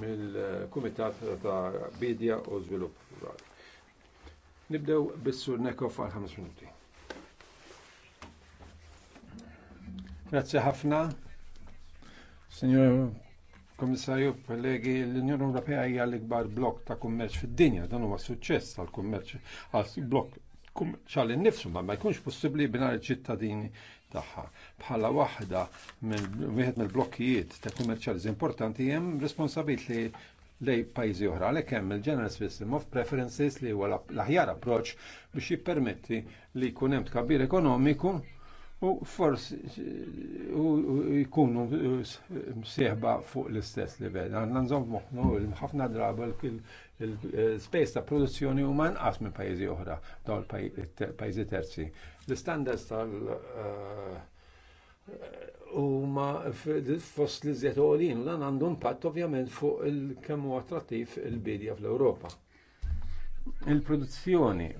mill-Kumitat ta' Bidja u Zvilupp. Rural. Nibdew bis-sur Nekov għal ħames minuti. Grazie ħafna. Signor Komissarju, kollegi, l-Unjoni Ewropea hija l-ikbar blok ta' kummerċ fid-dinja, dan huwa suċċess tal-kummerċ għal blok kummerċali nnifsu, ma ma jkunx possibbli binar ċittadini taħħa. Bħala waħda wieħed mill-blokkijiet ta' kummerċjaliż importanti hemm responsabbit li lej pajjiżi oħra li hemm il-General System of Preferences li huwa l-aħjar approċċ biex jippermetti li jkun hemm tkabbir ekonomiku u forsi jkunu uh, sieħba fuq l-istess livell. Għandna nżomm ħafna drabi l-space ta' produzzjoni huma nqas minn pajjiżi oħra dawn pajjiżi terzi. L-standards tal- eh, huma fost li żjed u dan għandu impatt ovvjament fuq il kemmu attrattiv il-bidja fl-Ewropa. Il-produzzjoni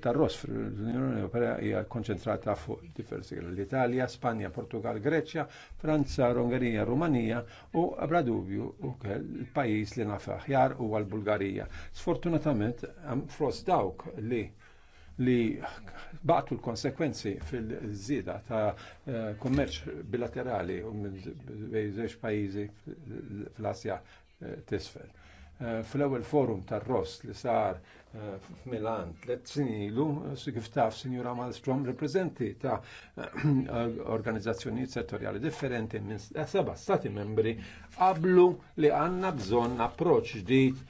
tal-ross fil-Unjoni Ewropea hija konċentrata fuq diversi l-Italja, Spanja, Portugal, Greċja, Franza, Ungerija, Rumanija u bla dubju il-pajjiż li naf aħjar huwa l-Bulgarija. Sfortunatament fost dawk li li baqtu l-konsekwenzi fil-żida ta' eh, kummerċ bilaterali u minn żewġ pajjiżi fl-Asja eh, tisfel Eh, fl-ewwel forum tar-Ross li sar eh, f'Milan tliet sin ilu, eh, kif taf Sinjura Malstrom reprezenti ta' organizzazzjonijiet settorjali differenti minn seba' stati membri qablu li għandna bżonn approċċ ġdid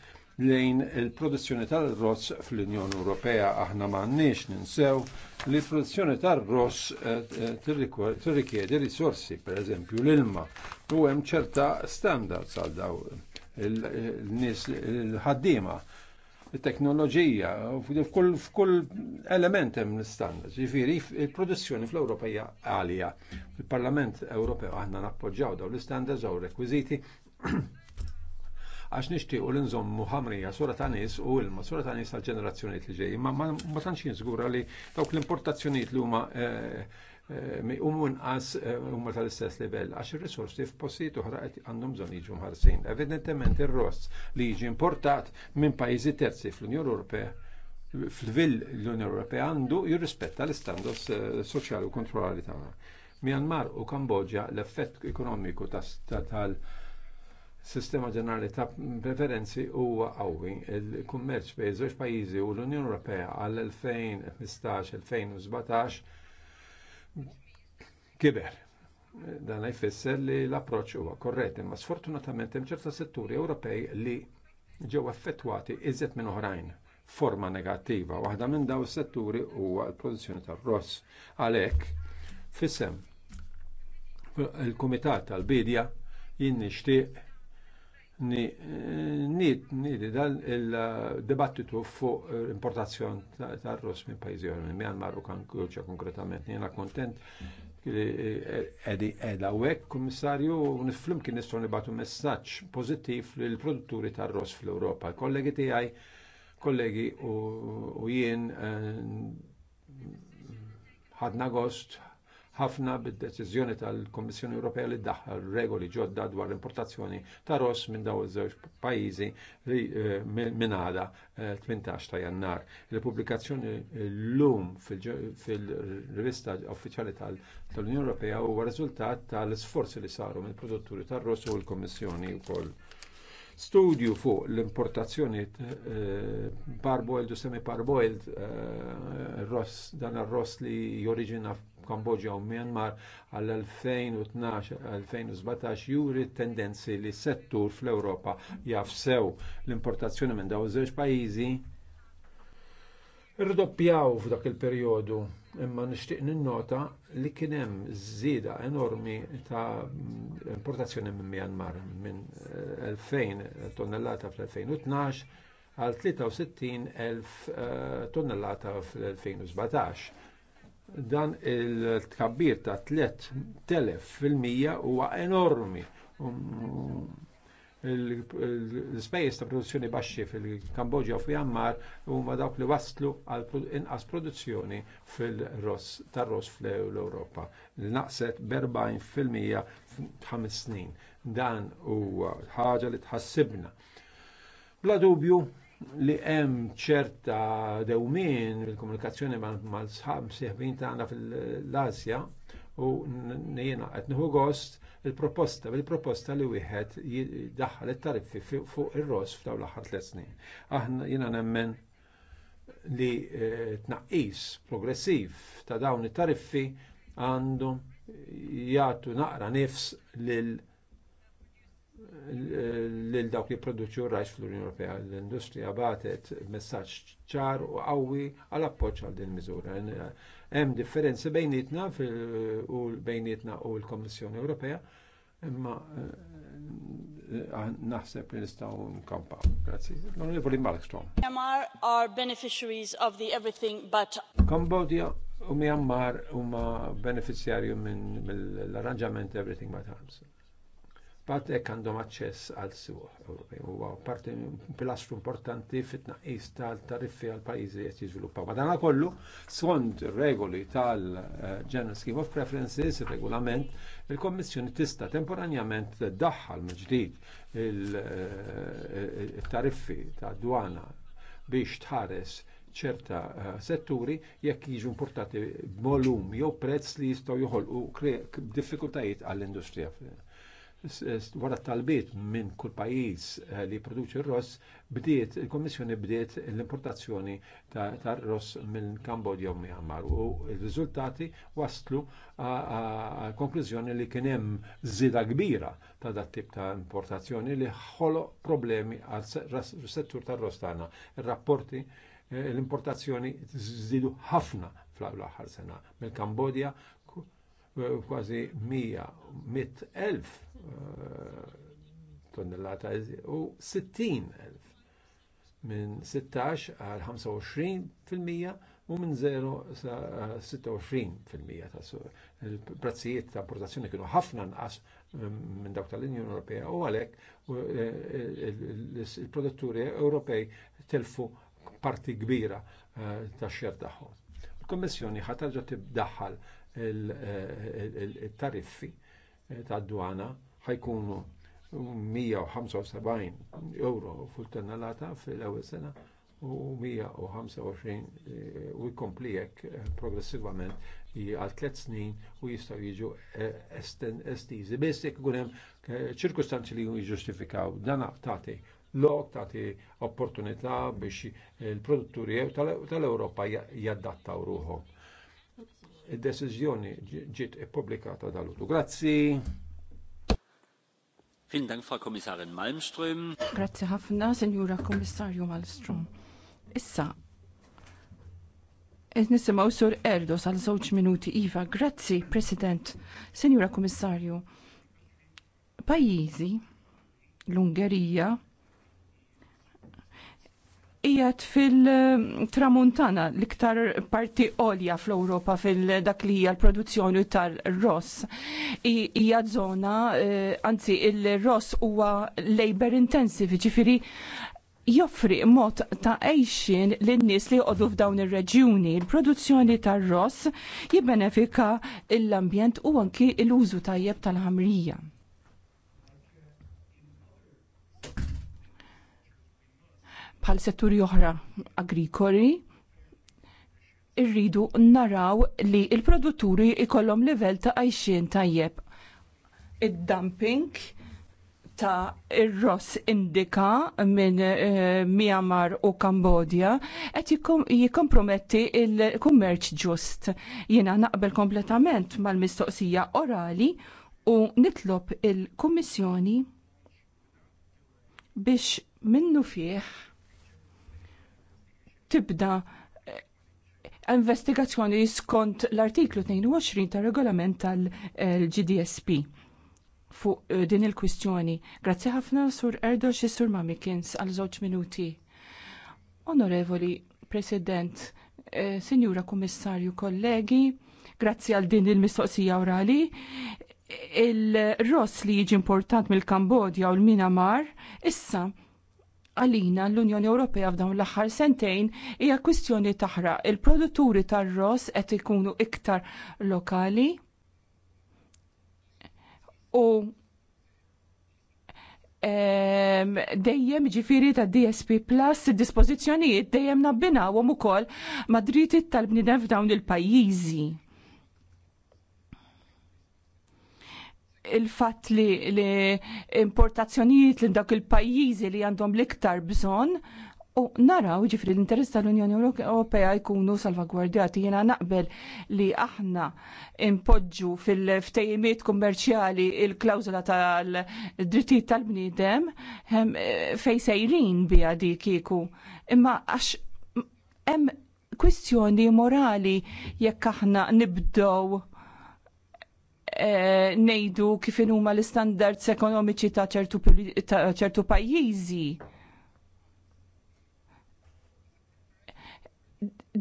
lejn il-produzzjoni tal-ross fl-Unjoni Ewropea aħna m'għandniex ninsew li l-produzzjoni tal-ross tirrikjedi risorsi, pereżempju l-ilma, u hemm ċerta standards għal dawn il nis il-ħaddiema, il-teknoloġija, f'kull element hemm l standards jifieri il-produzzjoni fl-Ewropa hija għalija. Il-Parlament Ewropew aħna nappoġġjaw daw l-standards u rekwiżiti għax nixtiequ l nżommu ħamrija sura ta' nis u ilma sura ta' nies tal-ġenerazzjonijiet li ġejjin, ma ma tantx jinżgura li dawk l-importazzjonijiet li huma eh, Eh, umun għas eh, huma tal-istess livell għax ir-risorsi f'postijiet uħra għet għandhom bżonn jiġu mħarsin. Evidentement ir-ross li jiġi importat minn pajjiżi terzi fl-Unjoni Ewropea fil-vill l-Unjoni Ewropea għandu jirrispetta l-istandards eh, soċjali u kontrolali tagħna. Myanmar u Kambodġa l-effett ekonomiku tal sistema ġenerali ta' preferenzi huwa qawwi. Il-kummerċ bejn żewġ pajjiżi u l-Unjoni Ewropea għal 2015-2017 kiber. Dan jfisser li l-approċċ huwa korrett, imma sfortunatament hemm ċerta setturi Ewropej li ġew effettwati iżet minn oħrajn forma negattiva. Waħda minn daw is-setturi huwa l-produzzjoni tar-ross. Għalhekk fisem il-Kumitat tal-Bidja jien nixtieq nid nidi dan il-dibattitu fuq l-importazzjoni tar-ross minn pajjiżi oħra minn Myanmar u Kankuċa konkretament. Jiena kontent Eh, edha u hekk kummissarju niflim kien nistgħu nibgħatu messaġġ pożittiv lill produtturi tar-ross fl-Ewropa. Kollegi tiegħi, kollegi u jien eh, ħadna gost ħafna bid-deċiżjoni tal-Kommissjoni Ewropea li daħħal regoli ġodda dwar l-importazzjoni ta' ross minn dawn iż-żewġ pajjiżi li eh, minn għada 18 eh, ta' jannar. Il-pubblikazzjoni eh, l-lum fil-rivista uffiċjali tal-Unjoni Ewropea huwa riżultat tal-isforzi li saru mill-produtturi tar-ross u l-Kommissjoni wkoll studju fuq l-importazzjoni parboiled u semi parboiled ross dan ar-ross li joriġina Kambodja u Myanmar għall 2012-2017 juri tendenzi li settur fl-Ewropa jafsew l-importazzjoni minn dawn żewġ pajjiżi Irdoppjaw f'dak il-perjodu, imma nixtieq ninnota li kien hemm żieda enormi ta' importazzjoni minn Myanmar minn 2000 eh, tonnellata fl-2012 għal 63,000 eh, tonnellata fl-2017 dan il-tkabbir ta' 3000 fil-mija huwa enormi. Um, L-spejjeż ta' produzzjoni baxxi fil-Kambodġa u fil-Jammar huma dawk li waslu għal inqas produzzjoni fil-ross tar-ross fl-Ewropa. Naqset b'40 fil-mija f'ħames snin. Dan huwa ħaġa li tħassibna. Bla dubju, li hemm ċerta dewmien fil-komunikazzjoni mal-sħab seħbin tagħna fil-Asja u nejjena qed nieħu gost il-proposta bil-proposta li wieħed jiddaħħal it-tariffi fuq ir-ros f'dawn l-aħħar tliet snin. Aħna jiena nemmen li eh, tnaqqis progressiv ta' dawn it-tariffi għandu jagħtu naqra nifs lil lil dawk li produċu rajx fl-Unjoni Ewropea. L-industrija batet messaġġ ċar u qawwi għal appoġġ għal din miżura. Hemm differenzi bejnietna u bejnietna u l-Kommissjoni Ewropea, imma eh, ah, naħseb li nistgħu nkampaw. Grazzi. L-Onorevoli Malmstrom. Myanmar are beneficiaries of the everything but Cambodia u Myanmar huma beneficjarju minn mill-arranġament Everything But Arms ek għandhom aċċess għal suq huwa parti pilastru importanti fit-tnaqqis tal-tariffi għal pajjiżi qed jiżviluppaw. Madana kollu, skont regoli tal-General Scheme of Preferences, regolament, il-Kommissjoni tista' temporanjament daħħal m'ġdid il-tariffi tad dwana biex tħares ċerta eh, setturi jekk jiġu importati volum jew prezz li jistgħu joħolqu diffikultajiet għall-industrija wara talbiet minn kull pajjiż eh, li jipproduċi r-ross, bdiet, il-Kommissjoni bdiet l-importazzjoni ta' ross minn Kambodja u Myanmar. U r-riżultati waslu għal konklużjoni li kien hemm żieda kbira ta' dat tip ta' importazzjoni li ħoloq problemi għal settur tar-ross tagħna. Ir-rapporti eh, l-importazzjoni żidu ħafna fl-aħħar sena mill-Kambodja eh, kważi 100 elf Eh, tonnellata u 60.000 minn 16 għal 25% u minn 0 sa 26% ta' il-prezzijiet ta' importazzjoni kienu ħafna nqas mm, minn dawk tal-Unjoni Ewropea u għalhekk eh, il-produtturi Ewropej telfu parti kbira eh, ta' xer tagħhom. Il-Kommissjoni ħatarġa tibdaħħal il-tariffi ta' dwana ħajkunu 175 euro fuq tonnellata fil-ewwel sena u 125 eh, u jkompli hekk eh, progressivament għal tliet snin u jistgħu jiġu eh, estiżi. Biss jekk ikun hemm ċirkustanzi li jiġġustifikaw dan tagħti lok tagħti opportunità biex il-produtturi tal-Ewropa jaddattaw ruħhom. Id-deċiżjoni ġiet ippubblikata dal Grazzi. Vielen Dank, Frau Kommissarin Malmström. Grazie ħafna, Signora Kommissarju Malmström. Issa, nisimaw sur Erdos sal żewġ minuti Iva. Grazzi, President, Signora Kommissarju. Pajjiżi, l-Ungerija, ijat fil-tramuntana l-iktar parti olja fl-Europa fil-dak li hija l-produzzjoni tal-Ross. Ija zona, eh, anzi, il-Ross huwa labor intensive, ġifiri joffri mod ta' għejxin l-nis li jqodu f'dawn ir-reġjuni. Il-produzzjoni tar-ross jibbenefika l-ambjent u anki l-użu tajjeb tal-ħamrija. bħal setturi oħra agrikoli irridu naraw li l produtturi ikollhom livell ta' għajxien tajjeb. Id-dumping ta' ir-Ross Indika minn uh, Myanmar u Kambodja qed jikkomprometti il-kummerċ ġust. Jiena naqbel kompletament mal-mistoqsija orali u nitlob il-Kummissjoni biex minnu fih tibda eh, investigazzjoni skont l-artiklu 22 tar regolament tal-GDSP fuq eh, din il-kwistjoni. Grazzi ħafna sur Erdos e sur Mamikins għal żewġ minuti. Onorevoli President, eh, Sinjura Kommissarju kollegi, grazzi għal din il-mistoqsija orali il-ross li jiġi important mill-Kambodja u l-Minamar, issa għalina l-Unjoni Ewropea f'dawn l-aħħar sentejn hija kwistjoni taħraq il-produtturi tar-ross qed ikunu iktar lokali u ehm, dejjem ġifiri ta' DSP Plus dispożizzjonijiet dejjem nabbinawhom ukoll ma' drittijiet tal-bniedem f'dawn il-pajjiżi il-fatt li, li importazzjonijiet l dak il-pajjiżi li għandhom l-iktar bżonn U naraw ġifri l-interess tal-Unjoni Ewropea jkunu salvagwardjati jena naqbel li aħna impoġġu fil-ftejimiet kummerċjali il-klawzula tal-drittijiet tal-bniedem eh, fej sejrin bija di Imma għax hemm kwistjoni morali jekk aħna nibdow Eh, nejdu kif huma l-istandards ekonomiċi ta' ċertu pajjiżi.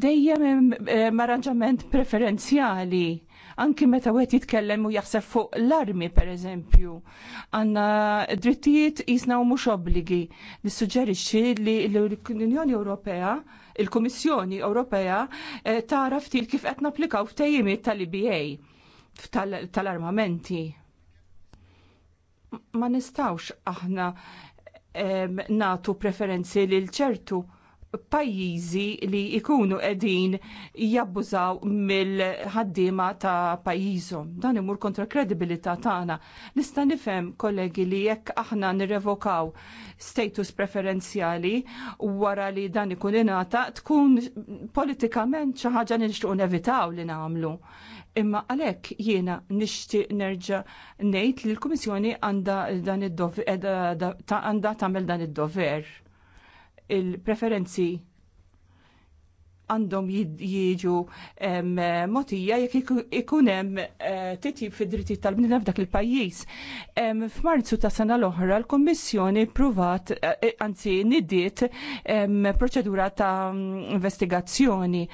Dejjem hemm eh, arranġament preferenzjali anki meta wieħed jitkellem u jaħseb fuq l-armi pereżempju. Għandna drittijiet jisna u mhux obbligi. Nissuġġerixxi li l-Unjoni Ewropea, il-Kummissjoni Ewropea eh, tara ftit kif qed napplikaw ftehimiet tal-IBA tal-armamenti. Ma nistawx aħna natu preferenzi lil ċertu pajjiżi li jkunu qegħdin jabbużaw mill-ħaddiema ta' pajjiżhom. Dan imur kontra kredibilità tagħna. Nista' nifhem kollegi li jekk aħna nirrevokaw status preferenzjali wara li dan ikun ingħata tkun politikament xi ħaġa li nixtiequ nevitaw li nagħmlu. Imma għalhekk jiena nixtieq nerġa' ngħid li l-Kummissjoni għandha dan id-dover eh, għandha tagħmel dan id-dover il-preferenzi għandhom jiġu motija jekk ikun hemm eh, titjib fid-dritti tal-bnina f'dak il-pajjiż. F'Marzu ta' sena l-oħra l-Kummissjoni pruvat eh, eh, anzi nidiet proċedura ta' investigazzjoni.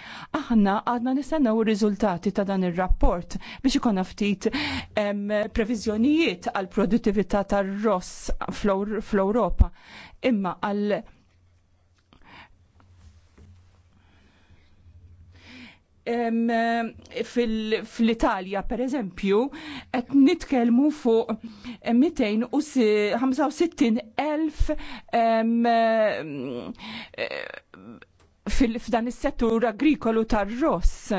Aħna għadna nistennew ir-riżultati ta' dan ir-rapport biex ikon ftit previżjonijiet għal produttività tar-ross fl-Ewropa. Imma għal fil-Italja, per eżempju, qed nitkellmu fuq 265.000 elf f'dan is-settur agrikolu tar-ross.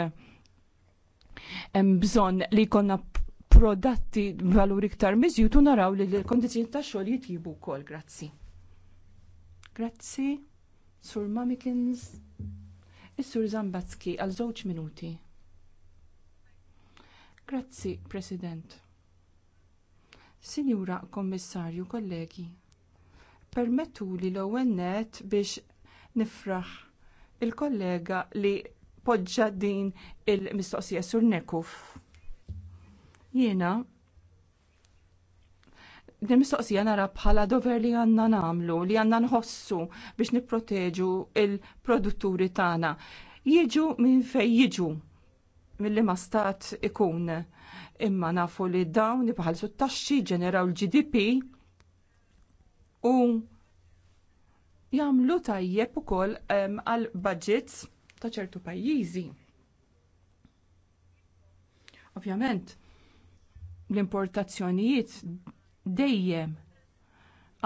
Hemm bżonn li jkollna prodatti valur iktar miżjut u naraw li l-kondizzjoni tax-xogħol jitjibu wkoll. Grazzi. Grazzi. Sur Mamikins. Is-Sur Zambatski għal żewġ minuti. Grazzi, President. Sinjura Kommissarju, kollegi. Permettu li l-ewwel net biex nifraħ il-kollega li poġġa din il-mistoqsija sur Nekuf. Jiena Nimistoqsija nara bħala dover li għanna namlu, li għanna nħossu biex niproteġu il-produtturi tagħna. Jiġu minn fej jiġu mill ma stat ikun. Imma nafu li dawn bħal suttaxxi ġeneraw l-GDP u jagħmlu tajjeb ukoll għal budgets ta' ċertu pajjiżi. Ovvjament, l-importazzjonijiet dejjem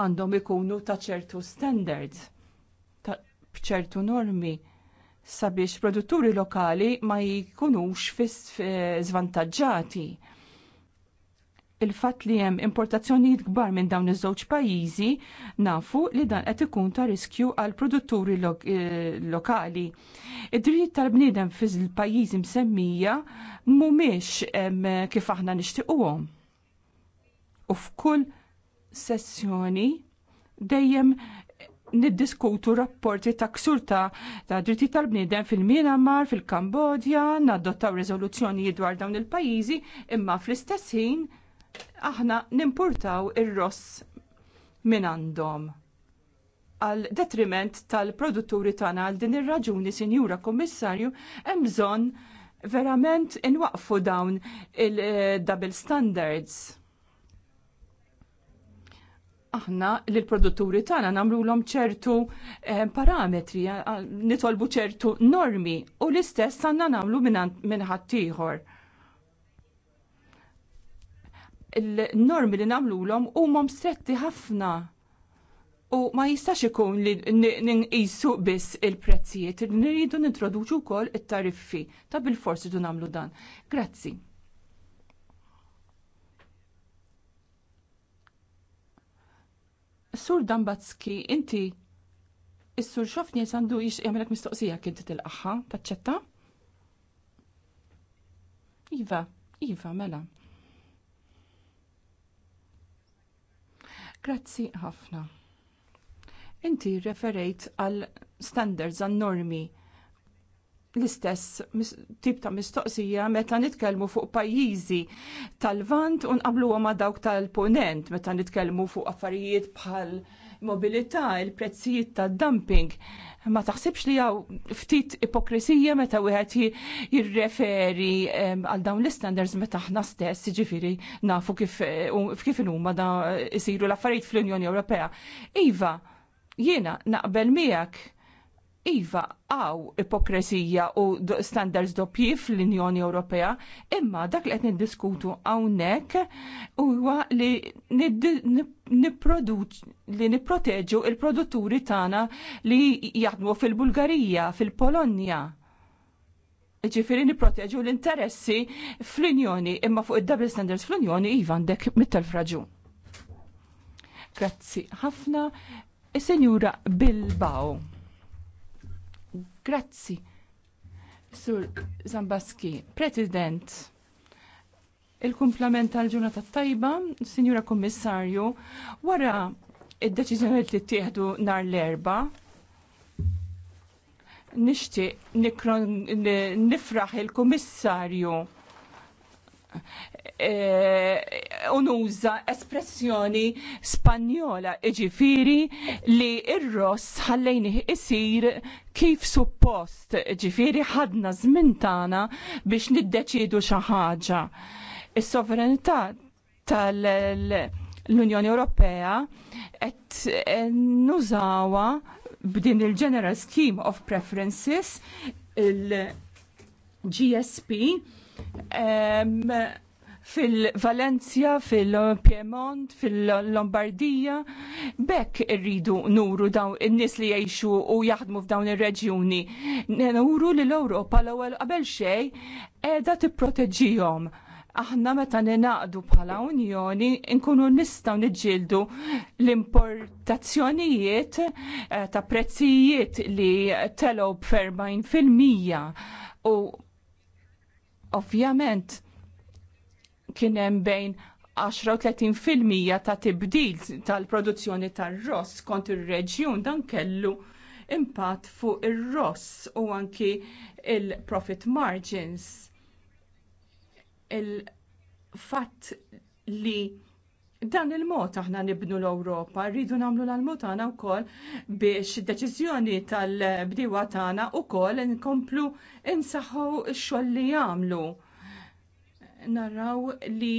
għandhom ikunu ta' ċertu standards, ta' ċertu normi sabiex produtturi lokali ma jkunux eh, zvantagġati. Il-fatt li hemm importazzjonijiet kbar minn dawn iż-żewġ pajjiżi nafu li dan qed ikun ta' riskju għal produtturi lo eh, lokali. Id-dritt tal-bniedem fiż il-pajjiżi msemmija mhumiex kif aħna nixtiequhom u f'kull sessjoni dejjem niddiskutu rapporti ta' ksur ta', dritti tal-bniedem fil-Myanmar, fil-Kambodja, nadottaw rezoluzzjoni dwar dawn il-pajjiżi, imma fl-istess ħin aħna nimpurtaw ir-ross minn għandhom għal detriment tal-produtturi tagħna għal din ir-raġuni, Sinjura Kommissarju, hemm bżonn verament inwaqfu dawn il-double eh, standards aħna l-produtturi tagħna nagħmluhom ċertu eh, parametri, nitolbu ċertu normi u l-istess għandna nagħmlu minn ieħor. Il-normi li nagħmluhom huma stretti ħafna. U ma jistax ikun li nqisu biss il-prezzijiet, nridu nintroduċu wkoll it-tariffi ta' bil-forsi du nagħmlu dan. Grazzi. Sur Dambatski, inti Is-sur xofni sandu jix jamelek mistoqsija kien titilqaħħa, taċċetta? Iva, Iva, mela. Grazzi ħafna. Inti referejt għal standards, għal normi l-istess tip ta' mistoqsija meta nitkellmu fuq pajjiżi tal-vant u nqabluha ma' dawk tal-punent meta nitkellmu fuq affarijiet bħal mobilità, il-prezzijiet tad dumping. Ma taħsibx li hawn ftit ipokrisija meta wieħed jirreferi għal dawn l-standards meta aħna stess, jiġifieri nafu kif kif huma da isiru l-affarijiet fl-Unjoni Ewropea. Iva, jiena naqbel miegħek Iva, għaw ipokresija u standards doppji fl-Unjoni Ewropea, imma dak li qed niddiskutu hawnhekk huwa li li nipproteġu il-produtturi tagħna li jaħdmu fil-Bulgarija, fil-Polonja. Ġifieri nipproteġu l-interessi fl-Unjoni, imma fuq id-double standards fl-Unjoni iva għandek mit tal Grazzi ħafna. Is-Senjura Bilbao. Grazzi. Sur Zambaski, President, il-kumplament tal-ġurnata tajba, Signora Kommissarju, wara id-deċiżjoni li ttieħdu nar l-erba, nixtieq nifraħ il-Kummissarju Eh, unuża espressjoni spanjola ġifiri li ir-ross ħallejni isir kif suppost ġifiri ħadna żmien tagħna biex niddeċidu xi ħaġa. Is-sovranità tal-Unjoni Ewropea qed eh, nużawa b'din il-General Scheme of Preferences il-GSP fil-Valencia, fil-Piemont, fil-Lombardija. Bekk irridu nuru daw in-nies li jgħixu u jaħdmu f'dawn ir-reġjuni. Nuru li l-Ewropa l-ewwel qabel xejn qiegħda tipproteġġihom. Aħna meta ninaqdu bħala Unjoni nkunu nistgħu niġġieldu l-importazzjonijiet eh, ta' prezzijiet li telgħu b'40 fil-mija u Ovvjament kien hemm bejn 10-30% ta' tibdil tal-produzzjoni tar-ross kont ir-reġjun dan kellu impatt fuq ir-ross u anki il-profit margins. Il-fatt li dan il-mod aħna nibnu l-Ewropa, rridu nagħmlu l-mod tagħna wkoll biex id deċiżjoni tal-bdiewa tagħna wkoll inkomplu insaħħu x-xogħol li jagħmlu. Naraw li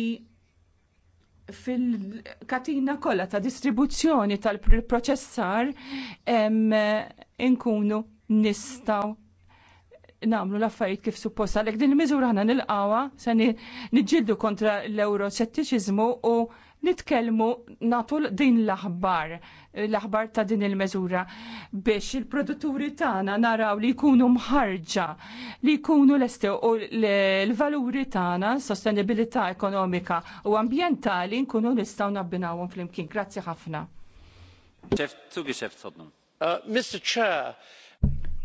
fil-katina kollha ta' distribuzzjoni tal-proċessar inkunu nistgħu namlu l-affarijiet kif supposta. Għalhekk din il-miżura ħana nilqawa se niġġieldu kontra l-euroċettiċiżmu u nitkellmu natu din l-aħbar, l-aħbar ta' din il-meżura biex il-produtturi tagħna naraw li jkunu mħarġa, li jkunu l-estew u l-valuri tagħna, sostenibilità ekonomika u ambjentali nkunu nistgħu nabbinawhom flimkien. Grazzi ħafna. Mr. Uh, Chair,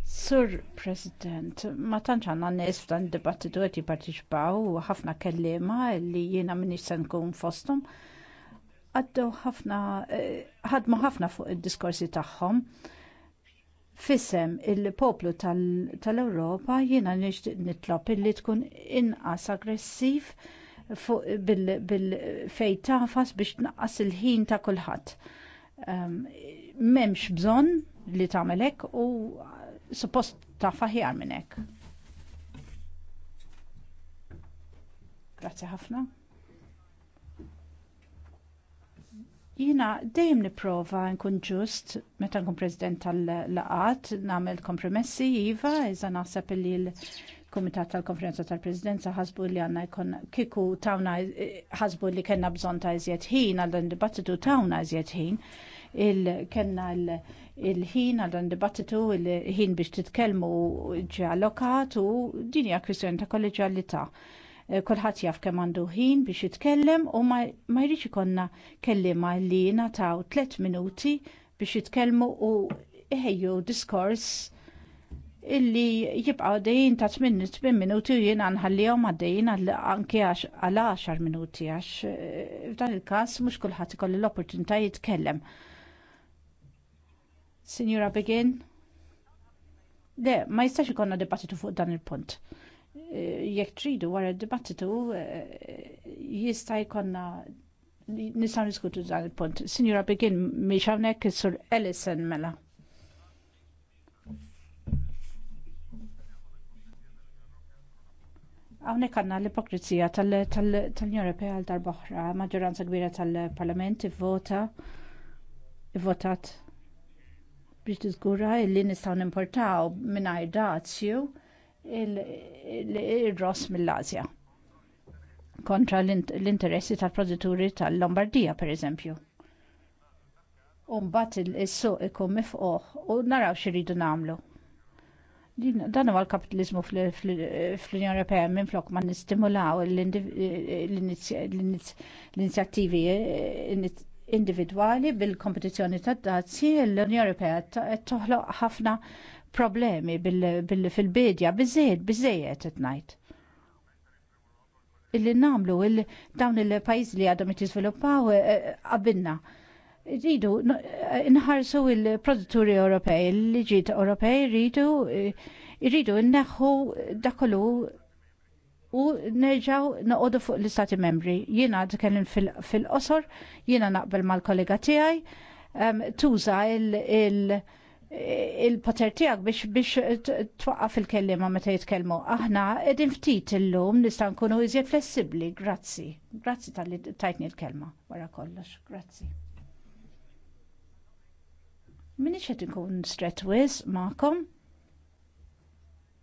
Sur President, ma tantx għandna nies f'dan id-dibattitu qed jipparteċipaw u ħafna kelliema li jiena minix se nkun fosthom għaddew ħafna, eh, ħadmu ħafna fuq id-diskorsi tagħhom. Fissem il-poplu tal-Europa tal jiena nixtieq nitlob illi tkun inqas aggressiv bil bil, bil fej tafas biex tnaqqas il-ħin ta' kulħadd. Um, M'hemmx bżonn li tagħmel hekk u suppost ta' faħjar minn hekk. Grazzi ħafna. Jina dejjem niprofa nkun ġust meta nkun president tal-laqat, nagħmel kompromessi iva, iżda naħseb li l-Kumitat tal-Konferenza tal-Presidenza ħasbu li għandna jkun kieku tawna ħasbu li kellna bżonn ta' iżjed ħin għal dan dibattitu tawna iżjed ħin il-kenna il-ħin għal dan dibattitu il-ħin biex titkellmu ġi allokat u dinja kwistjoni ta' kolleġjalità. Eh, kulħadd jaf kemm għandu ħin biex jitkellem u ma jridx ikonna kellima li nataw tliet minuti biex jitkellmu u iħejju diskors illi jibqa' dejjin ta' 8 minuti u jiena nħallihom għaddejjin anke għal 10 minuti għax eh, f'dan il-każ mhux kulħadd ikolli l-opportunità jitkellem. Signora Begin? Le, ma jistax ikonna dibattitu fuq dan il-punt jekk tridu wara d-dibattitu eh, jista' jkollna nistgħu niskutu dan il-punt. Signora Begin miex hawnhekk is-Sur Ellison mela. Għawnek għanna l-ipokrizija tal-Europea għal oħra, maġġoranza kbira tal-Parlament vota votat biex tiżgura illi nistgħu nimportaw mingħajr dazju il-ross mill-Asja kontra l-interessi tal-produtturi tal-Lombardija pereżempju. U mbagħad is-suq ikun mifquh u naraw x'iridu nagħmlu. Dan huwa l-kapitaliżmu fl-Unjoni Ewropea minflok ma nistimulaw l-inizjattivi eh, individwali bil-kompetizzjoni tad-dazzi l-Unjoni Ewropea toħloq ħafna problemi fil-bidja, bizzejed, bizzejed, qed ngħid. Illi nagħmlu dawn il-pajjiż li għadhom jiżviluppaw qabilna. Eh, eh, rridu eh, nħarsu il-produtturi Ewropej, il-liġiet Ewropej rridu irridu nneħħu dakolu u nerġaw naqodu fuq l-istati membri. Jiena kellin fil-qosor, jiena naqbel mal-kollega tiegħi, tuża il-, il il-poter tiegħek biex biex twaqqaf il kelliema meta jitkellmu. Aħna qegħdin ftit illum nista' nkunu iżjed flessibbli, grazzi. Grazzi tal-li tajtni l-kelma wara kollox, grazzi. Min qed nkun stret wiz ma'kom?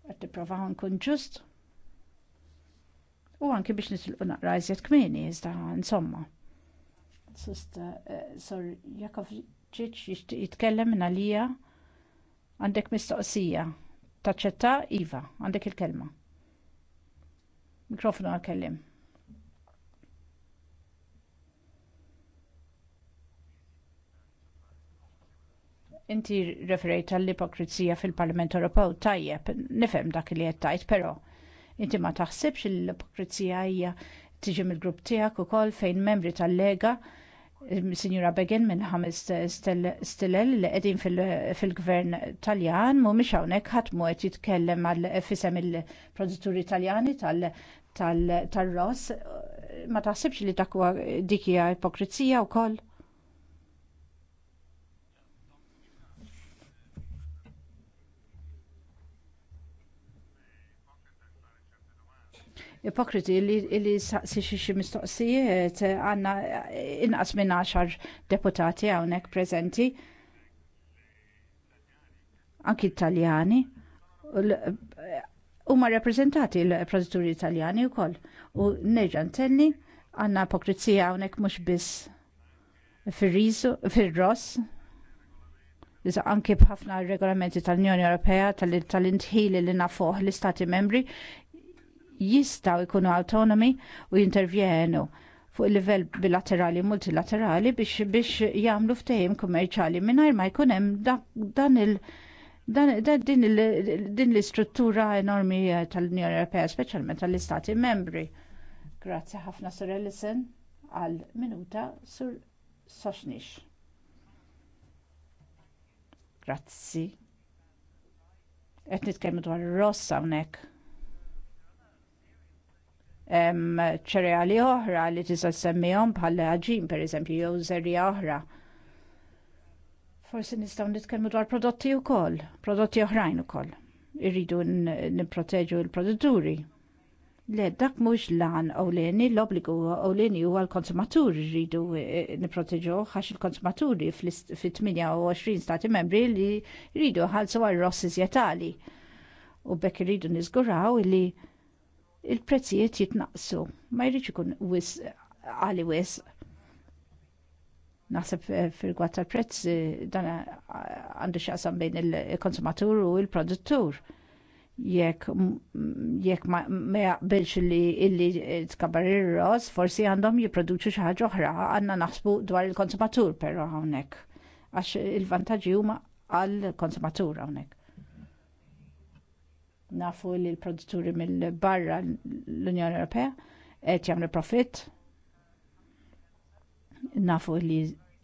Qed tipprovaw nkun ġust. U anki biex nitilqu naqra iżjed kmieni iżda insomma. Sista, eh, sor Jakov ċiċ jitkellem minn għalija Għandek mistoqsija. Taċċetta Iva, għandek il-kelma. Mikrofonu għal-kellim. Inti referejt għall-ipokrizija fil-Parlament Ewropew tajjeb, nifhem dak li qed tajt, però inti ma taħsibx li l-ipokrizija hija tiġi mill-grupp tiegħek ukoll fejn membri tal-Lega Signora Begin minn ħames stilel li qegħdin fil-gvern Taljan mhumiex hawnhekk ħadd mu qed jitkellem għal fisem il-produtturi Taljani tal-Ross ma taħsibx li dak dik hija ipokrizija wkoll? ipokriti li saqsi xi mistoqsijiet għandna inqas minn għaxar deputati hawnhekk preżenti anki Italjani huma rappreżentati l-produtturi Italjani wkoll u nerġa' ntenni għandna ipokrizija hawnhekk mhux biss fir-riżu fir-ross Iżda anki bħafna regolamenti tal-Unjoni Ewropea tal-intħil li nafuħ l-Istati membri jistaw ikunu autonomi u jintervjenu fuq il-livell bilaterali u multilaterali biex, biex jagħmlu ftehim kummerċali mingħajr ma jkun hemm dan il- dan, dan din, din l-istruttura enormi eh, tal-Unjoni Ewropea, speċjalment tal-Istati membri. Grazzi ħafna Sur Ellison għal minuta sur Soxnix. Grazzi. Qed nitkellmu dwar rossa hawnhekk ċereali oħra li tista' semmihom bħal ħaġin pereżempju jew żerja oħra. Forsi nistgħu nitkellmu dwar prodotti wkoll, prodotti oħrajn ukoll. Irridu nipproteġu l-produtturi. Le, dak mhux lan ewleni l-obbligu ewleni huwa l-konsumaturi rridu e, nipproteġu għax il-konsumaturi fit-28 stati membri li rridu ħalsu għal rossi zjetali. U bekk irridu niżguraw li il-prezzijiet jitnaqsu. Ma jridx ikun wis għali wis. Naħseb eh, fil-gwad tal-prezz eh, dan eh, għandu xaqsam bejn il-konsumatur u l produttur Jekk jekk ma jaqbilx li illi tkabbar il ros forsi għandhom jipproduċu xi ħaġa oħra, għandna naħsbu dwar il-konsumatur però hawnhekk. Għax il-vantaġġi huma għall-konsumatur hawnhekk. Nafu li l-produtturi mill-barra l-Unjoni Ewropea qed jagħmlu profitt. Nafu li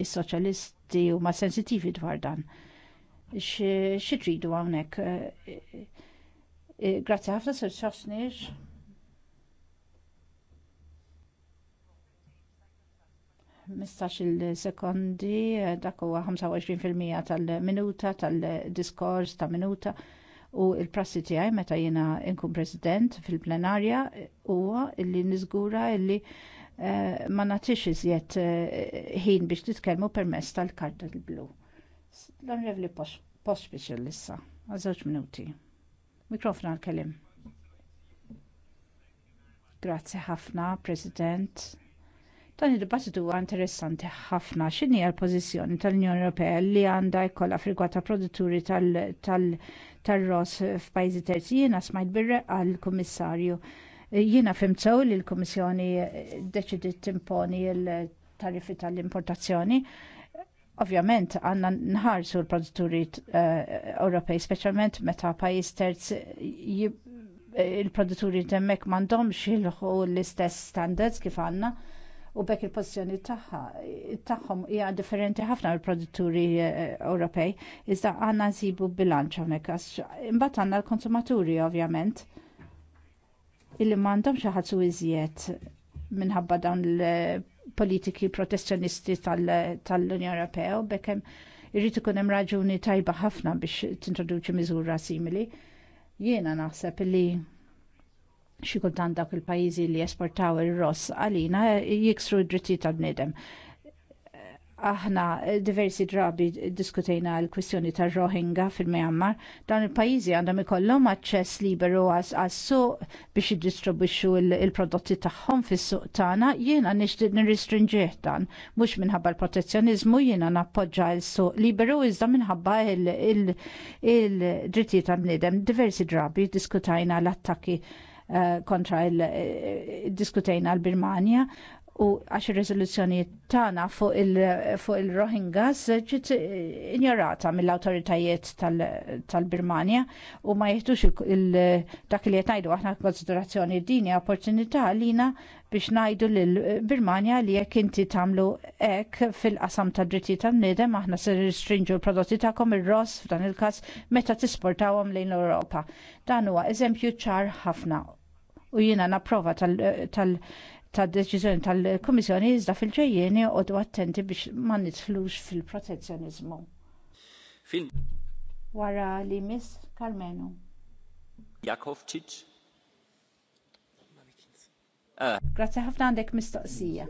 s-soċjalisti huma sensittivi dwar dan. Xi tridu hawnhekk. Eh, eh, grazzi ħafna sir Sosnix. Mistax il-sekondi, eh, dak huwa 25% tal-minuta, tal-diskors, ta' minuta u il-prassi tiegħi meta jiena nkun president fil-plenarja huwa illi niżgura illi uh, ma nagħtix iżjed eh, ħin biex titkellmu permezz tal-karta l-blu. L-Onrevli l issa, għazoċ minuti. Mikrofon għal-kelim. Grazzi ħafna, President Dan id-dibattitu huwa interessanti ħafna x'inhi l-pożizzjoni tal-Unjoni Ewropea li għandha jkollha frigwa ta' produtturi tal-ross f'pajjiżi terzi jiena smajt birre għall kummissarju Jiena fimtew li l-Kummissjoni deċidiet timponi l-tariffi tal-importazzjoni. Ovvjament għandna nħarsu l-produtturi eh, Ewropej, speċjalment meta pajjiż terz eh, il-produtturi temmek mandomx jilħu l-istess standards kif għandna u bekk il pozzjoni taħħom hija differenti ħafna mill produtturi eh, Ewropej iżda għandna nsibu bilanċ hawnhekk għax imbagħad għandna l-konsumaturi ovvjament illi m'għandhomx iħallsu iżjed minħabba dawn il-politiki protezzjonisti tal-Unjoni Ewropea u bekk hemm irrid ikun hemm raġuni tajba ħafna biex tintroduċi miżura simili. Jiena naħseb li xi kultant dawk il-pajjiżi li esportaw ir-ross għalina jiksru d-drittijiet tal-bniedem. Aħna diversi drabi diskutejna l-kwistjoni tar rohingya fil-Myanmar, dan il-pajjiżi għandhom ikollhom aċċess liberu għas-suq biex jiddistribwixxu il-prodotti tagħhom fis-suq tagħna, jiena nixtieq nirristrinġih dan mhux minħabba l-protezzjoniżmu jiena nappoġġa l-suq liberu iżda minħabba il-drittijiet tal-bniedem. Diversi drabi diskutajna l-attakki Eh, kontra il-diskutejna eh, l-Birmania u għax il rezoluzjoni tagħna fuq il-Rohingyas fu il ġiet injorata mill awtoritajiet tal-Birmania tal u ma jieħdux dak li jtajdu aħna konsiderazzjoni dini opportunità għalina biex ngħidu lill-Birmania li jekk inti tagħmlu hekk fil-qasam tad dritti tan-nidem aħna se ristrinġu l-prodotti kom ir-ross f'dan il-każ meta tisportawhom lejn l-Ewropa. Dan huwa eżempju ċar ħafna u jiena napprova tal-deċiżjoni tal komissjoni iżda fil-ġejjeni du attenti biex ma nitflux fil-protezzjonizmu. Wara li miss Carmenu. Jakovčić. Ah. Grazzi ħafna għandek mistoqsija.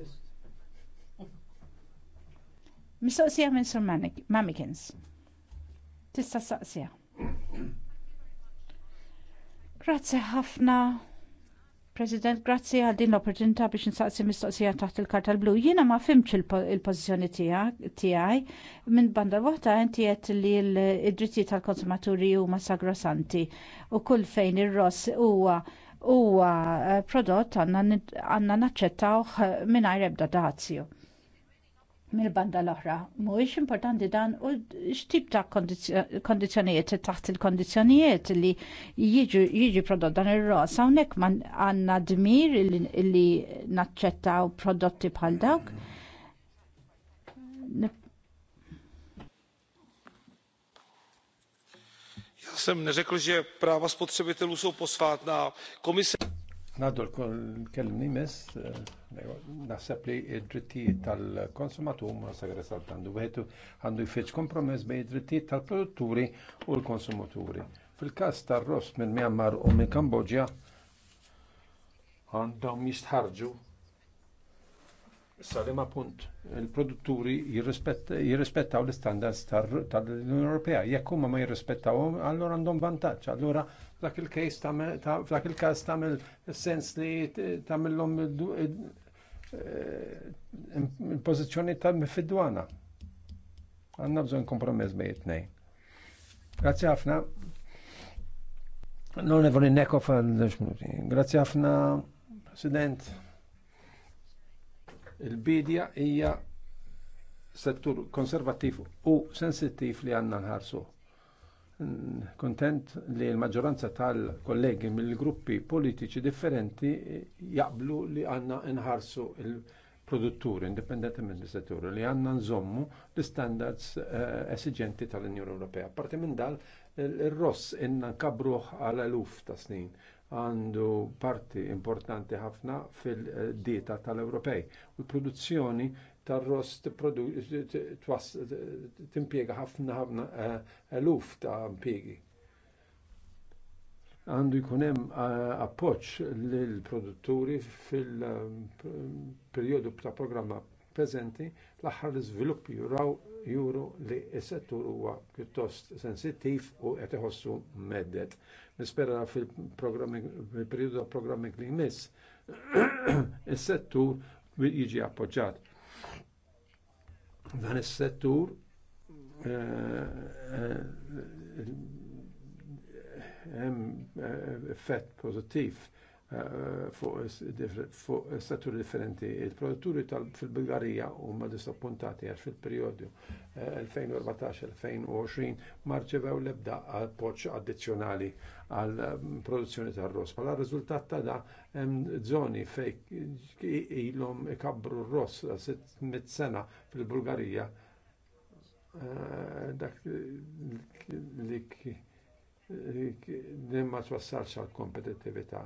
Mistoqsija minn Sir Mamikins. Tista' saqsija. Grazzi ħafna President, grazzi għal din l-opportunità biex nsaqsi mistoqsija taħt il-karta l-blu. Jiena ma fimx il-pożizzjoni tiegħi minn banda vota enti għet li l-drittijiet tal-konsumaturi huma sagrosanti u kull fejn ir-ross huwa huwa eh, prodott għandna naċċettawh mingħajr ebda dazju mill-banda l-oħra. Mhuwiex importanti dan u x'tip ta' kondizzjonijiet taħt il-kondizzjonijiet li jiġi prodott dan ir-ros hawnhekk man għandna dmir li naċċettaw prodotti bħal dawk. Já jsem neřekl, prava práva spotřebitelů jsou na Komise... Nadol, kellimni mes, eh, Naħseb li d-drittijiet tal-konsumatur ma segre saltandu għetu għandu jfieċ kompromess bej id dritti tal-produtturi u l-konsumaturi. fil kas tal ross minn Myanmar u minn Kambodja għandhom jistħarġu Salima punt, il-produtturi jirrispettaw l-standards tal-Unjoni Ewropea. Jekk huma ma jirrispettawhom, allura għandhom vantaġġ. Allura f'dak il-każ tagħmel sens li tagħmilhom Eh, il-pozizjoni ta' mifidwana. Għanna bżon kompromess bej it-nej. Grazie ħafna. Non evoli neko fan minuti. Grazie ħafna, President. Il-bidja hija settur konservativ u sensittiv li għanna nħarsu kontent li l-maġġoranza tal-kollegi mill-gruppi politiċi differenti jaqblu li għanna nħarsu il-produtturi indipendenti minn settur li għanna nżommu l-standards eh, esigenti tal-Unjoni Ewropea. Parti minn dal il-ross inna nkabruħ għal eluf ta' snin għandu parti importanti ħafna fil-dieta eh, tal-Ewropej u l-produzzjoni tar-ross timpiega ħafna ħafna eh, eluf ta' impiegi. Għandu jkun hemm eh, appoġġ lil produtturi fil-perjodu ta' programma preżenti l-aħħar iżviluppi juraw juru li s-settur huwa pjuttost sensittiv u qed iħossu meddet. Nispera fil-perjodu ta' programmi li jmiss is-settur jiġi appoġġat dan is-settur eh, eh, eh, hemm effett pożittiv fuq setturi differenti. Il-produtturi fil-Bulgarija huma disappuntati għax fil periodju 2014-2020 marċevew l-ebda appoġġ addizzjonali għal mm, produzzjoni tar-ross. Pala riżultat ta' da hemm żoni fej ilhom ikabru r-ross 600 sena fil-Bulgarija eh, dak li nemma twassalx għal kompetittività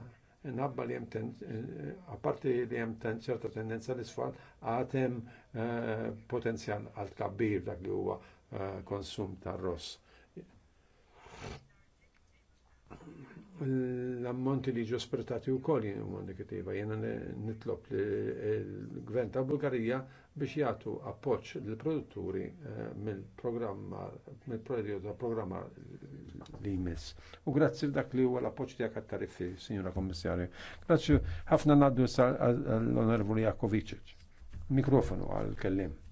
nabba li jem, eh, apparti li jem ċerta tendenza l-isfal, għatem eh, potenzjal għal tkabbir dak li huwa eh, konsum tar ross. l-ammonti li ġo spretati u koll huma kittiva, Jena nitlob l-gvern ta' Bulgarija biex jagħtu appoġġ l-produtturi eh, mill-programma mill-periodu ta' programma li jmiss. U grazzi dak li huwa l-appoġġ tiegħek għat-tariffi, Signora Kommissarju. Grazzi ħafna ngħaddu l-Onorevoli Jakovicic. Mikrofonu għal-kellim.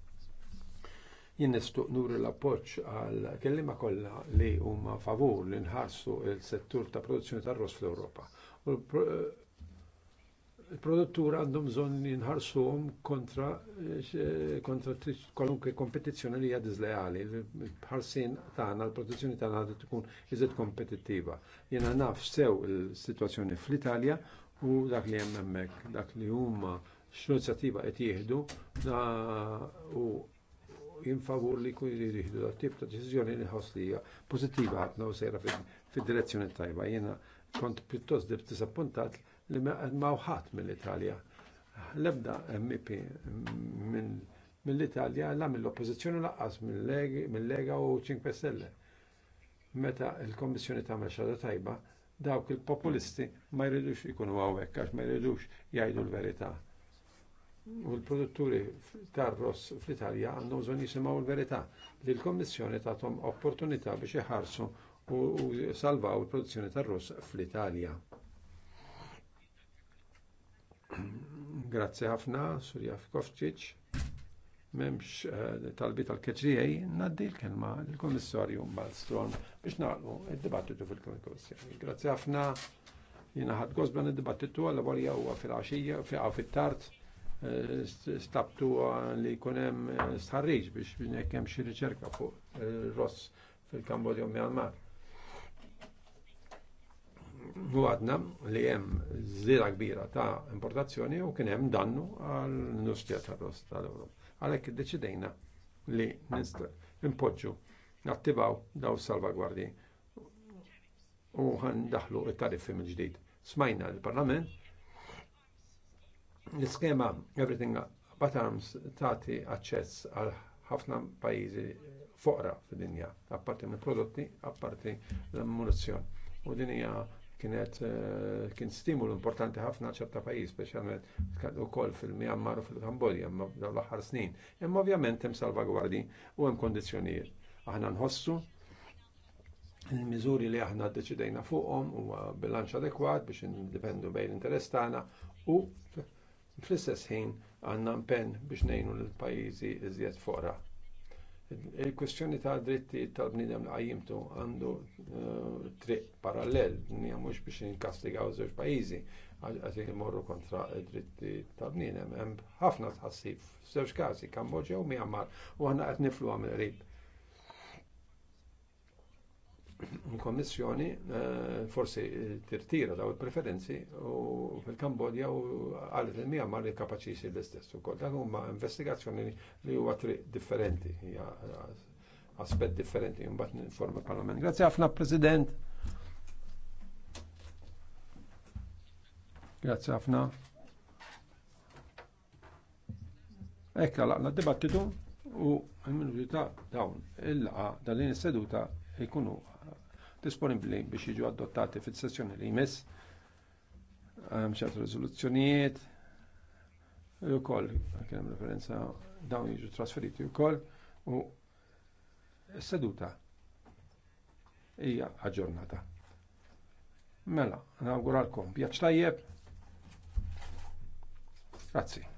Jien nistuq nuri l-appoġġ għal kellima kollha li huma favur li nħarsu s settur ta' produzzjoni tar-ross fl-Ewropa. Il-produttura għandhom bżonn jinħarsuhom kontra eh, kontra kwalunkwe kompetizzjoni li hija diżleali. Il-ħarsien tagħna, l-produzzjoni tagħna ħadd tkun iżed kompetittiva. Jiena naf sew il-sitwazzjoni fl-Italja u dak li hemm hemmhekk, dak li huma x'inizjattiva qed jieħdu u favur li kun jiriħdu da tip ta' deċiżjoni li ħoslija li hija pożittiva ħafna u sejra fid-direzzjoni tajba. Jiena kont pjuttost disappuntat li ma ħadd mill-Italja. L-ebda MP mill-Italja la mill-oppożizzjoni laqqas mill-Lega u 5 Stelle. Meta l-Kommissjoni tagħmel xogħol tajba, dawk il-populisti ma jridux ikunu hawnhekk għax ma jridux jgħidu l-verità u l-produtturi tar-ross fl-Italja għandhom bżonn jisimgħu l-verità li l-Kommissjoni tagħhom opportunità biex iħarsu u salvaw il-produzzjoni tar-ross fl-Italja. Grazzi ħafna, Surja Fkovčić. Memx eh, talbi tal-KGA, naddi l-kelma l-Kommissarju Malstrom biex naqlu id-dibattitu fil-Kommissjoni. Grazzi ħafna, jina ħad gosban id-dibattitu għal-għalja huwa fil-għaxija, fil-tart. Eh, stabtu li kunem eh, sħarriġ biex nekkem xi riċerka fuq il eh, ross fil-Kambodja u Myanmar. U għadna li jem zira kbira ta' importazzjoni u kienem dannu għal-nustja ta' ross tal-Ewropa. Għalhekk deċidejna li impoġġu nattivaw daw salvagwardji u għan daħlu it-tariffi mill-ġdid. Smajna l-Parlament L-iskema Everything But Arms tagħti aċċess għal ħafna pajjiżi foqra fid-dinja, apparti mill-prodotti, apparti l-ammunizzjon. U din hija kienet eh, kien stimul importanti ħafna ċerta pajjiż speċjalment ukoll fil-Myanmar u fil-Kambodja dal l-aħħar snin. Imma ovvjament hemm salvagwardi u hemm kondizzjonijiet. Aħna nħossu il-miżuri li aħna ddeċidejna fuqhom huwa bilanċ adekwat biex indipendu bejn l-interess tagħna u Fl-istess ħin għandna impenn biex ngħinu lill-pajjiżi iżjed fora. Il-kwestjoni ta' dritti tal-bnidem li għajimtu għandu eh, triq parallel, nija mhux biex nkastigaw żewġ pajjiżi għad imorru kontra dritti tal-bnidem. Hemm ħafna tħassib f'żewġ każi, Kambodġa u Myanmar, u aħna qed niflu għamil qrib kommissjoni eh, forsi eh, tirtira daw il-preferenzi u fil-Kambodja u għalet il-Myanmar li kapaċi jisir l-istess. U kol dan huma investigazzjoni li huwa triq differenti, eh, aspet differenti, mbagħad informa il-Parlament. Grazie ħafna President. Grazie ħafna. Ekka laqna dibattitu u l-minuti ta' dawn il-laqa dal-in seduta jkunu disponibbli biex jiġu adottati fil-sessjoni li jmiss. Hemm rezoluzzjonijiet u ukoll kien hemm referenza dawn jiġu trasferiti wkoll u seduta hija aġġornata. Mela, nawguralkom pjaċ tajjeb. Grazzi.